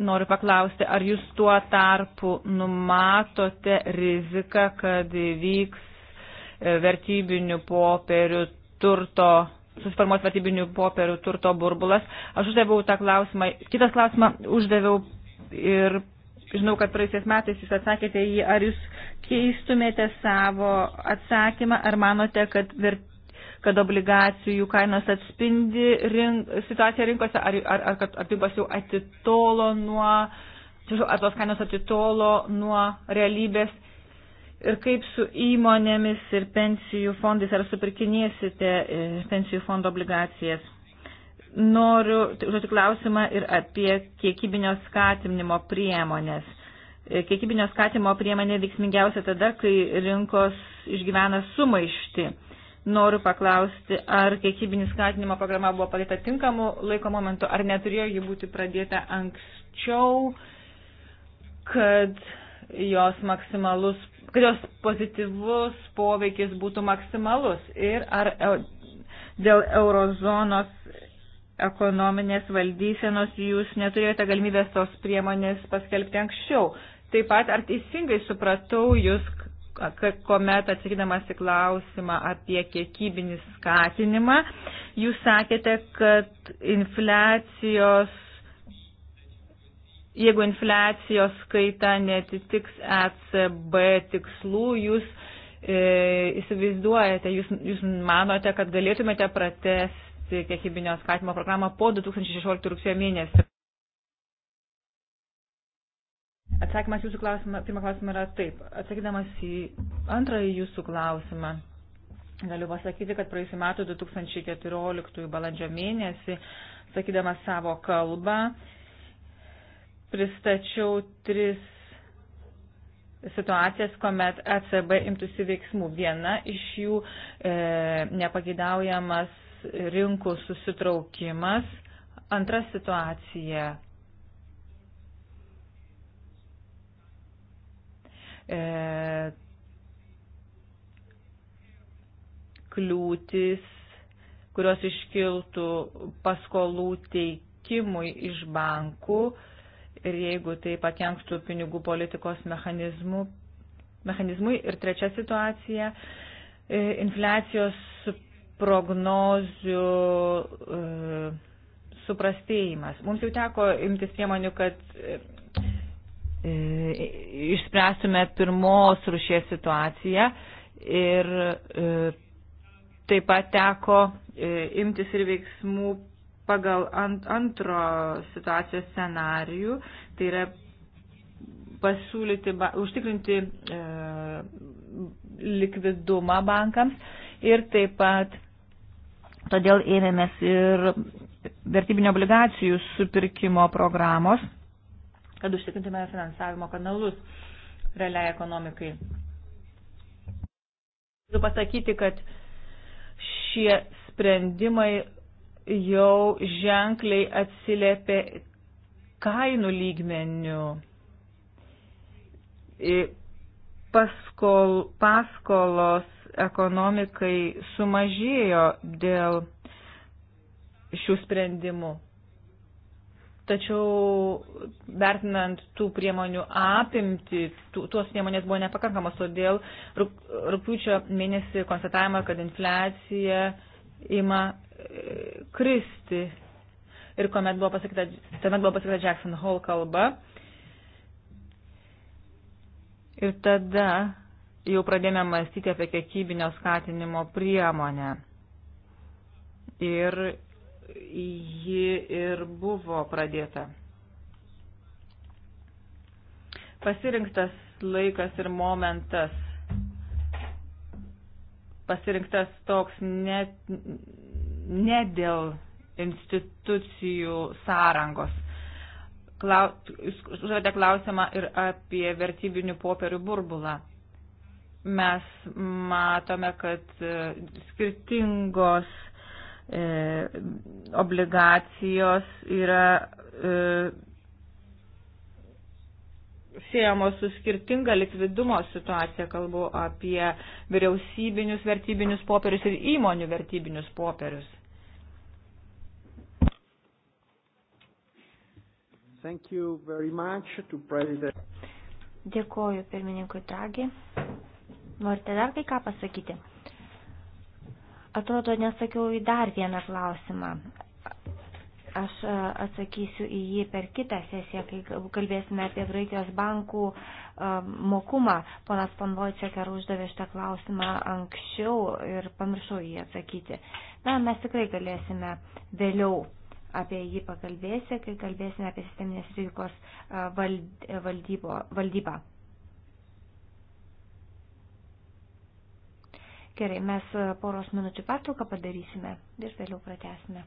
noriu paklausti, ar jūs tuo tarpu numatote riziką, kad vyks e, vertybinių popierių turto susiformuos vertybinių popierių turto burbulas. Aš uždaviau tą klausimą. Kitas klausimą uždaviau ir žinau, kad praeisiais metais jūs atsakėte į, ar jūs keistumėte savo atsakymą, ar manote, kad, ver, kad obligacijų kainos atspindi rink, situaciją rinkose, ar, ar, ar kad rinkos jau atitolo nuo, ar tos kainos atitolo nuo realybės ir kaip su įmonėmis ir pensijų fondais, ar supirkinėsite e, pensijų fondo obligacijas. Noriu užduoti klausimą ir apie kiekybinio skatinimo priemonės. E, kiekybinio skatimo priemonė veiksmingiausia tada, kai rinkos išgyvena sumaišti. Noriu paklausti, ar kiekybinis skatinimo programa buvo padaryta tinkamu laiko momentu, ar neturėjo ji būti pradėta anksčiau, kad jos maksimalus kad jos pozityvus poveikis būtų maksimalus ir ar e, dėl eurozonos ekonominės valdysenos jūs neturėjote galimybės tos priemonės paskelbti anksčiau. Taip pat, ar teisingai supratau jūs, kuomet atsakydamas į klausimą apie kiekybinį skatinimą, jūs sakėte, kad infliacijos jeigu infliacijos skaita netitiks ECB tikslų, jūs e, įsivaizduojate, jūs, jūs manote, kad galėtumėte pratesti kiekybinio skatimo programą po 2016 rugsėjo mėnesį? Atsakymas jūsų klausimą, pirmą klausimą yra taip. Atsakydamas į antrąjį jūsų klausimą, galiu pasakyti, kad praėjusiu metu 2014 balandžio mėnesį, sakydamas savo kalbą, pristačiau tris situacijas, kuomet ECB imtųsi veiksmų. Viena iš jų e, nepagidaujamas rinkų susitraukimas. Antra situacija. E, kliūtis, kurios iškiltų paskolų teikimui iš bankų. E, ir jeigu tai pakenktų pinigų politikos mechanizmų, mechanizmui. Ir trečia situacija e, - infliacijos prognozių e, suprastėjimas. Mums jau teko imtis priemonių, kad e, e išspręstume pirmos rušės situaciją ir e, taip pat teko e, imtis ir veiksmų pagal ant, antro situacijos scenarijų, tai yra pasiūlyti, ba, užtikrinti e, likvidumą bankams ir taip pat todėl ėmėmės ir vertybinio obligacijų supirkimo programos, kad užtikrintume finansavimo kanalus realiai ekonomikai. Turiu pasakyti, kad šie sprendimai jau ženkliai atsiliepė kainų lygmenių. Paskol, paskolos ekonomikai sumažėjo dėl šių sprendimų. Tačiau vertinant tų priemonių apimti, tų, tuos priemonės buvo nepakankamos, todėl rūpiučio mėnesį konstatavimą, kad infliacija ima kristi. Ir kuomet buvo pasakyta, tuomet buvo pasakyta Jackson Hole kalba. Ir tada jau pradėjome mąstyti apie kiekybinio skatinimo priemonę. Ir ji ir buvo pradėta. Pasirinktas laikas ir momentas pasirinktas toks net ne dėl institucijų sąrangos. Klaus, jūs užduodate klausimą ir apie vertybinių popierių burbulą. Mes matome, kad e, skirtingos e, obligacijos yra e, siejamos su skirtinga likvidumo situacija, kalbu apie vyriausybinius vertybinius popierius ir įmonių vertybinius popierius. Dėkoju pirmininkui Dragi. Norite dar kai ką pasakyti? Atrodo, nesakiau į dar vieną klausimą. Aš e, atsakysiu į jį per kitą sesiją, kai kalbėsime apie Graikijos bankų e, mokumą. Ponas Panvojčiak ar uždavė šitą klausimą anksčiau ir pamiršau jį atsakyti. Na, mes tikrai galėsime vėliau apie jį pakalbėsiu, kai kalbėsime apie sisteminės rizikos e, valdybo, valdybą. Gerai, mes poros minučių pertrauką padarysime ir vėliau pratęsime.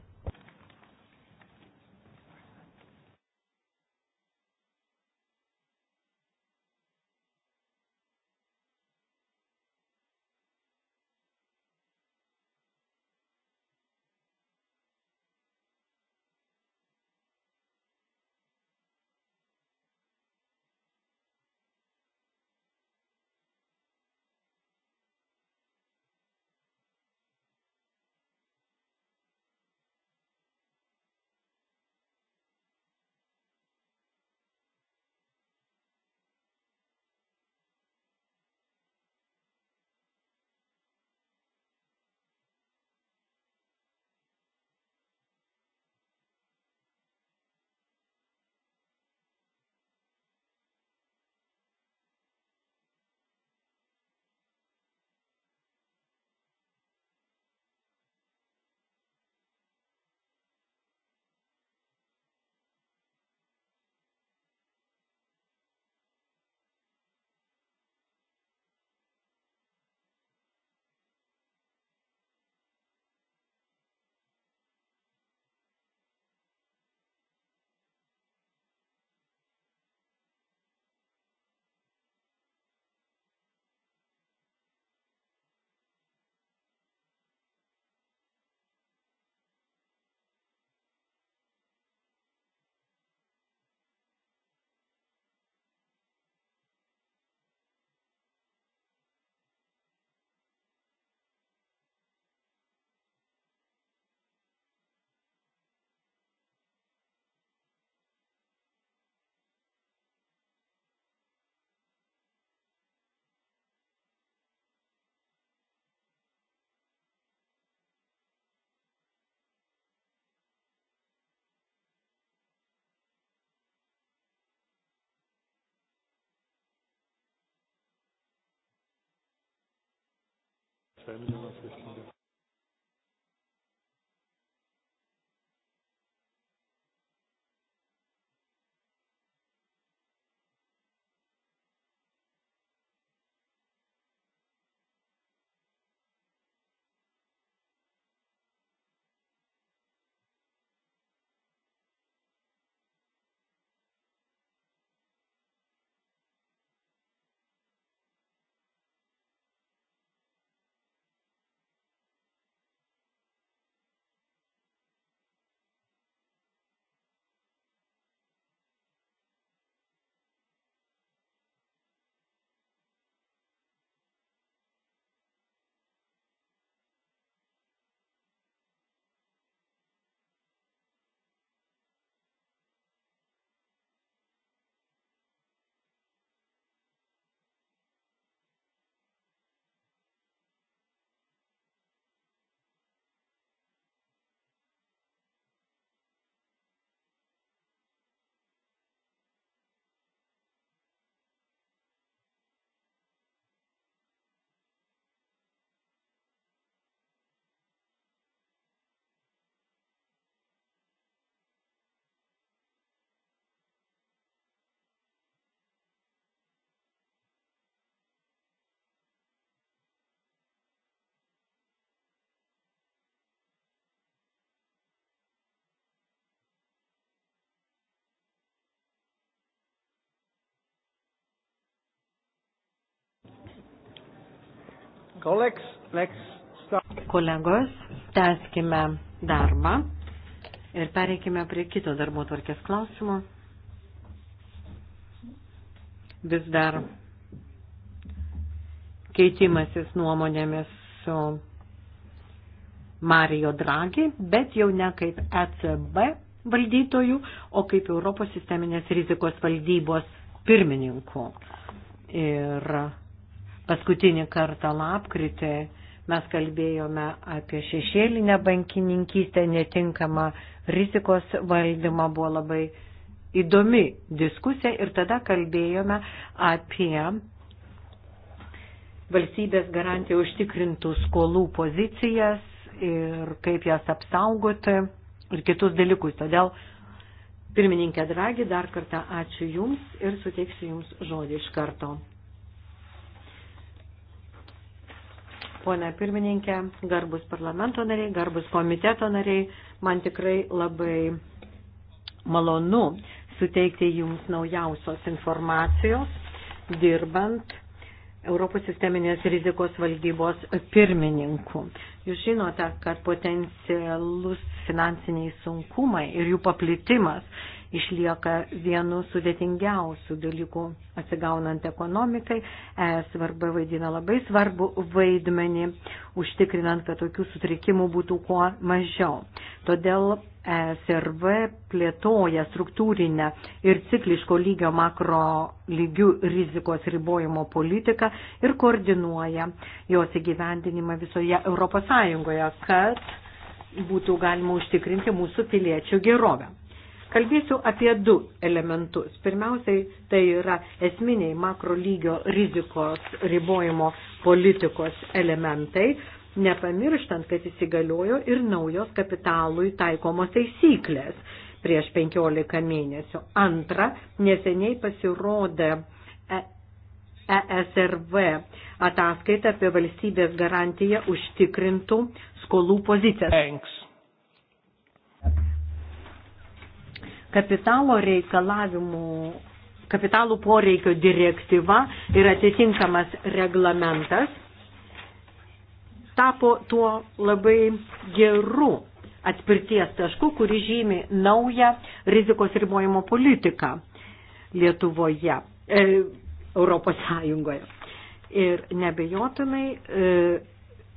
Zwei Minuten auf Richtung der Colleagues, let's start. Kolegos, tęskime darbą ir pereikime prie kito darbo tvarkės klausimo. Vis dar keitimasis nuomonėmis su Mario Draghi, bet jau ne kaip ECB valdytojų, o kaip Europos sisteminės rizikos valdybos pirmininku. Ir Paskutinį kartą lapkritį mes kalbėjome apie šešėlinę bankininkystę, netinkamą rizikos valdymą, buvo labai įdomi diskusija ir tada kalbėjome apie valstybės garantiją užtikrintų skolų pozicijas ir kaip jas apsaugoti ir kitus dalykus. Todėl pirmininkė Dragi, dar kartą ačiū Jums ir suteiksiu Jums žodį iš karto. Pone pirmininkė, garbus parlamento nariai, garbus komiteto nariai, man tikrai labai malonu suteikti jums naujausios informacijos, dirbant Europos sisteminės rizikos valdybos pirmininku. Jūs žinote, kad potencialus finansiniai sunkumai ir jų paplitimas išlieka vienu sudėtingiausių dalykų atsigaunant ekonomikai. ES svarba vaidina labai svarbu vaidmenį, užtikrinant, kad tokių sutrikimų būtų kuo mažiau. Todėl ESRV plėtoja struktūrinę ir cikliško lygio makro lygių rizikos ribojimo politiką ir koordinuoja jos įgyvendinimą visoje ES, kad būtų galima užtikrinti mūsų piliečių gerovę. Kalbėsiu apie du elementus. Pirmiausiai tai yra esminiai makro lygio rizikos ribojimo politikos elementai, nepamirštant, kad įsigaliojo ir naujos kapitalui taikomos taisyklės prieš 15 mėnesių. Antra, neseniai pasirodė ESRV e ataskaita apie valstybės garantiją užtikrintų skolų pozicijas. Thanks. Kapitalo reikalavimų, kapitalų poreikio direktyva ir atitinkamas reglamentas tapo tuo labai geru atspirties tašku, kuri žymi naują rizikos ribojimo politiką Lietuvoje, e, Europos Sąjungoje. Ir nebejotinai e,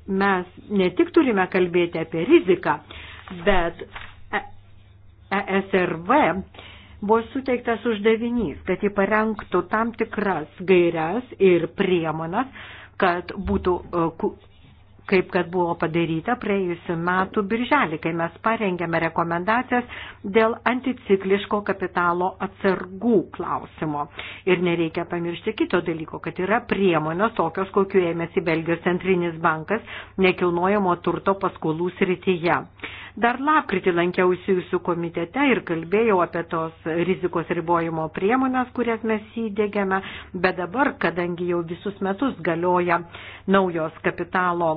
mes ne tik turime kalbėti apie riziką, bet ESRV buvo suteiktas uždavinys, kad jį parengtų tam tikras gairias ir priemonas, kad būtų e, kaip kad buvo padaryta praėjusiu metu birželį, kai mes parengėme rekomendacijas dėl anticikliško kapitalo atsargų klausimo. Ir nereikia pamiršti kito dalyko, kad yra priemonės tokios, kokiu ėmėsi Belgijos centrinis bankas nekilnojamo turto paskolų srityje. Dar lapkritį lankiausi jūsų komitete ir kalbėjau apie tos rizikos ribojimo priemonės, kurias mes įdėgiame, bet dabar, kadangi jau visus metus galioja naujos kapitalo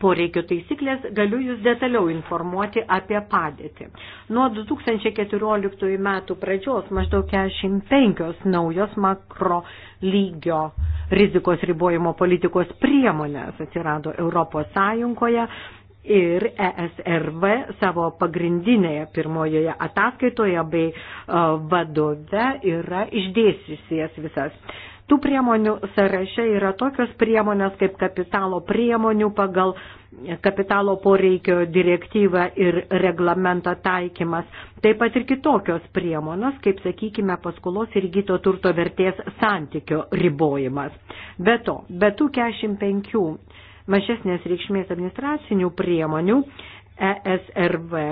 poreikio taisyklės, galiu jūs detaliau informuoti apie padėtį. Nuo 2014 metų pradžios maždaug 45 naujos makro lygio rizikos ribojimo politikos priemonės atsirado Europos Sąjungoje. Ir ESRV savo pagrindinėje pirmojoje ataskaitoje bei e, vadove yra išdėstysies visas Tų priemonių sąraše yra tokios priemonės kaip kapitalo priemonių pagal kapitalo poreikio direktyvą ir reglamento taikymas. Taip pat ir kitokios priemonos, kaip sakykime, paskolos ir gyto turto vertės santykio ribojimas. Be to, be tų 45 mažesnės reikšmės administracinių priemonių ESRV e,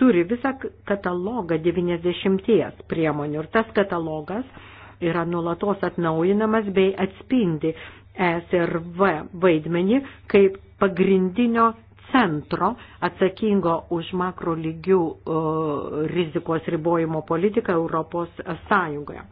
turi visą katalogą 90 priemonių ir tas katalogas yra nulatos atnaujinamas bei atspindi SRV vaidmenį kaip pagrindinio centro atsakingo už makro lygių rizikos ribojimo politiką Europos Sąjungoje.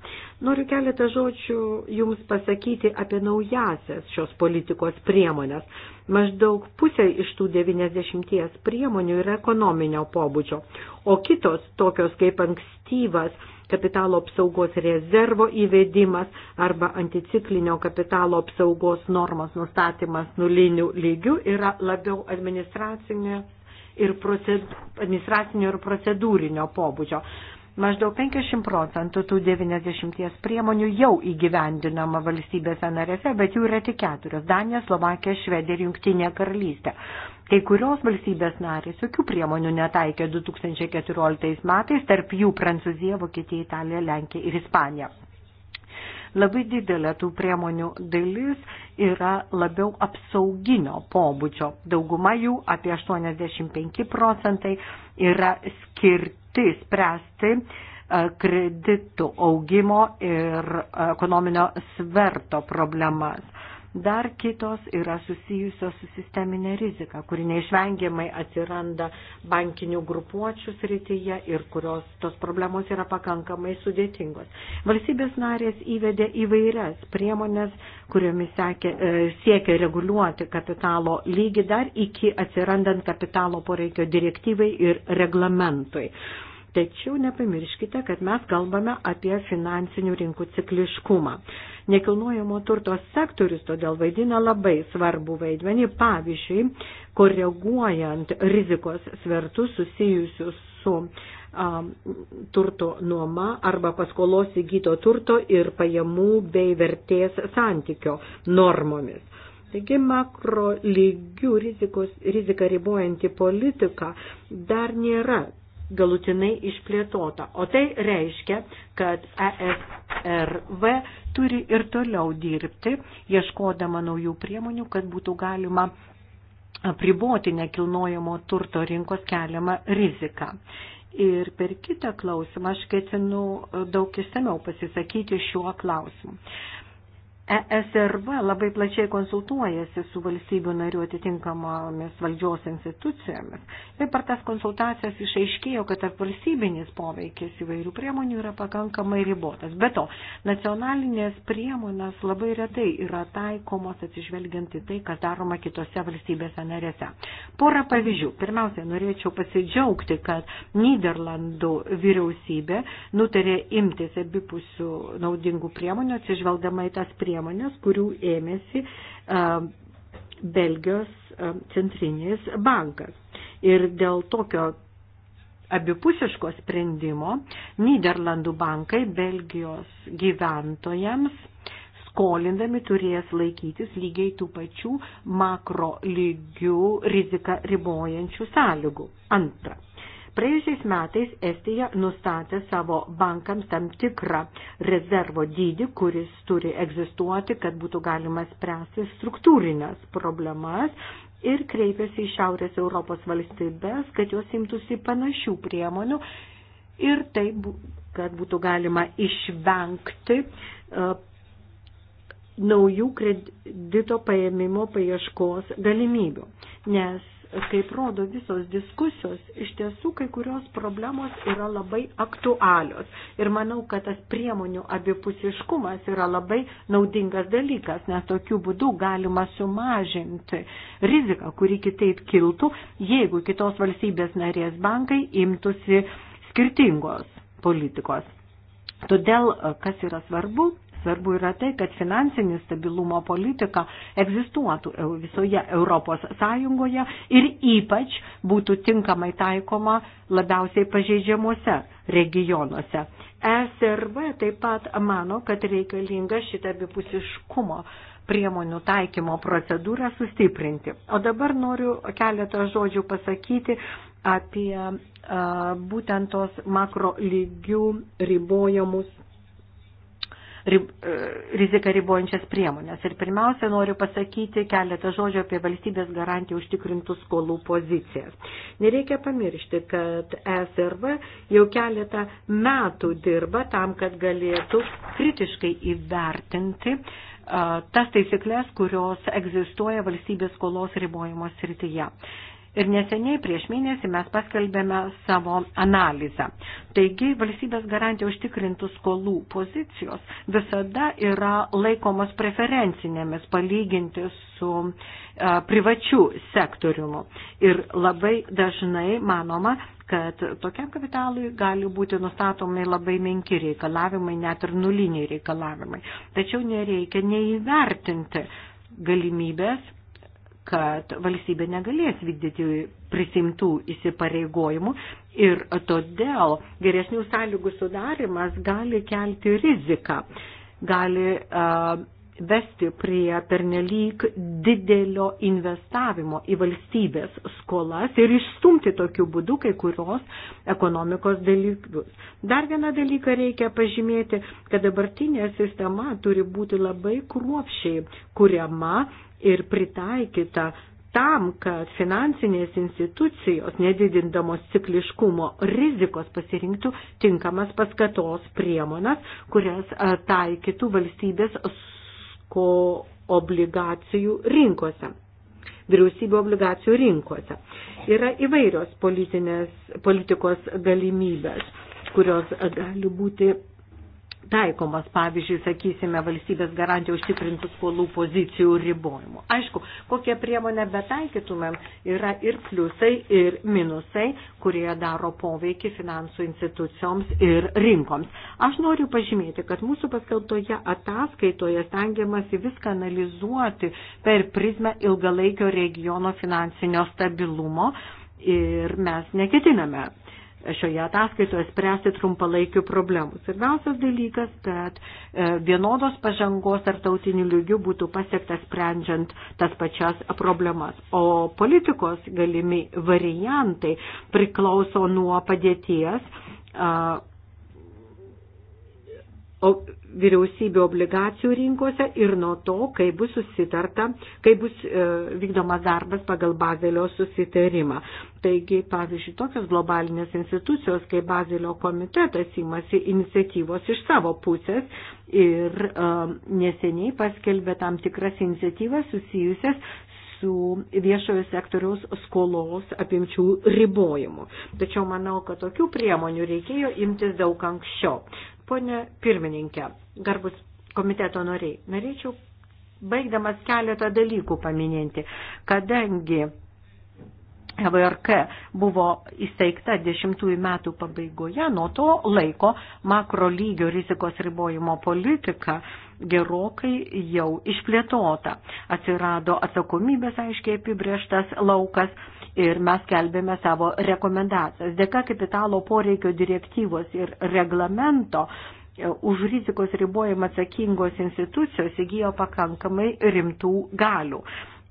Noriu keletą žodžių Jums pasakyti apie naujasias šios politikos priemonės. Maždaug pusė iš tų 90 priemonių yra ekonominio pobūdžio, o kitos, tokios kaip ankstyvas kapitalo apsaugos rezervo įvedimas arba anticiklinio kapitalo apsaugos normos nustatymas nulinių lygių yra labiau administracinė ir proced, administracinio ir procedūrinio pobūdžio. Maždaug 50 procentų tų 90 priemonių jau įgyvendinama valstybėse narėse, bet jų yra tik keturios - Danija, Slovakija, Švedija ir Junktinė karalystė. Kai kurios valstybės narės jokių priemonių netaikė 2014 metais, tarp jų Prancūzija, Vokietija, Italija, Lenkija ir Ispanija. Labai didelė tų priemonių dalis yra labiau apsauginio pobūdžio. Dauguma jų, apie 85 procentai, yra skirti skirti spręsti e, kreditų augimo ir e, ekonominio sverto problemas. Dar kitos yra susijusios su sisteminė rizika, kuri neišvengiamai atsiranda bankinių grupuočių srityje ir kurios tos problemos yra pakankamai sudėtingos. Valstybės narės įvedė įvairias priemonės, kuriomis sekė, e, siekia reguliuoti kapitalo lygį dar iki atsirandant kapitalo poreikio direktyvai ir reglamentui. Tačiau nepamirškite, kad mes kalbame apie finansinių rinkų cikliškumą. Nekilnojamo turto sektorius todėl vaidina labai svarbu vaidmenį, pavyzdžiui, koreguojant rizikos svertus susijusius su um, turto nuoma arba paskolos įgyto turto ir pajamų bei vertės santykio normomis. Taigi makro lygių rizikos, riziką ribojanti politika dar nėra galutinai išplėtota. O tai reiškia, kad ESRV turi ir toliau dirbti, ieškodama naujų priemonių, kad būtų galima apriboti nekilnojamo turto rinkos keliamą riziką. Ir per kitą klausimą aš ketinu daug įsameu pasisakyti šiuo klausimu. ESRV labai plačiai konsultuojasi su valstybių narių atitinkamomis valdžios institucijomis. Ir per tas konsultacijas išaiškėjo, kad tarp valstybinis poveikis įvairių priemonių yra pakankamai ribotas. Be to, nacionalinės priemonės labai retai yra taikomos atsižvelgiant į tai, kas daroma kitose valstybėse narėse. Porą pavyzdžių. Pirmiausia, norėčiau pasidžiaugti, kad Niderlandų vyriausybė nutarė imtis abipusių naudingų priemonių atsižvelgdama į tas priemonės priemonės, kurių ėmėsi Belgijos centrinis bankas. Ir dėl tokio abipusiško sprendimo Niderlandų bankai Belgijos gyventojams skolindami turės laikytis lygiai tų pačių makro lygių riziką ribojančių sąlygų. Antra. Praėjusiais metais Estija nustatė savo bankams tam tikrą rezervo dydį, kuris turi egzistuoti, kad būtų galima spręsti struktūrinės problemas ir kreipėsi į Šiaurės Europos valstybės, kad jos imtųsi panašių priemonių ir taip, kad būtų galima išvengti uh, naujų kredito paėmimo paieškos galimybių. Nes kaip rodo visos diskusijos, iš tiesų kai kurios problemos yra labai aktualios. Ir manau, kad tas priemonių abipusiškumas yra labai naudingas dalykas, nes tokiu būdu galima sumažinti riziką, kuri kitaip kiltų, jeigu kitos valstybės narės bankai imtųsi skirtingos politikos. Todėl, kas yra svarbu, Svarbu yra tai, kad finansinis stabilumo politika egzistuotų visoje Europos Sąjungoje ir ypač būtų tinkamai taikoma labiausiai pažeidžiamuose regionuose. E SRB taip pat mano, kad reikalinga šitą abipusiškumo priemonių taikymo procedūrą sustiprinti. O dabar noriu keletą žodžių pasakyti apie a, būtent tos makro lygių ribojamus rib, e, riziką ribojančias priemonės. Ir pirmiausia, noriu pasakyti keletą žodžių apie valstybės garantiją užtikrintų skolų pozicijas. Nereikia pamiršti, kad SRV jau keletą metų dirba tam, kad galėtų kritiškai įvertinti e, tas taisyklės, kurios egzistuoja valstybės skolos ribojimo srityje. Ir neseniai prieš mėnesį mes paskelbėme savo analizą. Taigi valstybės garantija užtikrintų skolų pozicijos visada yra laikomos preferencinėmis palyginti su a, privačių sektoriumu. Ir labai dažnai manoma, kad tokiam kapitalui gali būti nustatomi labai menki reikalavimai, net ir nuliniai reikalavimai. Tačiau nereikia neįvertinti galimybės kad valstybė negalės vykdyti prisimtų įsipareigojimų ir todėl geresnių sąlygų sudarimas gali kelti riziką, gali uh, vesti prie pernelyg didelio investavimo į valstybės skolas ir išstumti tokiu būdu kai kurios ekonomikos dalykus. Dar vieną dalyką reikia pažymėti, kad dabartinė sistema turi būti labai kruopšiai kuriama ir pritaikyta tam, kad finansinės institucijos, nedidindamos cikliškumo rizikos, pasirinktų tinkamas paskatos priemonas, kurias e, taikytų valstybės ko obligacijų rinkose vyriausybių obligacijų rinkose. Yra įvairios politikos galimybės, kurios e, gali būti taikomas, pavyzdžiui, sakysime, valstybės garantija užtikrintų skolų pozicijų ribojimų. Aišku, kokią priemonę betaikytumėm, yra ir pliusai, ir minusai, kurie daro poveikį finansų institucijoms ir rinkoms. Aš noriu pažymėti, kad mūsų paskelbtoje ataskaitoje stengiamasi viską analizuoti per prizmę ilgalaikio regiono finansinio stabilumo ir mes neketiname šioje ataskaitoje spręsti trumpalaikių problemų. Svarbiausias dalykas, kad e, vienodos pažangos tarptautinių lygių būtų pasiektas sprendžiant tas pačias problemas. O politikos galimi variantai priklauso nuo padėties vyriausybių obligacijų rinkose ir nuo to, kai bus susitarta, kai bus e, vykdomas darbas pagal Bazelio susitarimą. Taigi, pavyzdžiui, tokios globalinės institucijos kaip Bazelio komitetas įmasi iniciatyvos iš savo pusės ir e, neseniai paskelbė tam tikras iniciatyvas susijusias su viešojo sektoriaus skolos apimčių ribojimu. Tačiau manau, kad tokių priemonių reikėjo imtis daug anksčiau. Pone pirmininkė, garbus komiteto nariai, norėčiau baigdamas keletą dalykų paminėti, kadangi EVRK buvo įsteigta dešimtųjų metų pabaigoje, nuo to laiko makro lygio rizikos ribojimo politika gerokai jau išplėtota. Atsirado atsakomybės aiškiai apibrieštas laukas ir mes kelbėme savo rekomendacijas. Dėka kapitalo poreikio direktyvos ir reglamento e, už rizikos ribojimą atsakingos institucijos įgyjo pakankamai rimtų galių.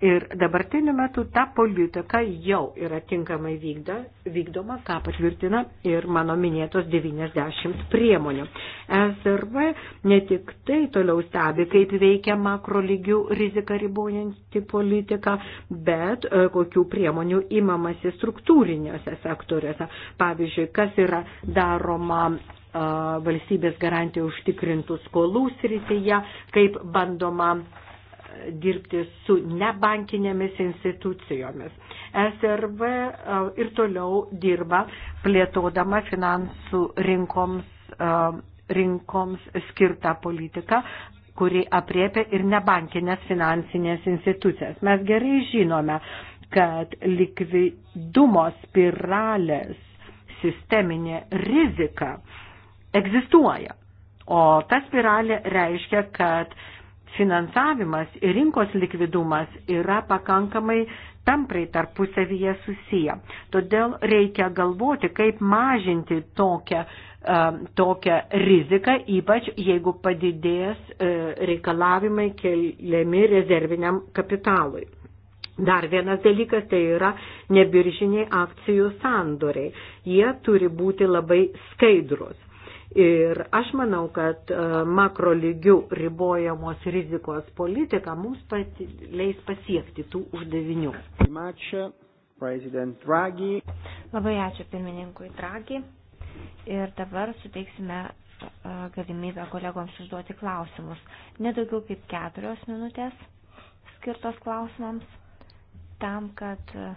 Ir dabartiniu metu ta politika jau yra tinkamai vykda, vykdoma, ką patvirtina ir mano minėtos 90 priemonių. SRV ne tik tai toliau stebi, kaip veikia makro lygių riziką ribojanti politika, bet e, kokių priemonių imamasi struktūriniuose sektoriuose. Pavyzdžiui, kas yra daroma e, valstybės garantijų užtikrintų skolų srityje, kaip bandoma dirbti su nebankinėmis institucijomis. SRV e, ir toliau dirba plėtodama finansų rinkoms, e, rinkoms skirtą politiką, kuri apriepia ir nebankinės finansinės institucijas. Mes gerai žinome, kad likvidumo spiralės sisteminė rizika egzistuoja. O ta spiralė reiškia, kad uh, finansavimas ir rinkos likvidumas yra pakankamai tamprai tarpusavyje susiję. Todėl reikia galvoti, kaip mažinti tokią, e, tokią riziką, ypač jeigu padidės e, reikalavimai keliami rezerviniam kapitalui. Dar vienas dalykas tai yra nebiržiniai akcijų sandoriai. Jie turi būti labai skaidrus. Ir aš manau, kad e, makro lygių ribojamos rizikos politika mums pati, leis pasiekti tų uždavinių. Labai ačiū pirmininkui Dragi. Ir dabar suteiksime e, galimybę kolegoms užduoti klausimus. Nedaugiau kaip keturios minutės skirtos klausimams, tam, kad e,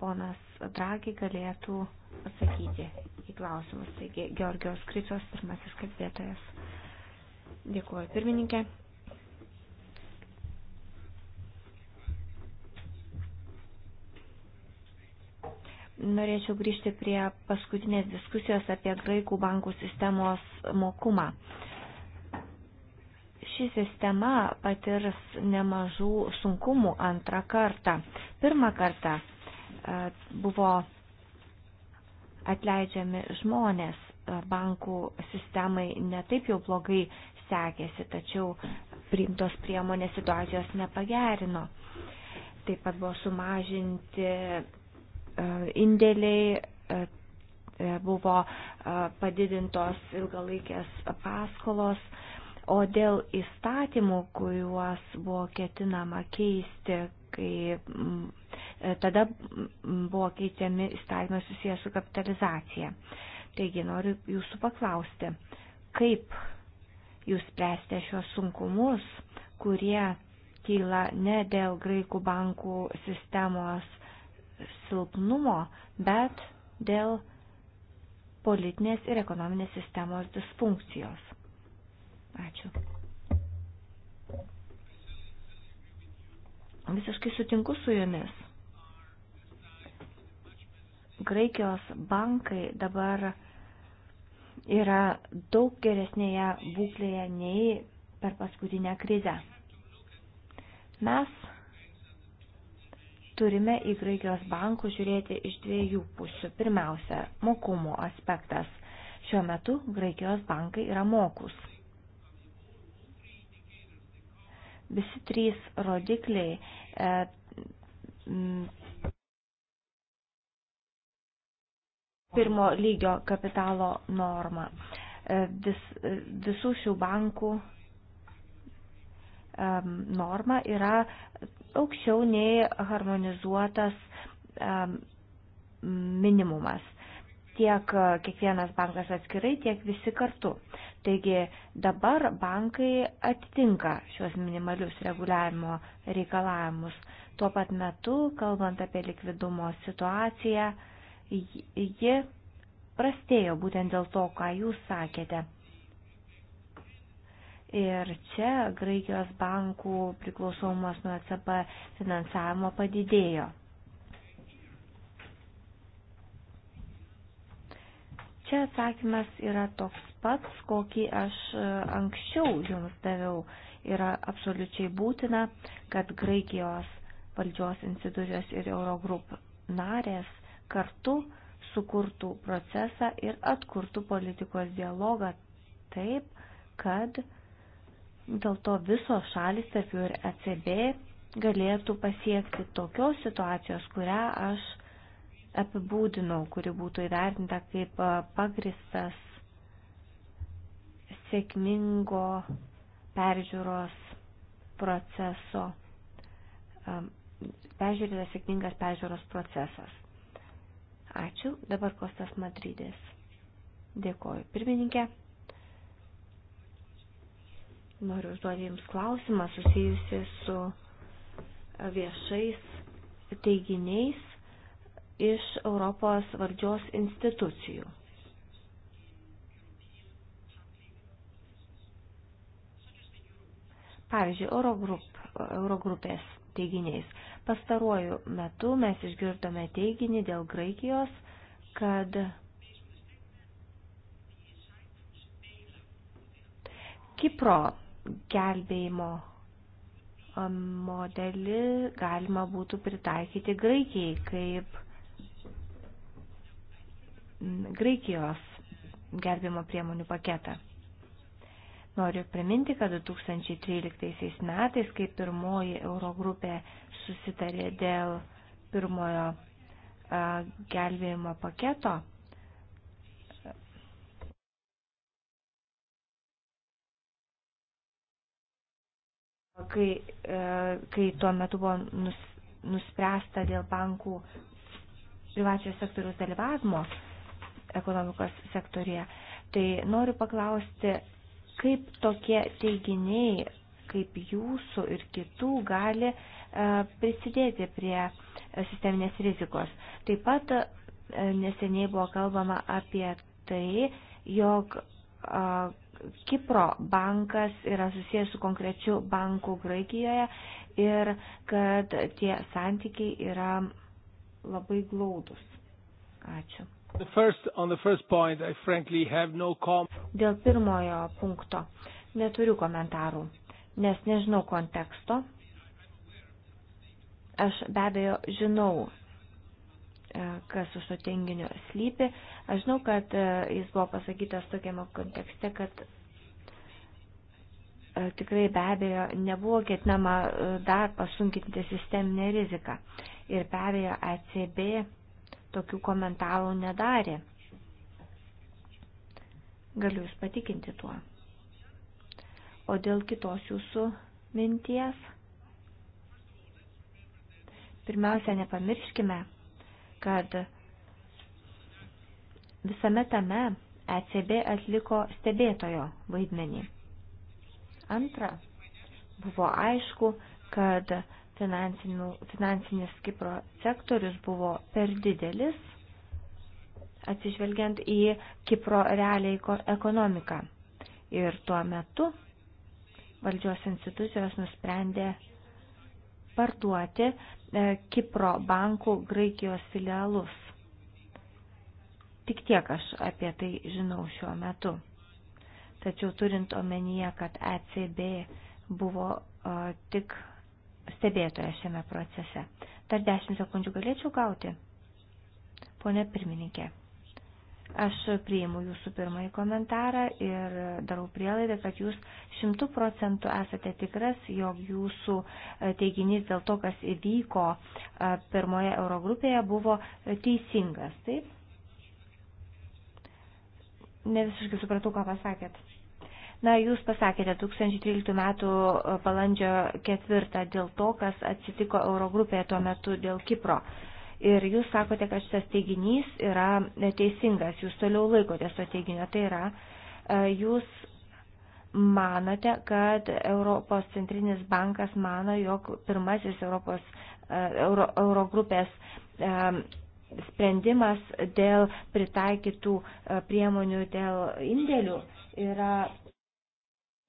ponas Dragi galėtų atsakyti į klausimus. Taigi, Georgios Krycos, pirmasis kalbėtojas. Dėkuoju, pirmininkė. Norėčiau grįžti prie paskutinės diskusijos apie graikų bankų sistemos mokumą. Ši sistema patirs nemažų sunkumų antrą kartą. Pirmą kartą e, buvo atleidžiami žmonės. E, bankų sistemai netaip jau blogai sekėsi, tačiau priimtos priemonės situacijos nepagerino. Taip pat buvo sumažinti e, indėliai, e, buvo padidintos ilgalaikės paskolos, o dėl įstatymų, kuriuos buvo ketinama keisti, kai mm, tada buvo keičiami įstatymai susijęs su kapitalizacija. Taigi noriu jūsų paklausti, kaip jūs spręsite šios sunkumus, kurie kyla ne dėl graikų bankų sistemos silpnumo, bet dėl politinės ir ekonominės sistemos disfunkcijos. Ačiū. Visiškai sutinku su jumis. Graikijos bankai dabar yra daug geresnėje būklėje nei per paskutinę krizę. Mes turime į Graikijos bankų žiūrėti iš dviejų pusių. Pirmiausia, mokumo aspektas. Šiuo metu Graikijos bankai yra mokus. Visi trys rodikliai e, pirmo lygio kapitalo normą. E, vis, visų šių bankų e, norma yra aukščiau nei harmonizuotas minimumas. Tiek kiekvienas bankas atskirai, tiek visi kartu. Taigi dabar bankai atitinka šios minimalius reguliavimo reikalavimus. Tuo pat metu, kalbant apie likvidumo situaciją, ji prastėjo būtent dėl to, ką jūs sakėte. Ir čia Graikijos bankų priklausomumas nuo ECB finansavimo padidėjo. Čia atsakymas yra toks pats, kokį aš e, anksčiau jums daviau. Yra absoliučiai būtina, kad Graikijos valdžios institucijos ir Eurogrup narės kartu sukurtų procesą ir atkurtų politikos dialogą taip, kad dėl to visos šalis, tarp jų ir ECB, galėtų pasiekti tokios situacijos, kurią aš apibūdinau, kuri būtų įvertinta kaip pagristas sėkmingo peržiūros proceso, peržiūrėtas sėkmingas peržiūros procesas. Ačiū, dabar Kostas Madrydės. Dėkoju. Pirmininkė, noriu užduoti Jums klausimą susijusi su viešais teiginiais iš Europos valdžios institucijų. Pavyzdžiui, Eurogrup, Eurogrupės teiginiais. Pastaruoju metu mes išgirdome teiginį dėl Graikijos, kad Kipro gelbėjimo um, modelį galima būtų pritaikyti Graikijai kaip Graikijos gelbėjimo priemonių paketą. Noriu priminti, kad 2013 metais, kai pirmoji Eurogrupė susitarė dėl pirmojo gelbėjimo paketo, kai, kai tuo metu buvo nus, nuspręsta dėl bankų privačio sektoriaus dalyvavimo, ekonomikos sektorija. Tai noriu paklausti, kaip tokie teiginiai, kaip jūsų ir kitų, gali e, prisidėti prie e, sisteminės rizikos. Taip pat e, neseniai buvo kalbama apie tai, jog Kipro bankas yra susijęs su konkrečiu banku Graikijoje ir kad tie santykiai yra labai glaudus. Ačiū. First, point, frankly, no Dėl pirmojo punkto neturiu komentarų, nes nežinau konteksto. Aš be abejo žinau, e, kas už to tenginio slypi. Aš žinau, kad e, jis buvo pasakytas tokiame kontekste, kad e, tikrai be abejo nebuvo ketinama dar pasunkinti sisteminę riziką. Ir be abejo ECB tokių komentarų nedarė. Galiu Jūs patikinti tuo. O dėl kitos Jūsų minties, pirmiausia, nepamirškime, kad visame tame ECB atliko stebėtojo vaidmenį. Antra, buvo aišku, kad finansinis Kipro sektorius buvo per didelis, atsižvelgiant į Kipro realiai ekonomiką. Ir tuo metu valdžios institucijos nusprendė parduoti e, Kipro bankų Graikijos filialus. Tik tiek aš apie tai žinau šiuo metu. Tačiau turint omenyje, kad ECB buvo e, tik stebėtoja šiame procese. Dar 10 sekundžių galėčiau gauti? Pone pirmininkė, aš priimu jūsų pirmąjį komentarą ir darau prielaidą, kad jūs šimtų procentų esate tikras, jog jūsų e, teiginys dėl to, kas įvyko e, pirmoje Eurogrupėje, buvo teisingas. Taip? Ne visiškai supratau, ką pasakėt. Na, jūs pasakėte 2013 metų e, balandžio ketvirtą dėl to, kas atsitiko Eurogrupėje tuo metu dėl Kipro. Ir jūs sakote, kad šitas teiginys yra teisingas, jūs toliau laikotės to teiginio. Tai yra, e, jūs manote, kad Europos centrinis bankas mano, jog pirmasis Europos e, Euro, Eurogrupės sprendimas dėl pritaikytų priemonių dėl indėlių yra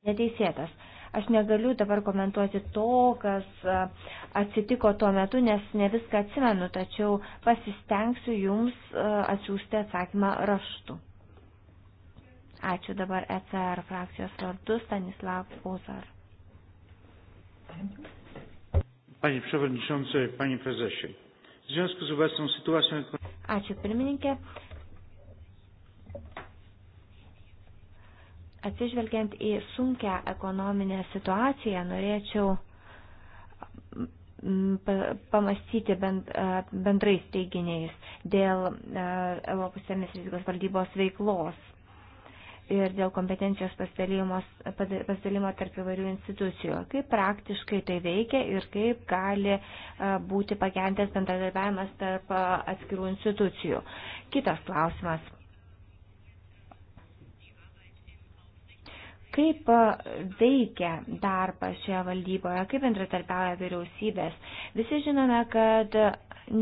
neteisėtas. Aš negaliu dabar komentuoti to, kas atsitiko tuo metu, nes ne viską atsimenu, tačiau pasistengsiu jums atsiųsti atsakymą raštu. Ačiū dabar ECR frakcijos vardu Stanislav Ozar. Panie Przewodniczący, Panie Prezesie, w związku z obecną sytuacją... Ačiū pirmininkė. Atsižvelgiant į sunkę ekonominę situaciją, norėčiau mm, mm, pamastyti bend, bendrais teiginiais dėl Europos semės rizikos valdybos veiklos ir dėl kompetencijos pasidalimo tarp įvairių institucijų. Kaip praktiškai tai veikia ir kaip gali būti pagentęs bendradarbiavimas tarp atskirų institucijų. Kitas klausimas Kaip veikia darbas šioje valdyboje, kaip bendratarpiauja vyriausybės? Visi žinome, kad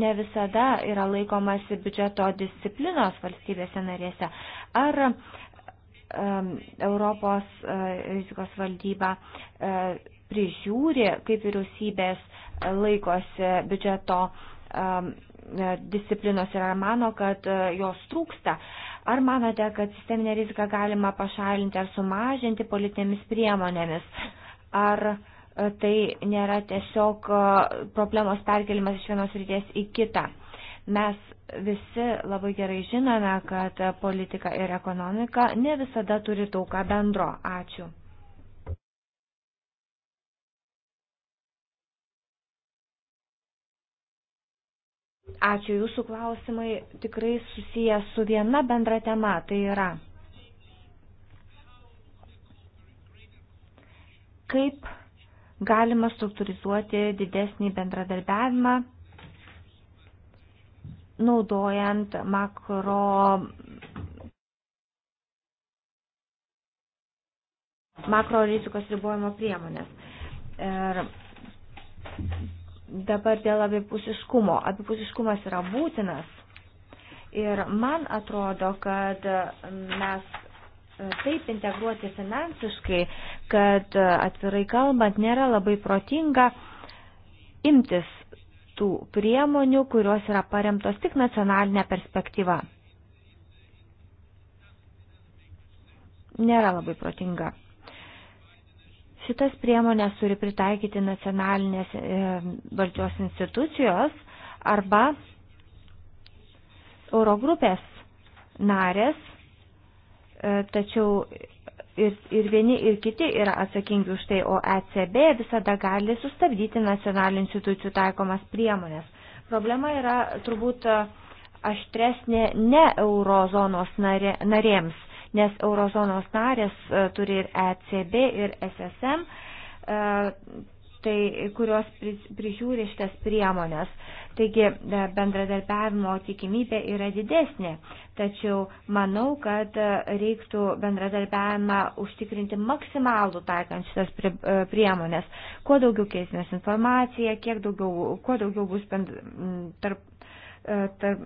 ne visada yra laikomasi biudžeto disciplinos valstybėse narėse. Ar um, Europos uh, rizikos valdyba uh, prižiūri, kaip vyriausybės laikosi biudžeto um, disciplinos ir ar mano, kad jos trūksta. Uh, Ar manote, kad sisteminę riziką galima pašalinti ar sumažinti politinėmis priemonėmis? Ar e, tai nėra tiesiog e, problemos perkelimas iš vienos ryties į kitą? Mes visi labai gerai žinome, kad politika ir ekonomika ne visada turi daug ką bendro. Ačiū. Ačiū, jūsų klausimai tikrai susiję su viena bendra tema, tai yra kaip galima struktūrizuoti didesnį bendradarbiavimą, naudojant makro, makro rizikos ribojimo priemonės. Ir Dabar dėl abipusiškumo. Abipusiškumas yra būtinas. Ir man atrodo, kad mes taip integruoti finansiškai, kad atvirai kalbant nėra labai protinga imtis tų priemonių, kurios yra paremtos tik nacionalinė perspektyva. Nėra labai protinga. Šitas priemonės turi pritaikyti nacionalinės e, valdžios institucijos arba Eurogrupės narės, e, tačiau ir, ir vieni ir kiti yra atsakingi už tai, o ECB visada gali sustabdyti nacionalinių institucijų taikomas priemonės. Problema yra turbūt aštresnė ne eurozonos narė, narėms, nes eurozonos narės e, turi ir ECB, ir SSM, e, tai, kurios prižiūri šitas priemonės. Taigi e, bendradarbiavimo tikimybė yra didesnė, tačiau manau, kad reiktų bendradarbiavimą užtikrinti maksimalų taikant šitas priemonės. Kuo daugiau keisimės informaciją, kiek daugiau, kuo daugiau bus bend, tarp E, tarp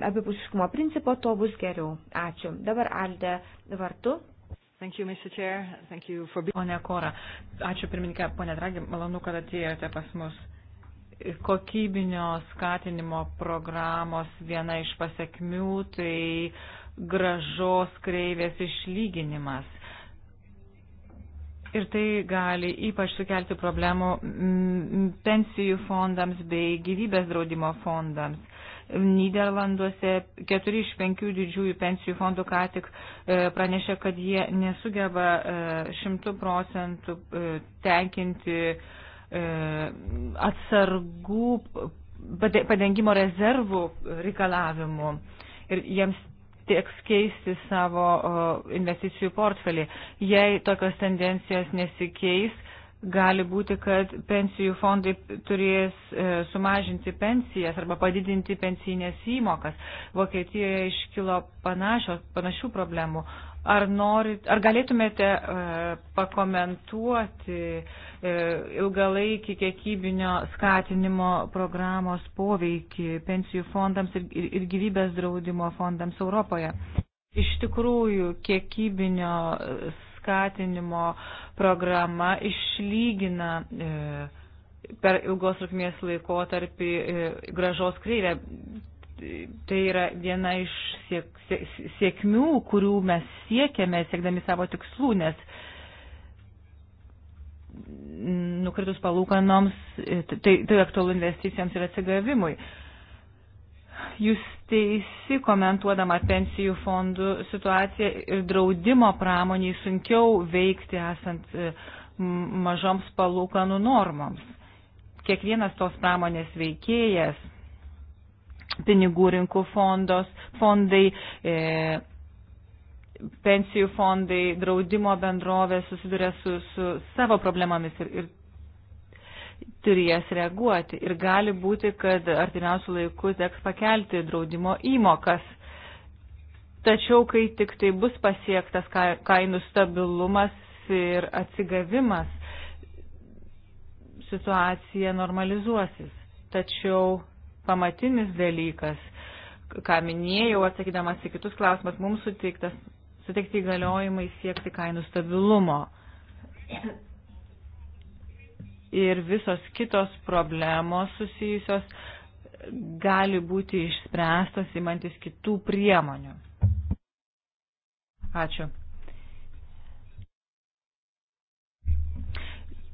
abipusiškumo principo, to bus geriau. Ačiū. Dabar Aldė vartu. Thank you, Mr. Chair. Thank you for being... Pone Kora, ačiū pirmininkė, pone Dragi, malonu, kad atėjote pas mus. Kokybinio skatinimo programos viena iš pasiekmių tai gražos kreivės išlyginimas. Ir tai gali ypač sukelti problemų pensijų fondams bei gyvybės draudimo fondams. Niderlanduose keturi iš penkių didžiųjų pensijų fondų ką tik e, pranešė, kad jie nesugeba e, šimtų procentų e, tenkinti atsargų padengimo rezervų reikalavimų ir jiems tieks keisti savo investicijų portfelį. Jei tokios tendencijos nesikeis, gali būti, kad pensijų fondai turės e, sumažinti pensijas arba padidinti pensijinės įmokas. Vokietijoje iškilo panašios, panašių problemų. Ar, norit, ar galėtumėte e, pakomentuoti e, ilgalaikį kiekybinio skatinimo programos poveikį pensijų fondams ir, ir, ir gyvybės draudimo fondams Europoje? Iš tikrųjų, kiekybinio skatinimo programa išlygina e, per ilgos trukmės laikotarpį e, gražos kreivę. Tai yra viena iš siek, siek, siekmių, kurių mes siekiame, siekdami savo tikslų, nes nukritus palūkanoms, e, tai, tai aktualu investicijoms ir atsigavimui. Jūs teisi komentuodama pensijų fondų situaciją ir draudimo pramoniai sunkiau veikti esant e, mažoms palūkanų normoms. Kiekvienas tos pramonės veikėjas, pinigų rinkų fondos, fondai, e, pensijų fondai, draudimo bendrovės susiduria su, su savo problemomis ir, ir turi jas reaguoti ir gali būti, kad artimiausių laikų teks pakelti draudimo įmokas. Tačiau, kai tik tai bus pasiektas kainų stabilumas ir atsigavimas, situacija normalizuosis. Tačiau pamatinis dalykas, ką minėjau, atsakydamas į kitus klausimus, mums suteiktas, suteikti įgaliojimai siekti kainų stabilumo ir visos kitos problemos susijusios gali būti išspręstos įmantis kitų priemonių. Ačiū.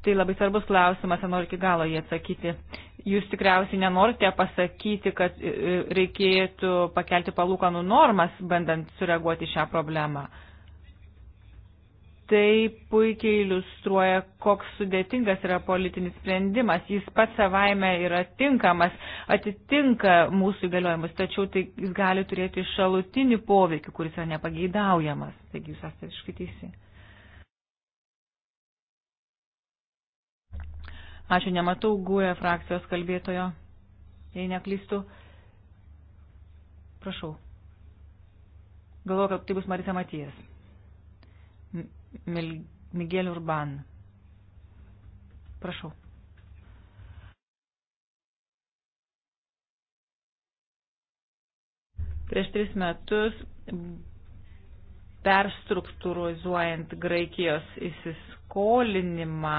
Tai labai svarbus klausimas, noriu iki galo jį atsakyti. Jūs tikriausiai nenorite pasakyti, kad e, e, reikėtų pakelti palūkanų normas, bandant sureaguoti šią problemą. Uh, tai puikiai iliustruoja, koks sudėtingas yra politinis sprendimas. Jis pats savaime yra tinkamas, atitinka mūsų įgaliojimus, tačiau tai jis gali turėti šalutinį poveikį, kuris yra nepageidaujamas. Taigi jūs esate visiškai teisi. Ačiū, nematau GUE frakcijos kalbėtojo. Jei neklystu, prašau. Galvoju, kad tai bus Marisa Matijas. Miguel Urban. Prašau. Prieš tris metus perstruktūrizuojant Graikijos įsiskolinimą,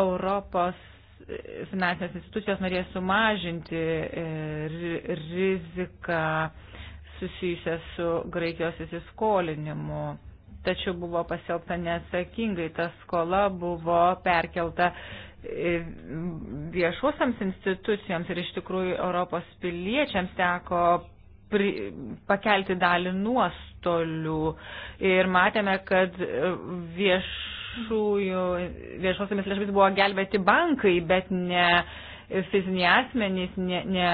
Europos finansinės institucijos norėjo sumažinti e, riziką susijusią su Graikijos įsiskolinimu tačiau buvo pasielgta neatsakingai. Ta skola buvo perkelta e, viešuosiams institucijoms ir iš tikrųjų Europos piliečiams teko pri, pakelti dalį nuostolių. Ir matėme, kad viešųjų, viešosiamis lėšomis buvo gelbėti bankai, bet ne fiziniai asmenys, ne, ne,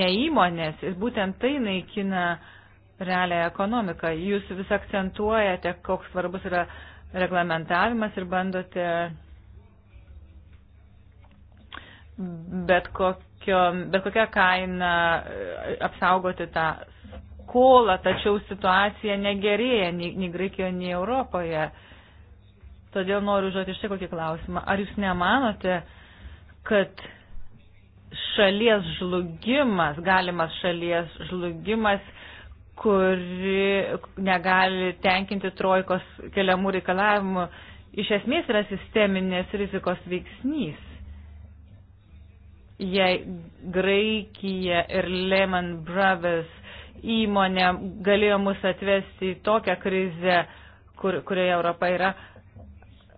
ne įmonės. Ir būtent tai naikina uh, realią ekonomiką. Jūs vis akcentuojate, koks svarbus yra reglamentavimas ir bandote bet, kokio, bet kokią kainą e, apsaugoti tą skolą, tačiau situacija negerėja nei, nei Graikijoje, nei Europoje. Todėl noriu užduoti štai kokį klausimą. Ar jūs nemanote, kad šalies žlugimas, galimas šalies žlugimas kuri negali tenkinti trojkos keliamų reikalavimų, iš esmės yra sisteminės rizikos veiksnys. Jei Graikija ir Lehman Brothers įmonė galėjo mus atvesti į tokią krizę, kur, kurioje Europa yra,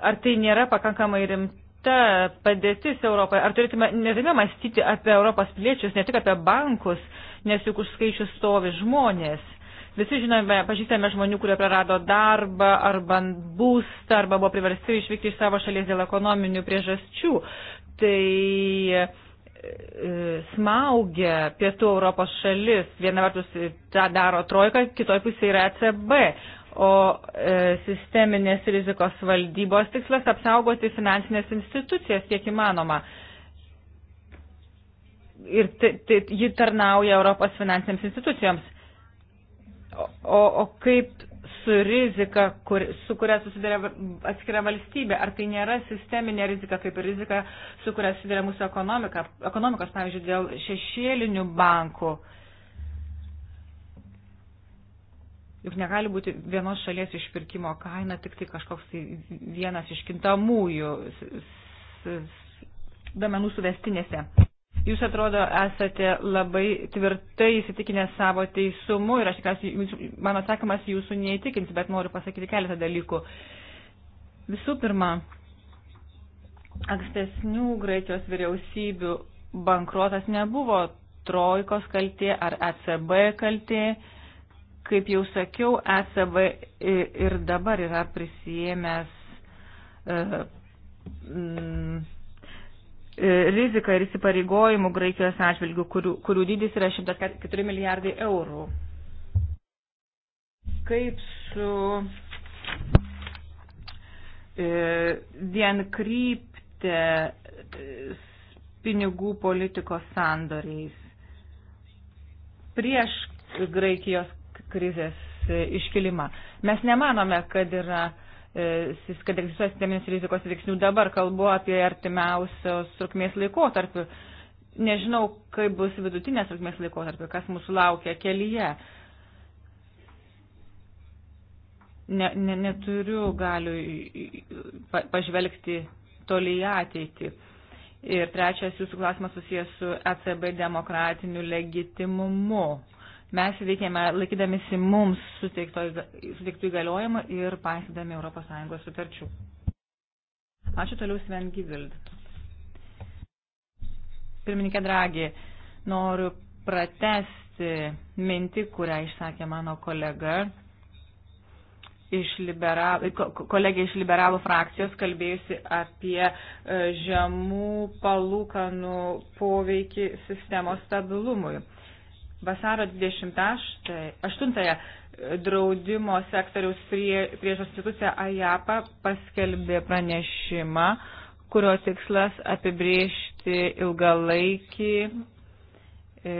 ar tai nėra pakankamai rimta padėtis Europoje? Ar turėtume, neturime mąstyti apie Europos piliečius, ne tik apie bankus, nes juk už skaičių stovi žmonės. Visi žinome, pažįstame žmonių, kurie prarado darbą arba būstą arba buvo priversti išvykti iš savo šalies dėl ekonominių priežasčių. Tai e, e, smaugia pietų Europos šalis. Viena vertus e, tą daro trojka, kitoje pusėje yra ECB. O e, sisteminės rizikos valdybos tikslas apsaugoti finansinės institucijas kiek įmanoma. E, ir tai, tai ji tarnauja Europos finansinėms institucijoms. O, o kaip su rizika, kur, su kuria susiduria atskira valstybė, ar tai nėra sisteminė rizika, kaip ir rizika, su kuria susiduria mūsų ekonomika, ekonomikos, pavyzdžiui, dėl šešėlinių bankų. Juk negali būti vienos šalies išpirkimo kaina, tik tai kažkoks tai vienas iš kintamųjų domenų suvestinėse. Jūs atrodo esate labai tvirtai įsitikinę savo teisumu ir aš tikriausiai, mano atsakymas jūsų neįtikins, bet noriu pasakyti keletą dalykų. Visų pirma, ankstesnių Graikijos vyriausybių bankrotas nebuvo trojkos kaltė ar ECB kaltė. Kaip jau sakiau, ECB ir dabar yra prisijėmęs. Uh, e, mm, E, riziką ir įsipareigojimų Graikijos atžvilgių, kurių, kurių dydis yra 104 milijardai eurų. Kaip su e, vienkryptė e, pinigų politikos sandoriais prieš Graikijos krizės e, iškilimą. Mes nemanome, kad yra e, E, kad egzistuoja sisteminės rizikos veiksnių dabar, kalbu apie artimiausios trukmės laikotarpį. Nežinau, kaip bus vidutinės trukmės laikotarpį, kas mūsų laukia kelyje. Ne, ne, neturiu galiu pažvelgti toli į ateitį. Ir trečias jūsų klausimas susijęs su ECB demokratiniu legitimumu Mes veikėme laikydamėsi mums suteiktų įgaliojimų ir paisydami ES sutarčių. Ačiū toliau Sven Givild. Pirmininkė Dragi, noriu pratesti mintį, kurią išsakė mano kolega iš libera, kolegė iš liberalų frakcijos kalbėjusi apie e, žemų palūkanų poveikį sistemos stabilumui. Vasaro 28 draudimo sektoriaus prie, prieš instituciją AJAPA paskelbė pranešimą, kurio tikslas apibriežti ilgalaikį, e,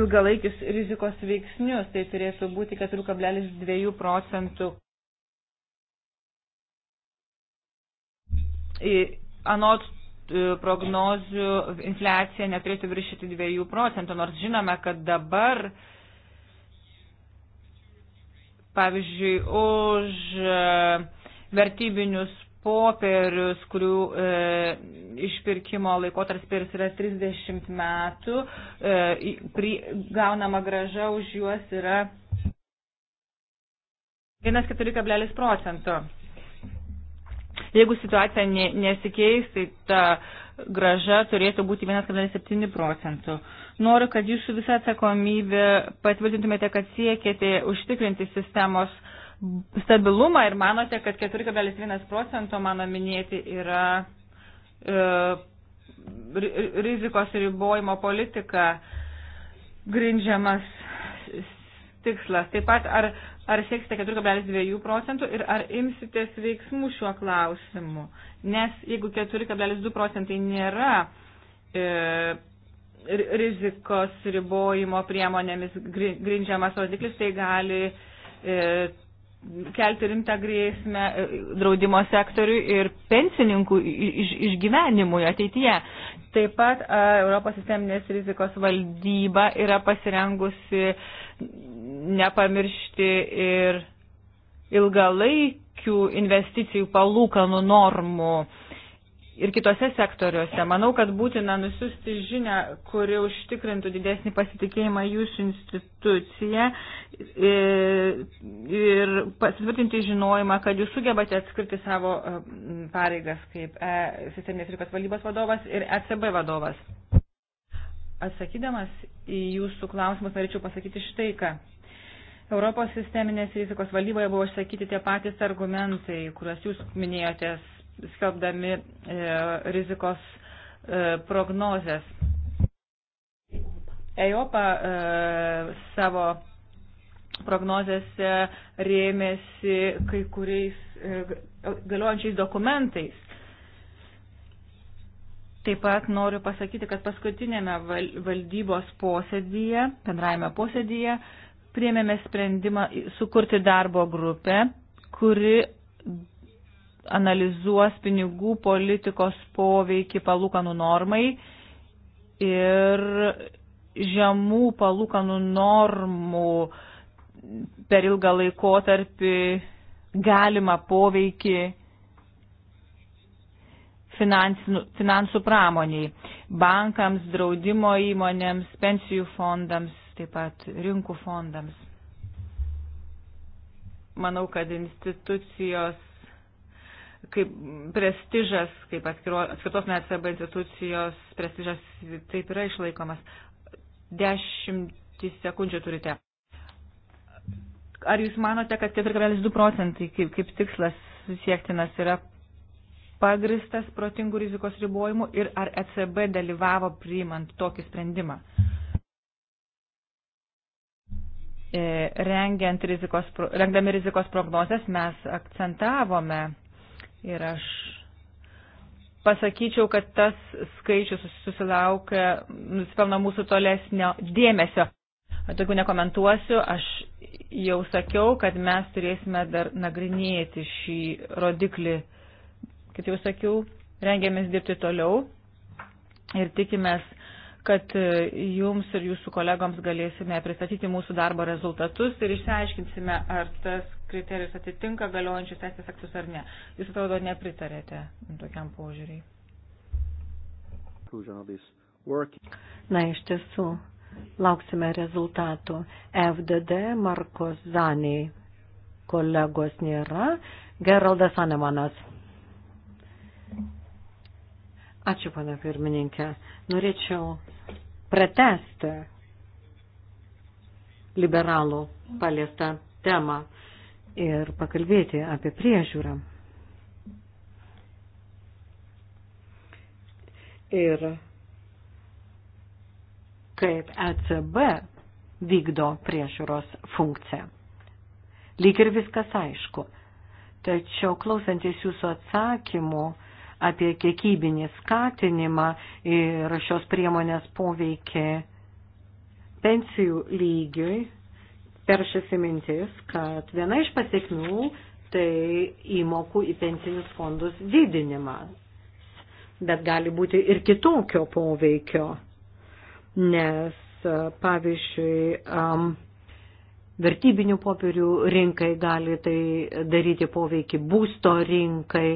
ilgalaikius rizikos veiksnius. Tai turėtų būti 4,2 procentų. Anot E, prognozių infliacija neturėtų viršyti 2 procentų, nors žinome, kad dabar, pavyzdžiui, už e, vertybinius popierius, kurių e, išpirkimo laikotarpis yra 30 metų, e, pri, gaunama graža už juos yra 1,4 procento. Jeigu situacija ne, nesikeis, tai ta graža turėtų būti 1,7 procentų. Noriu, kad jūsų visą atsakomybę patvirtintumėte, kad siekėte užtikrinti sistemos stabilumą ir manote, kad 4,1 procento mano minėti yra e, rizikos ribojimo politika grindžiamas tikslas. Taip pat, ar, ar sieksite 4,2 procentų ir ar imsitės veiksmų šiuo klausimu? Nes jeigu 4,2 procentai nėra e, rizikos ribojimo priemonėmis grindžiamas rodiklis, tai gali e, kelti rimtą grėsmę e, draudimo sektoriui ir pensininkų iš, išgyvenimui ateityje. Taip pat Europos sisteminės rizikos valdyba yra pasirengusi nepamiršti ir ilgalaikių investicijų palūkanų normų ir kitose sektoriuose. Manau, kad būtina nusiųsti žinę, kuri užtikrintų didesnį pasitikėjimą jūsų institucija e, ir, ir pasitvirtinti žinojimą, kad jūs sugebate atskirti savo e, pareigas kaip e, sisteminės rinkos valdybos vadovas ir ECB vadovas. Atsakydamas į jūsų klausimus norėčiau pasakyti štai ką. Europos sisteminės rizikos valdyboje buvo išsakyti tie patys argumentai, kuriuos jūs minėjote, skelbdami e, rizikos e, prognozes. EIOPA e, savo prognozėse rėmėsi kai kuriais e, galiojančiais dokumentais. Taip pat noriu pasakyti, kad paskutinėme valdybos posėdyje, bendrajame posėdyje, e, priėmėme sprendimą sukurti darbo grupę, kuri analizuos pinigų politikos poveikį palūkanų normai ir žemų palūkanų normų per ilgą laikotarpį galima poveikį finansų, finansų pramoniai, bankams, draudimo įmonėms, pensijų fondams taip pat rinkų fondams. Manau, kad institucijos kaip prestižas, kaip atskirtos net ECB institucijos prestižas taip yra išlaikomas. Dešimtį sekundžių turite. Ar jūs manote, kad 4,2 procentai kaip, kaip tikslas siektinas yra pagristas protingų rizikos ribojimų ir ar ECB dalyvavo priimant tokį sprendimą? E, rengiant rizikos, rengdami rizikos prognozes mes akcentavome ir aš pasakyčiau, kad tas skaičius susilaukia, nusipelno mūsų tolesnio dėmesio. Tokių nekomentuosiu, aš jau sakiau, kad mes turėsime dar nagrinėti šį rodiklį. Kaip jau sakiau, rengiamės dirbti toliau ir tikimės, kad e, jums ir jūsų kolegoms galėsime pristatyti mūsų darbo rezultatus ir išsiaiškinsime, ar tas kriterijus atitinka galiojančius teisės aktus ar ne. Jūs atrodo nepritarėte tokiam požiūriai. Na, iš tiesų, lauksime rezultatų. FDD Marko Zanį kolegos nėra. Geraldas Anemanas. Ačiū, pana pirmininkė. Norėčiau pratesti liberalų paliestą temą ir pakalbėti apie priežiūrą. Ir kaip ECB vykdo priežiūros funkciją. Lyg ir viskas aišku. Tačiau klausantis jūsų atsakymų, apie kiekybinį skatinimą ir šios priemonės poveikį pensijų lygiui, peršasi mintis, kad viena iš pasiekmių tai įmokų į pensinius fondus didinimas. Bet gali būti ir kitokio poveikio, nes pavyzdžiui, um, vertybinių popierių rinkai gali tai daryti poveikį būsto rinkai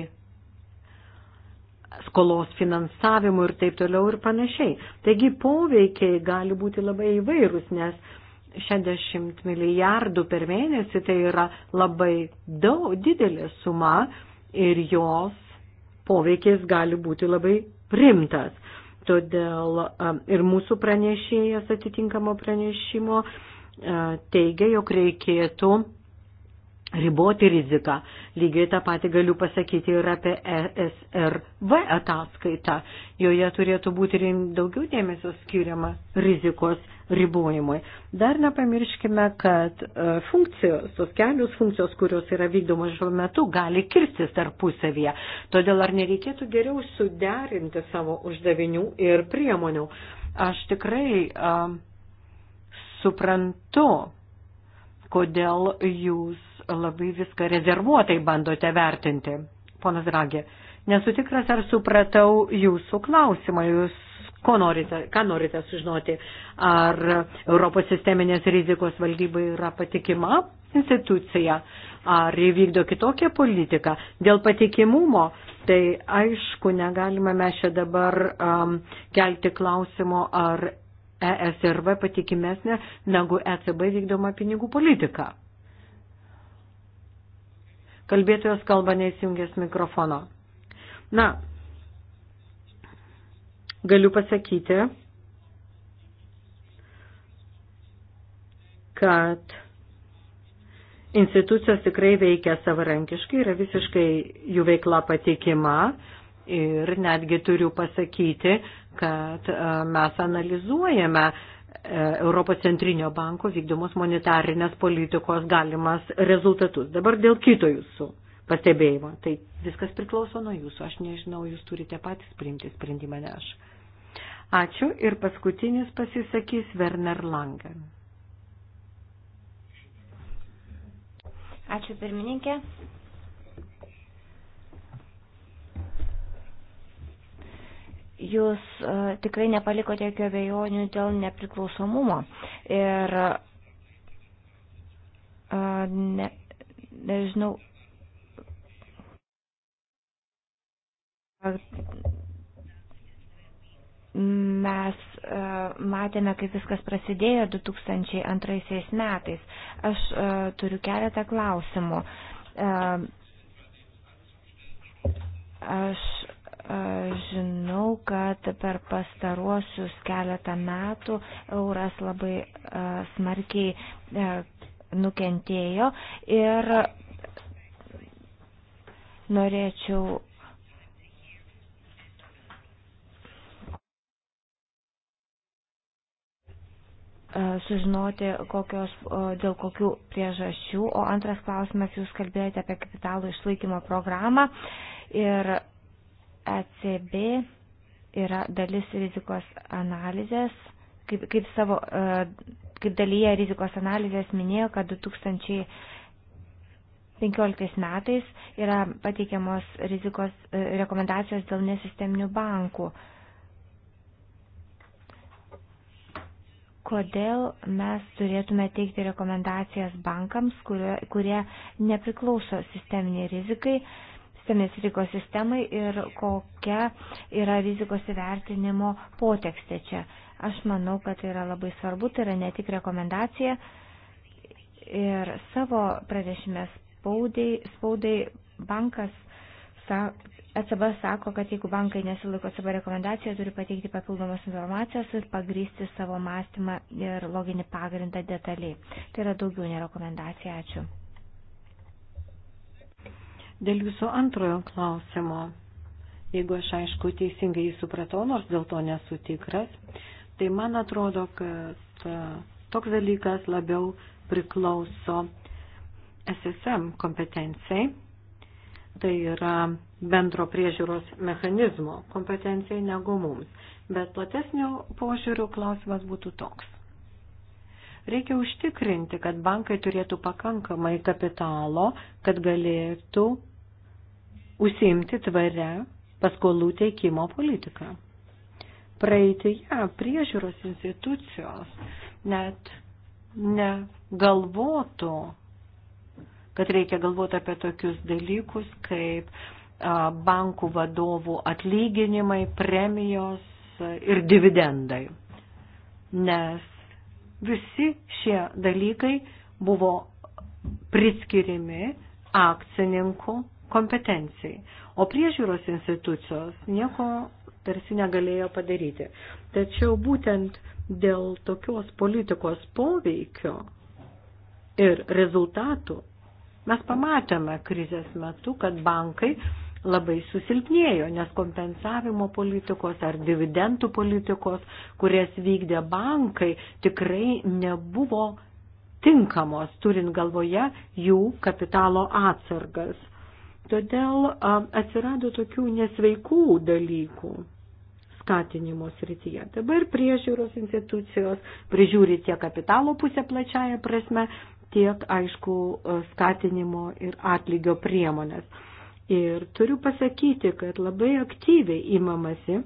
skolos finansavimu ir taip toliau ir panašiai. Taigi poveikiai gali būti labai įvairūs, nes 60 milijardų per mėnesį tai yra labai daug, didelė suma ir jos poveikis gali būti labai primtas. Todėl um, ir mūsų pranešėjas atitinkamo pranešimo uh, teigia, jog reikėtų riboti riziką. Lygiai tą patį galiu pasakyti ir apie ESRV ataskaitą. Joje turėtų būti daugiau dėmesio skiriama rizikos ribojimui. Dar nepamirškime, kad e, funkcijos, tos kelios funkcijos, kurios yra vykdomos šiuo metu, gali kirstis tarpusavyje. Todėl ar nereikėtų geriau suderinti savo uždavinių ir priemonių? Aš tikrai a, suprantu, kodėl jūs labai viską rezervuotai bandote vertinti, ponas Dragė. Nesu tikras, ar supratau jūsų klausimą. Jūs ko norite, ką norite sužinoti? Ar Europos sisteminės rizikos valdyba yra patikima institucija? Ar įvykdo kitokią politiką? Dėl patikimumo, tai aišku, negalime mes čia dabar um, kelti klausimo, ar ESRV patikimesnė negu ECB vykdoma pinigų politika. Kalbėtojas kalba neįsijungęs mikrofono. Na, galiu pasakyti, kad institucijos tikrai veikia savarankiškai, yra visiškai jų veikla patikima ir netgi turiu pasakyti, kad e, mes analizuojame E, Europos centrinio banko vykdomos monetarinės politikos galimas rezultatus. Dabar dėl kito jūsų pastebėjimo. Tai viskas priklauso nuo jūsų. Aš nežinau, jūs turite patys priimti sprendimą, ne aš. Ačiū ir paskutinis pasisakys Werner Langen. Ačiū pirmininkė. jūs e, tikrai nepalikote jokio abejonių dėl nepriklausomumo. Ir e, ne, nežinau. Mes e, matėme, kaip viskas prasidėjo 2002 metais. Aš turiu keletą klausimų. Aš Žinau, kad per pastaruosius keletą metų euras labai e, smarkiai e, nukentėjo ir norėčiau e, sužinoti, kokios, dėl kokių priežasčių. O antras klausimas, jūs kalbėjote apie kapitalų išlaikymo programą ir ECB yra dalis rizikos analizės, kaip, kaip savo, e, kaip dalyje rizikos analizės minėjo, kad 2015 metais yra pateikiamos rizikos e, rekomendacijos dėl nesisteminių bankų. Kodėl mes turėtume teikti rekomendacijas bankams, kurie, kurie nepriklauso sisteminiai rizikai, uh, žemės rinko sistemai ir kokia yra rizikos įvertinimo potekstė čia. Aš manau, kad tai yra labai svarbu, tai yra ne tik rekomendacija. Ir savo pranešime spaudai, spaudai bankas sa, ECB sako, kad jeigu bankai nesilaiko savo rekomendacijų, turi pateikti papildomas informacijos ir pagrysti savo mąstymą ir loginį pagrindą detaliai. Tai yra daugiau nei rekomendacija. Ačiū. Dėl jūsų antrojo klausimo, jeigu aš aišku teisingai jį supratau, nors dėl to nesu tikras, tai man atrodo, kad e, toks dalykas labiau priklauso SSM kompetencijai, tai yra bendro priežiūros mechanizmo kompetencijai negu mums. Bet platesnio požiūrių klausimas būtų toks. Reikia užtikrinti, kad bankai turėtų pakankamai kapitalo, kad galėtų užsiimti tvarę paskolų teikimo politiką. Praeitėje priežiūros institucijos net negalvotų, kad reikia galvoti apie tokius dalykus kaip bankų vadovų atlyginimai, premijos ir dividendai. Nes Visi šie dalykai buvo priskiriami akcininkų kompetencijai, o priežiūros institucijos nieko tarsi negalėjo padaryti. Tačiau būtent dėl tokios politikos poveikio ir rezultatų mes pamatėme krizės metu, kad bankai labai susilpnėjo, nes kompensavimo politikos ar dividendų politikos, kurias vykdė bankai, tikrai nebuvo tinkamos, turint galvoje jų kapitalo atsargas. Todėl atsirado tokių nesveikų dalykų skatinimo srityje. Dabar priežiūros institucijos prižiūri tiek kapitalo pusę plačiaja prasme, tiek, aišku, skatinimo ir atlygio priemonės Ir turiu pasakyti, kad labai aktyviai įmamasi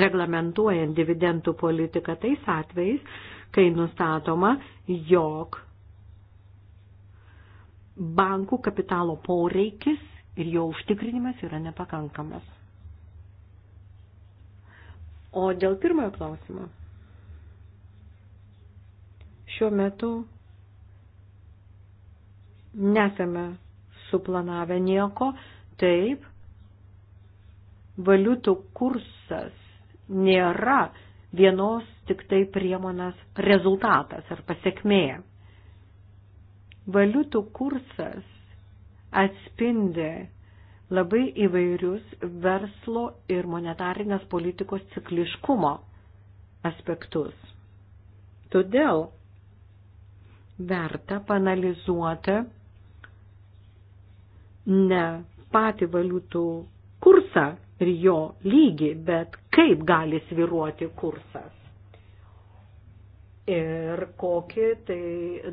reglamentuojant dividendų politiką tais atvejais, kai nustatoma, jog bankų kapitalo poreikis ir jo užtikrinimas yra nepakankamas. O dėl pirmojo klausimo. Šiuo metu nesame suplanavę nieko. Taip, valiutų kursas nėra vienos tik tai priemonės rezultatas ar pasiekmė. Valiutų kursas atspindi labai įvairius verslo ir monetarinės politikos cikliškumo aspektus. Todėl verta panalizuoti ne patį valiutų kursą ir jo lygį, bet kaip gali sviruoti kursas. Ir kokį tai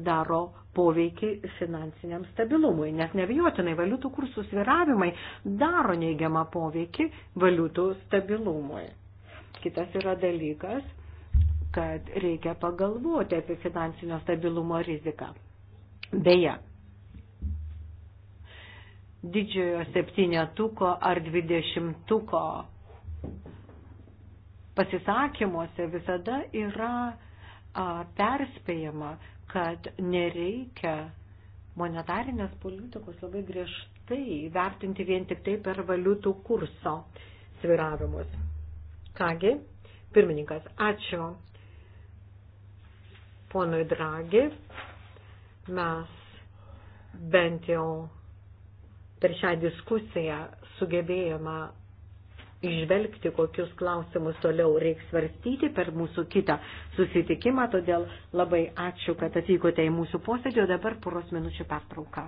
daro poveikį finansiniam stabilumui, nes nebijotinai valiutų kursų sviravimai daro neigiamą poveikį valiutų stabilumui. Kitas yra dalykas, kad reikia pagalvoti apie finansinio stabilumo riziką. Beje, didžiojo septynetuko ar dvidešimtuko pasisakymuose visada yra a, perspėjama, kad nereikia monetarinės politikos labai griežtai vertinti vien tik tai per valiutų kurso sviravimus. Kągi, pirmininkas, ačiū ponui Dragi. Mes bent jau per šią diskusiją sugebėjome išvelgti, kokius klausimus toliau reiks svarstyti per mūsų kitą susitikimą. Todėl labai ačiū, kad atvykote į mūsų posėdį, o dabar poros minučių pertrauką.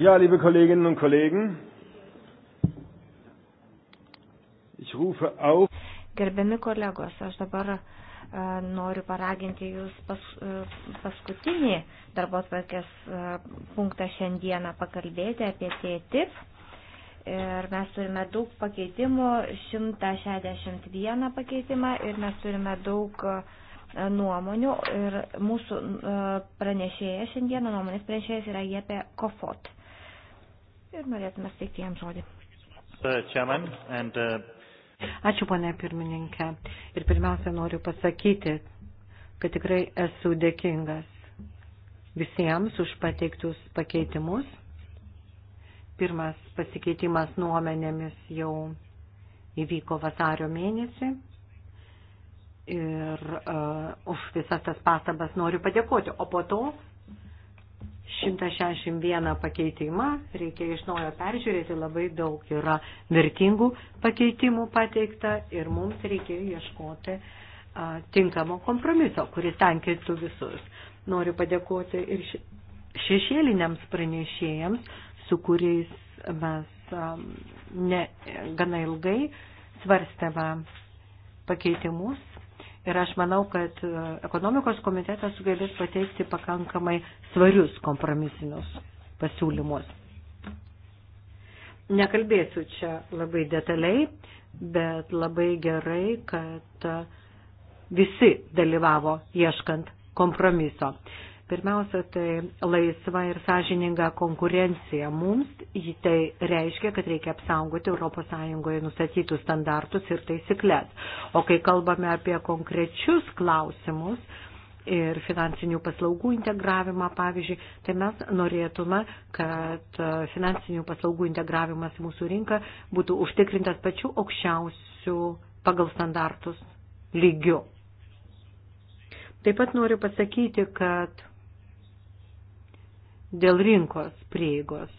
Ja, liebe Kolleginnen und Kollegen, ich rufe auf. Gerbiami kolegos, aš dabar uh, noriu paraginti Jūs pas, uh, paskutinį darbo atvarkės uh, e, punktą šiandieną pakalbėti apie TTIP. Ir mes turime daug pakeitimų, 161 pakeitimą ir mes turime daug uh, nuomonių ir mūsų pranešėjas šiandieną nuomonės pranešėjas yra Jepė Kofot ir norėtume steigti jam žodį. Uh, uh, Ačiū, ponė pirmininkė. Ir pirmiausia, noriu pasakyti, kad tikrai esu dėkingas visiems už pateiktus pakeitimus. Pirmas pasikeitimas nuomenėmis jau įvyko vasario mėnesį. Ir uh, už visas tas pastabas noriu padėkoti. O po to 161 pakeitimą, reikia iš naujo peržiūrėti, labai daug yra vertingų pakeitimų pateikta ir mums reikia ieškoti a, tinkamo kompromiso, kuris tenkintų visus. Noriu padėkoti ir šešėliniams pranešėjams, su kuriais mes a, ne, gana ilgai svarstėme pakeitimus Ir aš manau, kad e, ekonomikos komitetas sugebės pateikti pakankamai svarius kompromisinius pasiūlymus. Nekalbėsiu čia labai detaliai, bet labai gerai, kad e, visi dalyvavo ieškant kompromiso. Pirmiausia, tai laisva ir sąžininga konkurencija mums, tai reiškia, kad reikia apsaugoti ES nustatytus standartus ir taisyklės. O kai kalbame apie konkrečius klausimus ir finansinių paslaugų integravimą, pavyzdžiui, tai mes norėtume, kad finansinių paslaugų integravimas į mūsų rinką būtų užtikrintas pačiu aukščiausiu pagal standartus lygiu. Taip pat noriu pasakyti, kad dėl rinkos prieigos.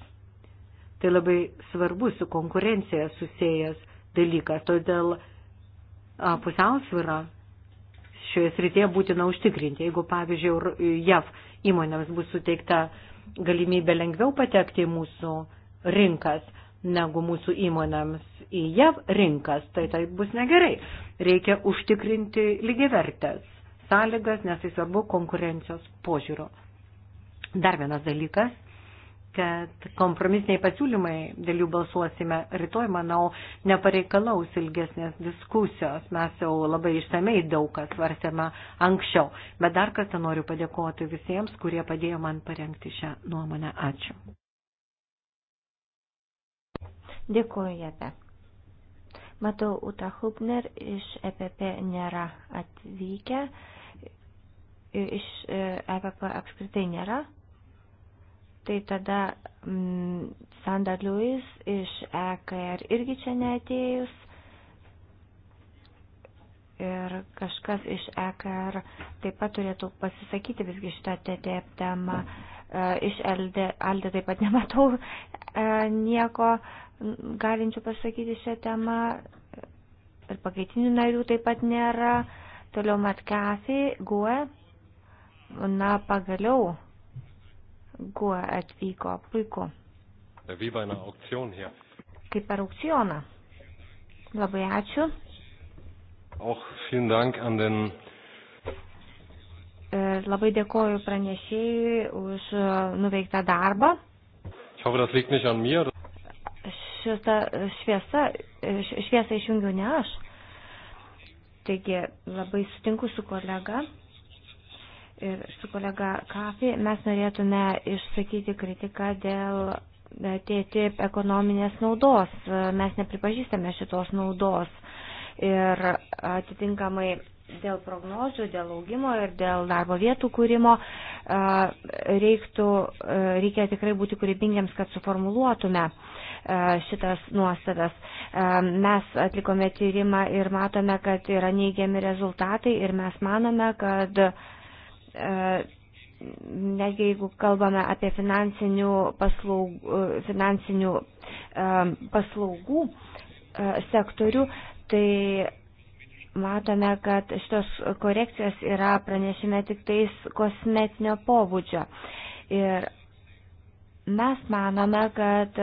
Tai labai svarbu su konkurencija susijęs dalykas, todėl pusiausvyra šioje srityje būtina užtikrinti. Jeigu, pavyzdžiui, JAV įmonėms bus suteikta galimybė lengviau patekti į mūsų rinkas negu mūsų įmonėms į JAV rinkas, tai tai bus negerai. Reikia užtikrinti lygivertės sąlygas, nes tai svarbu konkurencijos požiūrio Dar vienas dalykas kad kompromisiniai pasiūlymai, dėl jų balsuosime rytoj, manau, nepareikalaus ilgesnės diskusijos. Mes jau labai išsamei daug kas svarstėme anksčiau. Bet dar kartą noriu padėkoti visiems, kurie padėjo man parengti šią nuomonę. Ačiū. Dėkuoju, Jepe. Matau, Uta Hubner iš EPP nėra atvykę. Iš EPP e apskritai nėra. Tai tada mm, Sandra Lewis iš EKR irgi čia neatėjus. Ir kažkas iš EKR taip pat turėtų pasisakyti visgi šitą TTIP temą. E, iš LD, Aldė taip pat nematau e, nieko galinčių pasakyti šią temą. Ir pakaitinių narių taip pat nėra. Toliau Matkasi, Gue. Na, pagaliau Guo atvyko. Puiku. Kaip per aukcioną. Labai ačiū. Auch vielen Dank an den e, Labai dėkoju pranešėjui už e, nuveiktą darbą. Ich hoffe, das liegt nicht an mir. Šita šviesa, e, šviesa išjungiu ne aš. Taigi labai sutinku su kolega ir su kolega Kafi mes norėtume išsakyti kritiką dėl e, TTIP ekonominės naudos. E, mes nepripažįstame šitos naudos ir atitinkamai dėl prognozių, dėl augimo ir dėl darbo vietų kūrimo e, reiktų, reikia tikrai būti kūrybingiams, kad suformuluotume šitas nuostatas. Mes atlikome tyrimą ir matome, kad yra neigiami rezultatai ir mes manome, kad E, netgi jeigu kalbame apie finansinių e, paslaugų, finansinių, e, paslaugų sektorių, tai matome, kad šitos korekcijos yra pranešime tik tais kosmetinio pobūdžio. Ir mes manome, kad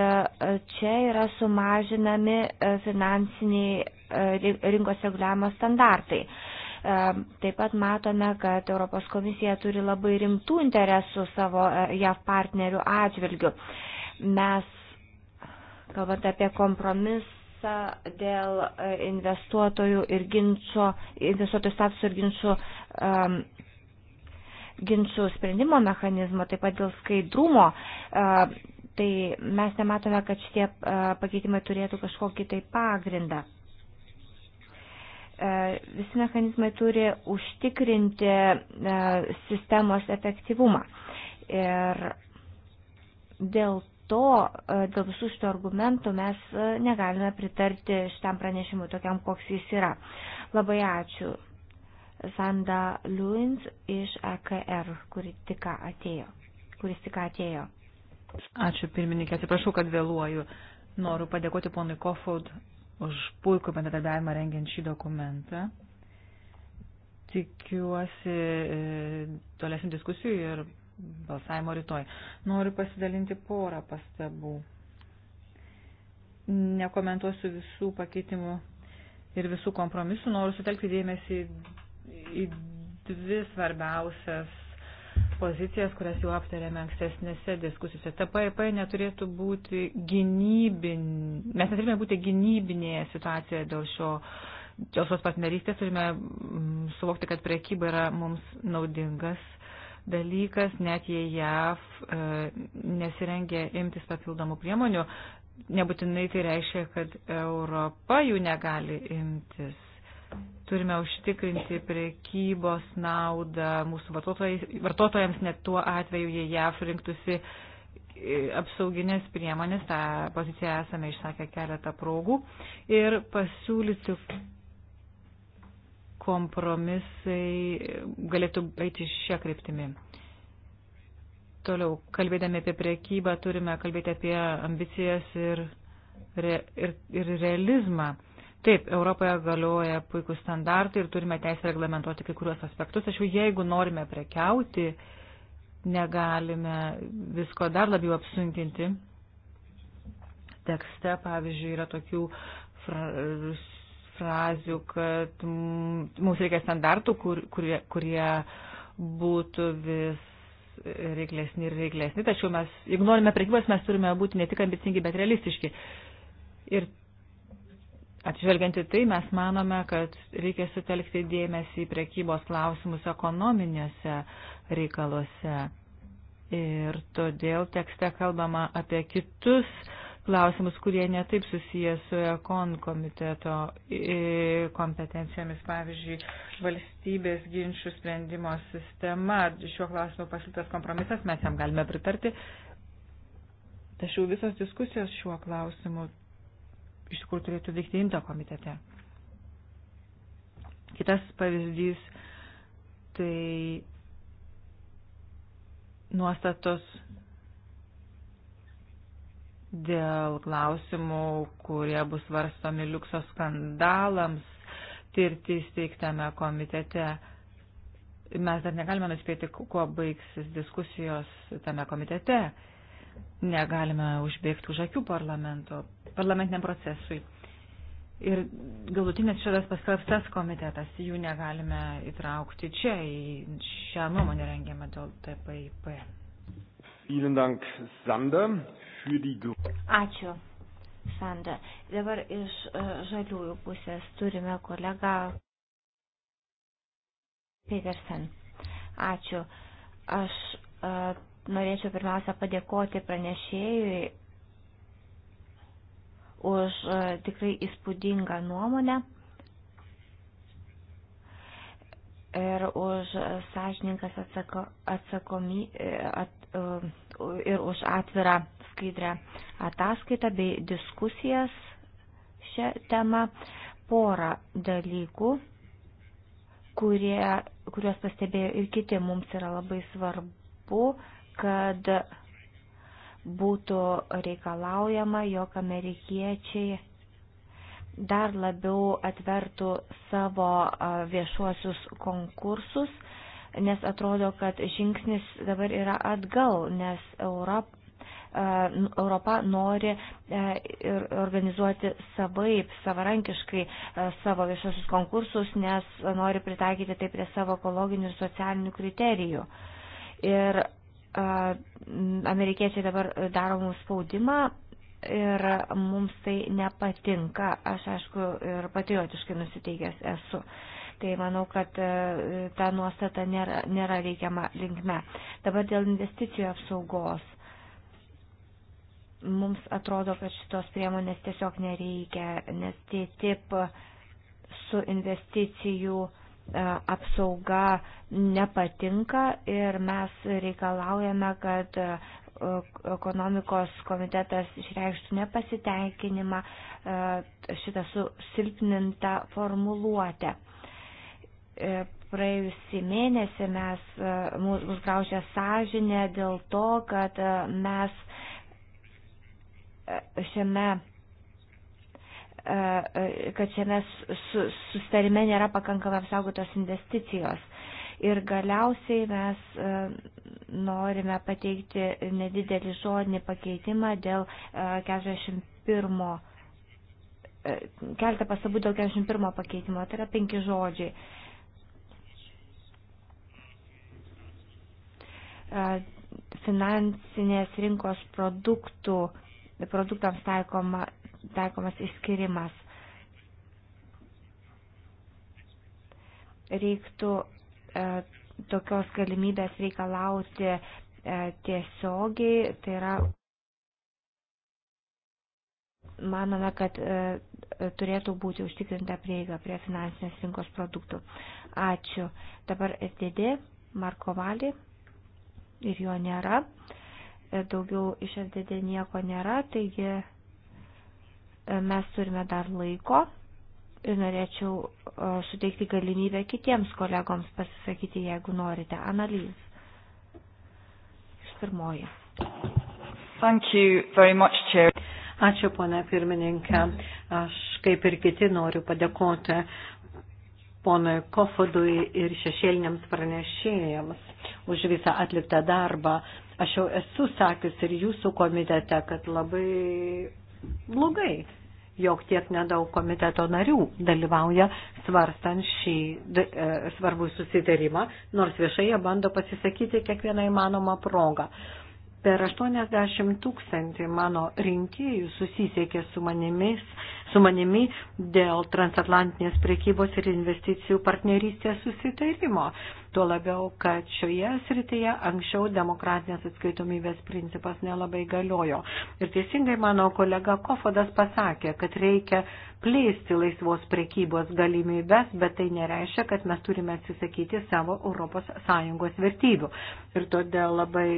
čia yra sumažinami finansiniai rinkos reguliavimo standartai. E, taip pat matome, kad Europos komisija turi labai rimtų interesų savo e, JAV partnerių atžvilgių. Mes, kalbant apie kompromisą dėl e, investuotojų ir ginčio, investuotojų statusų ir ginčių, um, ginčių sprendimo mechanizmo, taip pat dėl skaidrumo, uh, tai mes nematome, kad šitie uh, pakeitimai turėtų kažkokį tai pagrindą. E, visi mechanizmai turi užtikrinti e, sistemos efektyvumą. Ir dėl to, e, dėl visų šitų argumentų mes negalime pritarti šitam pranešimui tokiam, koks jis yra. Labai ačiū. Sanda Liuins iš AKR, kuri tik atėjo, kuris tik atėjo. Ačiū pirmininkė, atsiprašau, kad vėluoju. Noriu padėkoti ponui Kofod už puikų bendradarbiavimą rengiant šį dokumentą. Tikiuosi e, tolesnių diskusijų ir balsavimo rytoj. Noriu pasidalinti porą pastabų. Nekomentuosiu visų pakeitimų ir visų kompromisų, noriu sutelkti dėmesį į dvi svarbiausias pozicijas, kurias jau aptarėme ankstesnėse diskusijose. TPIP neturėtų būti gynybin, mes neturime būti gynybinėje situacijoje dėl šio, dėl šios partnerystės, turime mm, suvokti, kad prekyba yra mums naudingas dalykas, net jei JAV e, nesirengia imtis papildomų priemonių, nebūtinai tai reiškia, kad Europa jų negali imtis. Turime užtikrinti prekybos naudą mūsų vartotojams, net tuo atveju, jei JAF rinktųsi e, apsauginės priemonės, tą poziciją esame išsakę keletą progų, ir pasiūlyti kompromisai galėtų eiti šią kryptimį. Toliau, kalbėdami apie priekybą, turime kalbėti apie ambicijas ir, re, ir, ir realizmą. Taip, Europoje galioja puikūs standartai ir turime teisę reglamentuoti kai kuriuos aspektus, tačiau jeigu norime prekiauti, negalime visko dar labiau apsunkinti. Tekste, pavyzdžiui, yra tokių fra frazių, kad mums reikia standartų, kur, kurie, kurie būtų vis reiklesni ir reiklesni, tačiau mes, jeigu norime prekybos, mes turime būti ne tik ambicingi, bet realistiški. Ir Atsižvelgianti tai, mes manome, kad reikia sutelkti dėmesį į prekybos klausimus ekonominiuose reikaluose. Ir todėl tekste kalbama apie kitus klausimus, kurie netaip susiję su ekon komiteto kompetencijomis, pavyzdžiui, valstybės ginčių sprendimo sistema. Šiuo klausimu pasiūlytas kompromisas, mes jam galime pritarti. Tačiau visos diskusijos šiuo klausimu iš tikrųjų turėtų veikti INTA komitete. Kitas pavyzdys tai nuostatos dėl klausimų, kurie bus varstomi liukso skandalams tirti įsteigtame komitete. Mes dar negalime nuspėti, kuo baigsis diskusijos tame komitete negalime užbėgti už akių parlamentiniam procesui. Ir galutinės išvadas paskelbs tas komitetas, jų negalime įtraukti čia į šią nuomonę rengiamą dėl TPIP. Ačiū, Sanda. Dabar iš e, žaliųjų pusės turime kolegą Petersen. Ačiū. Aš e, norėčiau pirmiausia padėkoti pranešėjui už e, tikrai įspūdingą nuomonę ir už sąžininkas atsako, atsakomy, e, at, e, ir už atvirą skaidrę ataskaitą bei diskusijas šią temą. Porą dalykų, kurie, kuriuos pastebėjo ir kiti, mums yra labai svarbu kad būtų reikalaujama, jog amerikiečiai dar labiau atvertų savo viešuosius konkursus, nes atrodo, kad žingsnis dabar yra atgal, nes Europa, Europa nori organizuoti savaip, savarankiškai savo viešuosius konkursus, nes nori pritaikyti tai prie savo ekologinių ir socialinių kriterijų. Ir amerikiečiai dabar daro mums spaudimą ir mums tai nepatinka. Aš, aišku, ir patriotiškai nusiteikęs esu. Tai manau, kad e, ta nuostata nėra, nėra reikiama linkme. Dabar dėl investicijų apsaugos. Mums atrodo, kad šitos priemonės tiesiog nereikia, nes tai tip su investicijų uh, E, apsauga nepatinka ir mes reikalaujame, kad e, ekonomikos komitetas išreikštų nepasitenkinimą e, šitą susilpnintą formuluotę. Praėjusį mėnesį mes, mus graužė sąžinė dėl to, kad mes šiame E, e, kad šiame sustarime nėra pakankamai apsaugotos investicijos. Ir galiausiai mes e, norime pateikti nedidelį žodinį pakeitimą dėl 41. Keltą pasabų dėl 41 pakeitimo, tai yra penki žodžiai. Finansinės rinkos produktų, produktams taikoma taikomas išskirimas. Reiktų e, tokios galimybės reikalauti e, tiesiogiai, tai yra manome, kad e, turėtų būti užtikrinta prieiga prie finansinės rinkos produktų. Ačiū. Dabar SDD, Marko Valį ir jo nėra. E, daugiau iš SDD nieko nėra, taigi Mes turime dar laiko ir norėčiau e, suteikti galimybę kitiems kolegoms pasisakyti, jeigu norite. Analiz. Iš pirmoji. Thank you very much, Chair. Ačiū, ponia pirmininkė. Aš, kaip ir kiti, noriu padėkoti ponui Kofodui ir šešėliniams pranešėjams už visą atliktą darbą. Aš jau esu sakęs ir jūsų komitete, kad labai blogai, jog tiek nedaug komiteto narių dalyvauja svarstant šį e, svarbų susitarimą, nors viešai jie bando pasisakyti kiekvieną įmanomą progą. Per 80 tūkstantį mano rinkėjų susisiekė su, manimis, su manimi dėl transatlantinės priekybos ir investicijų partnerystės susitarimo. Tuo labiau, kad šioje srityje anksčiau demokratinės atskaitomybės principas nelabai galiojo. Ir teisingai mano kolega Kofodas pasakė, kad reikia plėsti laisvos prekybos galimybės, bet tai nereiškia, kad mes turime atsisakyti savo ES vertybių. Ir todėl labai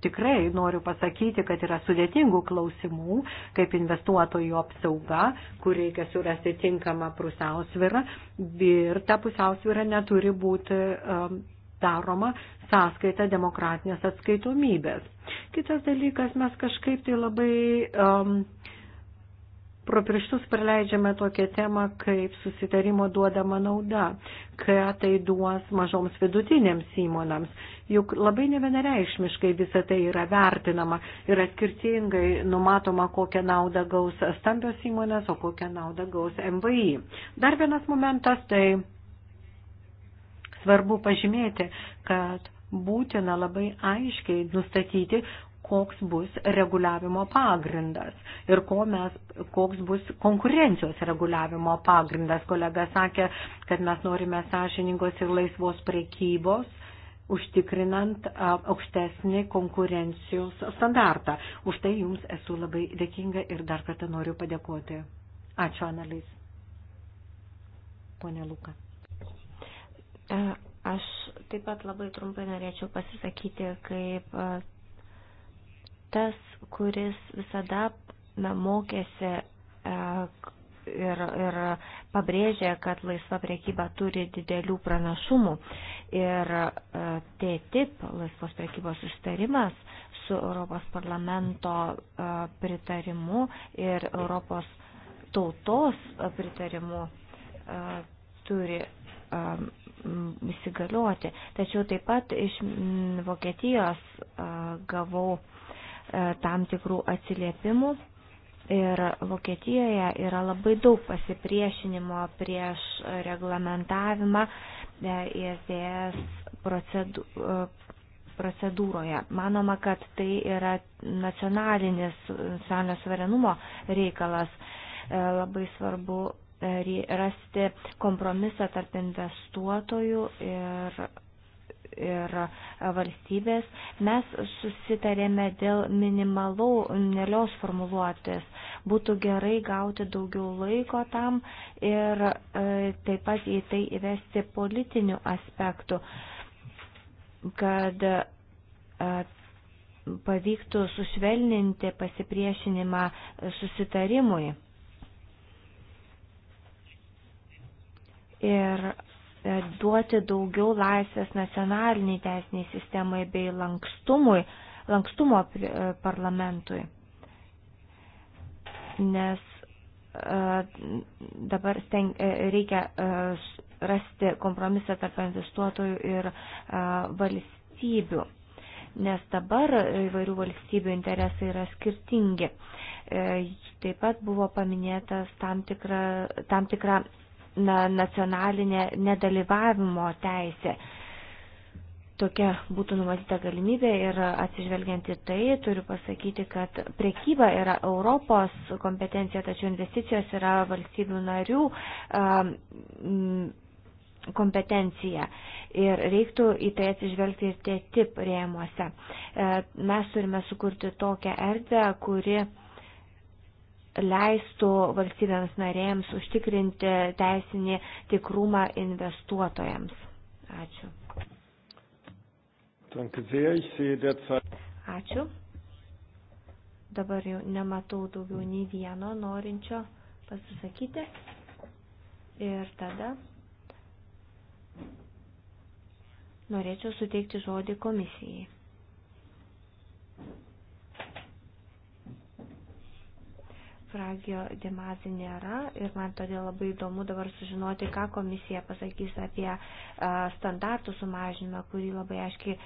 tikrai noriu pasakyti, kad yra sudėtingų klausimų, kaip investuotojų apsauga, kur reikia surasti tinkamą pusiausvyrą ir ta pusiausvyra neturi būti daroma sąskaita demokratinės atskaitomybės. Kitas dalykas, mes kažkaip tai labai um, Pro pirštus praleidžiame tokią temą, kaip susitarimo duodama nauda, ką tai duos mažoms vidutinėms įmonams. Juk labai nevenareišmiškai visa tai yra vertinama, yra skirtingai numatoma, kokią naudą gaus stambios įmonės, o kokią naudą gaus MVI. Dar vienas momentas, tai svarbu pažymėti, kad būtina labai aiškiai nustatyti, koks bus reguliavimo pagrindas ir ko mes, koks bus konkurencijos reguliavimo pagrindas. Kolega sakė, kad mes norime sąžiningos ir laisvos prekybos užtikrinant aukštesnį konkurencijos standartą. Už tai Jums esu labai dėkinga ir dar kartą noriu padėkoti. Ačiū, Analys. Pone Luka. Aš taip pat labai trumpai norėčiau pasisakyti kaip tas, kuris visada mokėsi e, ir, ir pabrėžė, kad laisva priekyba turi didelių pranašumų. Ir e, TTIP, laisvos priekybos sustarimas, su Europos parlamento e, pritarimu ir Europos tautos pritarimu turi įsigalioti. Tačiau taip pat iš Vokietijos gavau E, tam tikrų atsiliepimų. Ir Vokietijoje yra labai daug pasipriešinimo prieš reglamentavimą e, ISDS e, procedūroje. Manoma, kad tai yra nacionalinis nacionalinio suverenumo reikalas. Labai svarbu rasti kompromisą tarp investuotojų ir ir e, valstybės, mes susitarėme dėl minimalios formuluotės. Būtų gerai gauti daugiau laiko tam ir e, taip pat į tai įvesti politinių aspektų, kad e, pavyktų sušvelninti pasipriešinimą susitarimui. Ir E, duoti daugiau laisvės nacionaliniai teisiniai sistemai bei lankstumui, lankstumo e, parlamentui. Nes e, dabar steng, reikia rasti kompromisą tarp investuotojų ir valstybių, nes dabar įvairių valstybių interesai yra skirtingi. Taip pat buvo paminėtas tam tikra, tam tikra na, nacionalinė nedalyvavimo teisė. Tokia būtų numatyta galimybė ir atsižvelgiant į tai, turiu pasakyti, kad priekyba yra Europos kompetencija, tačiau investicijos yra valstybių narių kompetencija. Ir reiktų į tai atsižvelgti ir tie tip rėmuose. E, mes turime sukurti tokią erdvę, kuri leistų valstybėms narėms užtikrinti teisinį tikrumą investuotojams. Ačiū. Ačiū. Dabar jau nematau daugiau nei vieno norinčio pasisakyti. Ir tada norėčiau suteikti žodį komisijai. Fragio Dimazi nėra ir man todėl labai įdomu dabar sužinoti, ką komisija pasakys apie standartų sumažinimą, kurį labai aiškiai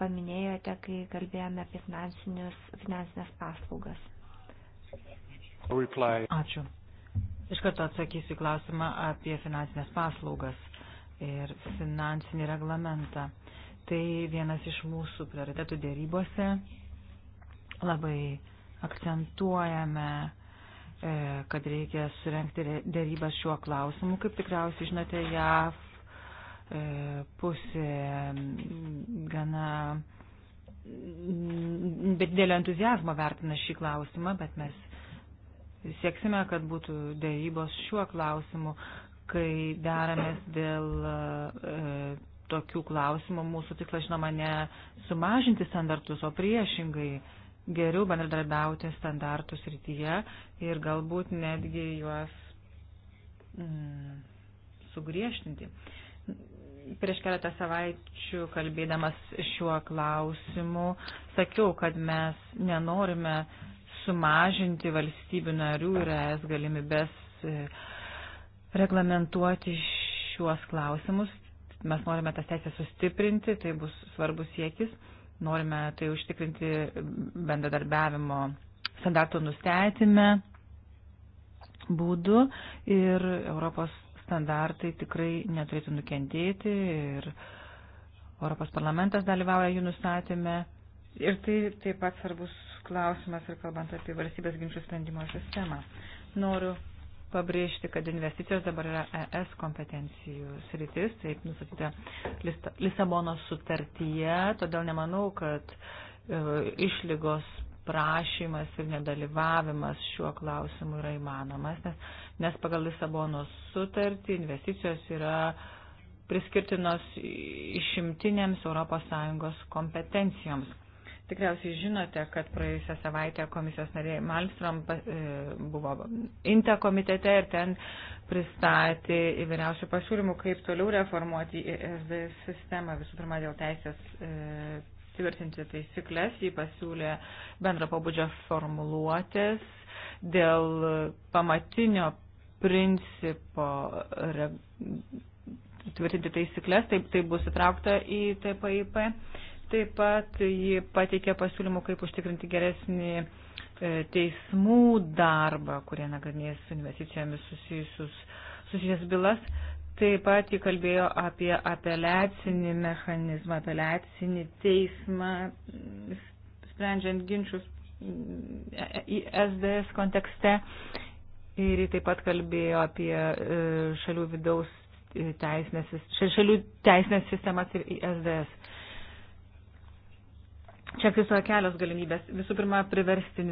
paminėjote, kai kalbėjome apie finansinės paslaugas. Ačiū. Iš karto atsakysiu klausimą apie finansinės paslaugas ir finansinį reglamentą. Tai vienas iš mūsų prioritetų dėrybose. Labai akcentuojame E, kad reikia surenkti dėrybas šiuo klausimu. Kaip tikriausiai žinote, JAV e, pusė gana bet dėl entuzijazmo vertina šį klausimą, bet mes sieksime, kad būtų dėrybos šiuo klausimu, kai deramės dėl e, tokių klausimų. Mūsų tikslas, žinoma, ne sumažinti standartus, o priešingai geriau bendradarbiauti standartų srityje ir galbūt netgi juos mm, sugriežtinti. Prieš keletą savaičių kalbėdamas šiuo klausimu sakiau, kad mes nenorime sumažinti valstybių narių ir es galimybės e, reglamentuoti šiuos klausimus. Mes norime tas teisės sustiprinti, tai bus svarbus siekis. Norime tai užtikrinti bendradarbiavimo standartų nustatymę būdu ir Europos standartai tikrai neturėtų nukentėti ir Europos parlamentas dalyvauja jų nustatymę. Ir tai taip pat svarbus klausimas ir kalbant apie valstybės ginčių sprendimo sistemą. Noriu pabrėžti, kad investicijos dabar yra ES kompetencijų sritis, taip nusatyta Lisabono sutartyje, todėl nemanau, kad e, išlygos prašymas ir nedalyvavimas šiuo klausimu yra įmanomas, nes, nes pagal Lisabonos sutartį investicijos yra priskirtinos išimtinėms ES kompetencijoms. Tikriausiai žinote, kad praėjusią savaitę komisijos narė Malmström e, buvo INTA komitete ir ten pristatė įvairiausių pasiūlymų, kaip toliau reformuoti ESD sistemą. Visų pirma, dėl teisės e, tvirtinti taisyklės, jį pasiūlė bendro pabudžio formuluotės dėl pamatinio principo tvirtinti taisyklės, taip tai bus įtraukta į TPIP. Taip pat ji pateikė pasiūlymų, kaip užtikrinti geresnį e, teismų darbą, kurie nagrinės investicijomis susijusius, susijęs bylas. Taip pat jį kalbėjo apie apeliacinį mechanizmą, apeliacinį teismą, sprendžiant ginčius e, e, į SDS kontekste. Ir jį taip pat kalbėjo apie šalių vidaus teisinės, šalių teisinės sistemas ir į SDS. Čia egzistuoja kelios galimybės. Visų pirma, priversti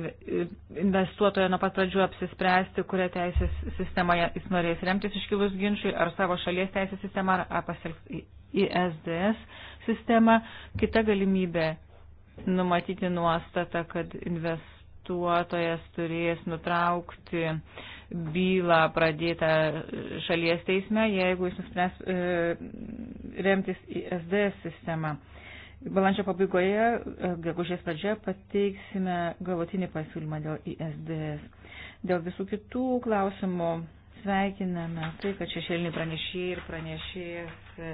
investuotoją nuo pat pradžių apsispręsti, kurią teisės sistemą jis norės remtis iškilus ginčiui, ar savo šalies teisės sistemą, ar pasiliks ISDS sistemą. Kita galimybė numatyti nuostatą, kad investuotojas turės nutraukti bylą pradėtą šalies teisme, jeigu jis nuspręs e, remtis ISDS sistemą. E, Balandžio pabaigoje, e, gegužės pradžioje pateiksime galutinį pasiūlymą dėl ISDS. Dėl visų kitų klausimų sveikiname tai, kad šešėliniai pranešėjai ir pranešėjas e,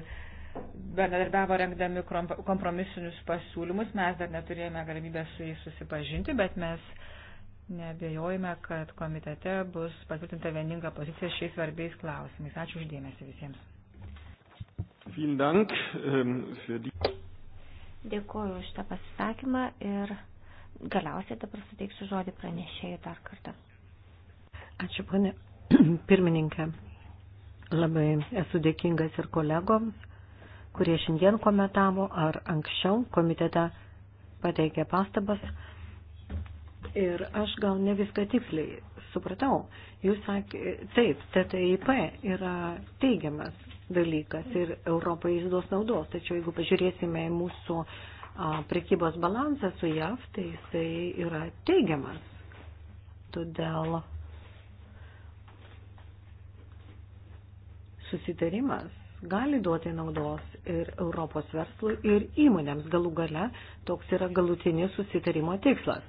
bendradarbiavo rengdami kompromisinius pasiūlymus. Mes dar neturėjome galimybę su jais susipažinti, bet mes nebejojame, kad komitete bus patvirtinta vieninga pozicija šiais svarbiais klausimais. Ačiū uždėmesi visiems. Vielen Dank ähm, für die. Dėkuoju už tą pasisakymą ir galiausiai dabar suteiksiu žodį pranešėjai dar kartą. Ačiū, ponė pirmininkė. Labai esu dėkingas ir kolegoms, kurie šiandien komentavo ar anksčiau komitete pateikė pastabas. Ir aš gal ne viską tiksliai supratau. Jūs sakė, taip, TTIP yra teigiamas dalykas ir Europai jis duos naudos. Tačiau jeigu pažiūrėsime į mūsų prekybos balansą su JAV, tai jisai yra teigiamas. Todėl susitarimas gali duoti naudos ir Europos verslui, ir įmonėms galų gale toks yra galutinis susitarimo tikslas.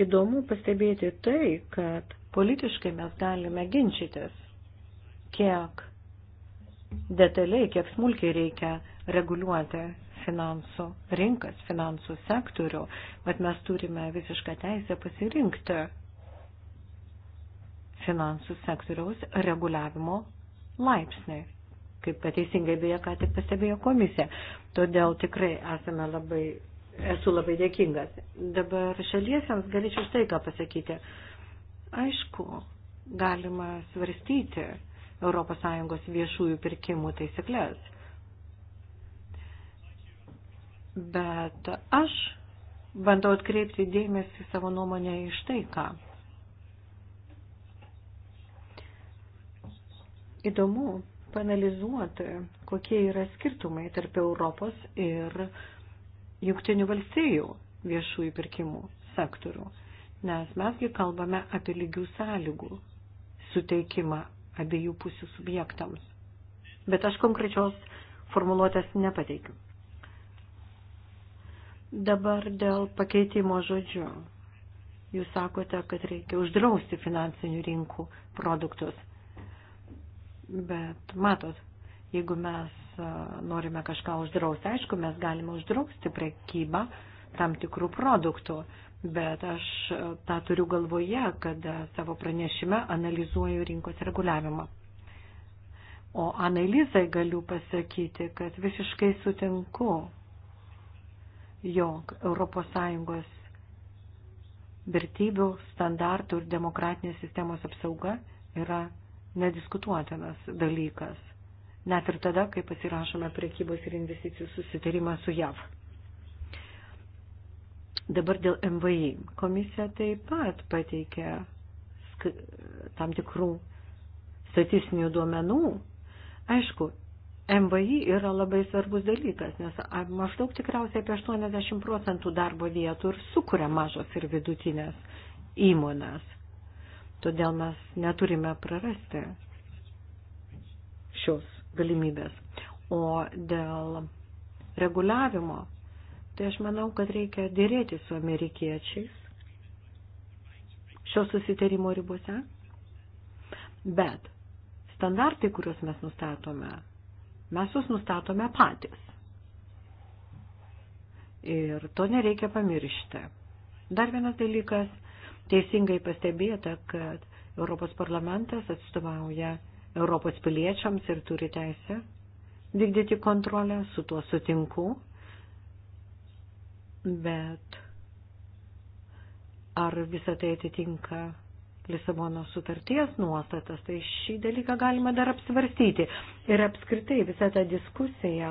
Įdomu pastebėti tai, kad politiškai mes galime ginčytis kiek detaliai, kiek smulkiai reikia reguliuoti finansų rinkas, finansų sektorių, bet mes turime visišką teisę pasirinkti finansų sektoriaus reguliavimo laipsnį, kaip kad teisingai beje ką tik pastebėjo komisija. Todėl tikrai esame labai, esu labai dėkingas. Dabar šaliesiams galėčiau štai ką pasakyti. Aišku, galima svarstyti ES viešųjų pirkimų taisyklės. Bet aš bandau atkreipti dėmesį savo nuomonę iš tai, ką. Įdomu panalizuoti, kokie yra skirtumai tarp Europos ir jungtinių valstijų viešųjų pirkimų sektorių, nes mesgi kalbame apie lygių sąlygų suteikimą abiejų pusių subjektams. Bet aš konkrečios formuluotės nepateikiu. Dabar dėl pakeitimo žodžių. Jūs sakote, kad reikia uždrausti finansinių rinkų produktus. Bet matot, jeigu mes norime kažką uždrausti, aišku, mes galime uždrausti prekybą tam tikrų produktų, bet aš e, tą turiu galvoje, kada e, savo pranešime analizuoju rinkos reguliavimą. O analizai galiu pasakyti, kad visiškai sutinku, jog ES vertybių, standartų ir demokratinės sistemos apsauga yra nediskutuotinas dalykas. Net ir tada, kai pasirašome priekybos ir investicijų susitarimą su JAV. Dabar dėl MVI. Komisija taip pat pateikė tam tikrų statistinių duomenų. Aišku, MVI yra labai svarbus dalykas, nes maždaug tikriausiai apie 80 procentų darbo vietų ir sukuria mažos ir vidutinės įmonės. Todėl mes neturime prarasti šios galimybės. O dėl reguliavimo Tai aš manau, kad reikia dėrėti su amerikiečiais šio susitarimo ribose, bet standartai, kuriuos mes nustatome, mes juos nustatome patys. Ir to nereikia pamiršti. Dar vienas dalykas, teisingai pastebėta, kad Europos parlamentas atstovauja Europos piliečiams ir turi teisę vykdyti kontrolę, su tuo sutinku, Bet ar visą tai atitinka Lisabono sutarties nuostatas, tai šį dalyką galima dar apsvarstyti. Ir apskritai visą tą diskusiją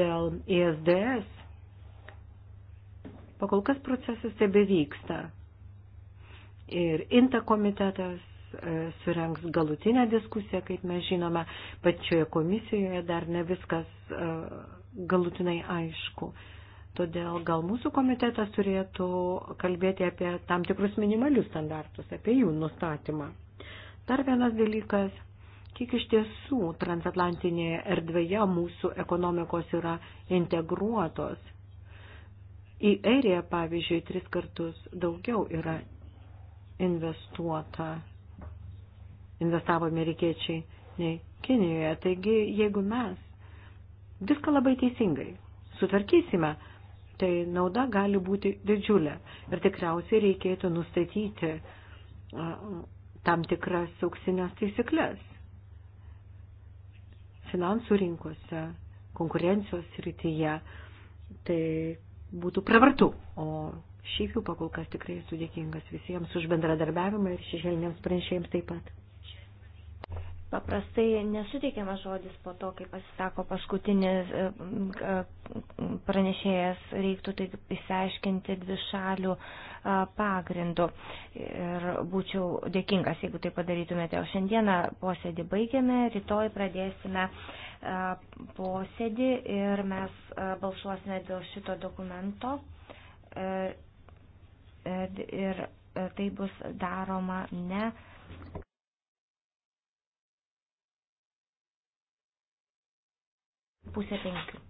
dėl ESDS, pakol kas procesas tebe vyksta. Ir INTA komitetas e, surengs galutinę diskusiją, kaip mes žinome, pačioje komisijoje dar ne viskas e, galutinai aišku. Todėl gal mūsų komitetas turėtų kalbėti apie tam tikrus minimalius standartus, apie jų nustatymą. Dar vienas dalykas, kiek iš tiesų transatlantinėje erdvėje mūsų ekonomikos yra integruotos. Į Airiją, pavyzdžiui, tris kartus daugiau yra investuota, investavo amerikiečiai nei Kinijoje. Taigi, jeigu mes viską labai teisingai sutvarkysime, tai nauda gali būti didžiulė ir tikriausiai reikėtų nustatyti tam tikras auksinės taisyklės finansų rinkose, konkurencijos rytyje. Tai būtų pravartu, o šiaip jau pakol kas tikrai esu dėkingas visiems už bendradarbiavimą ir šešėlinėms pranešėjams taip pat. Paprastai nesuteikiamas žodis po to, kai pasisako paskutinis e, e, pranešėjas, reiktų tai įsiaiškinti dvi šalių e, pagrindų. Ir būčiau dėkingas, jeigu tai padarytumėte. O šiandieną posėdį baigiame, rytoj pradėsime posėdį ir mes balsuosime dėl šito dokumento. Ir tai bus daroma ne. pusę penkių.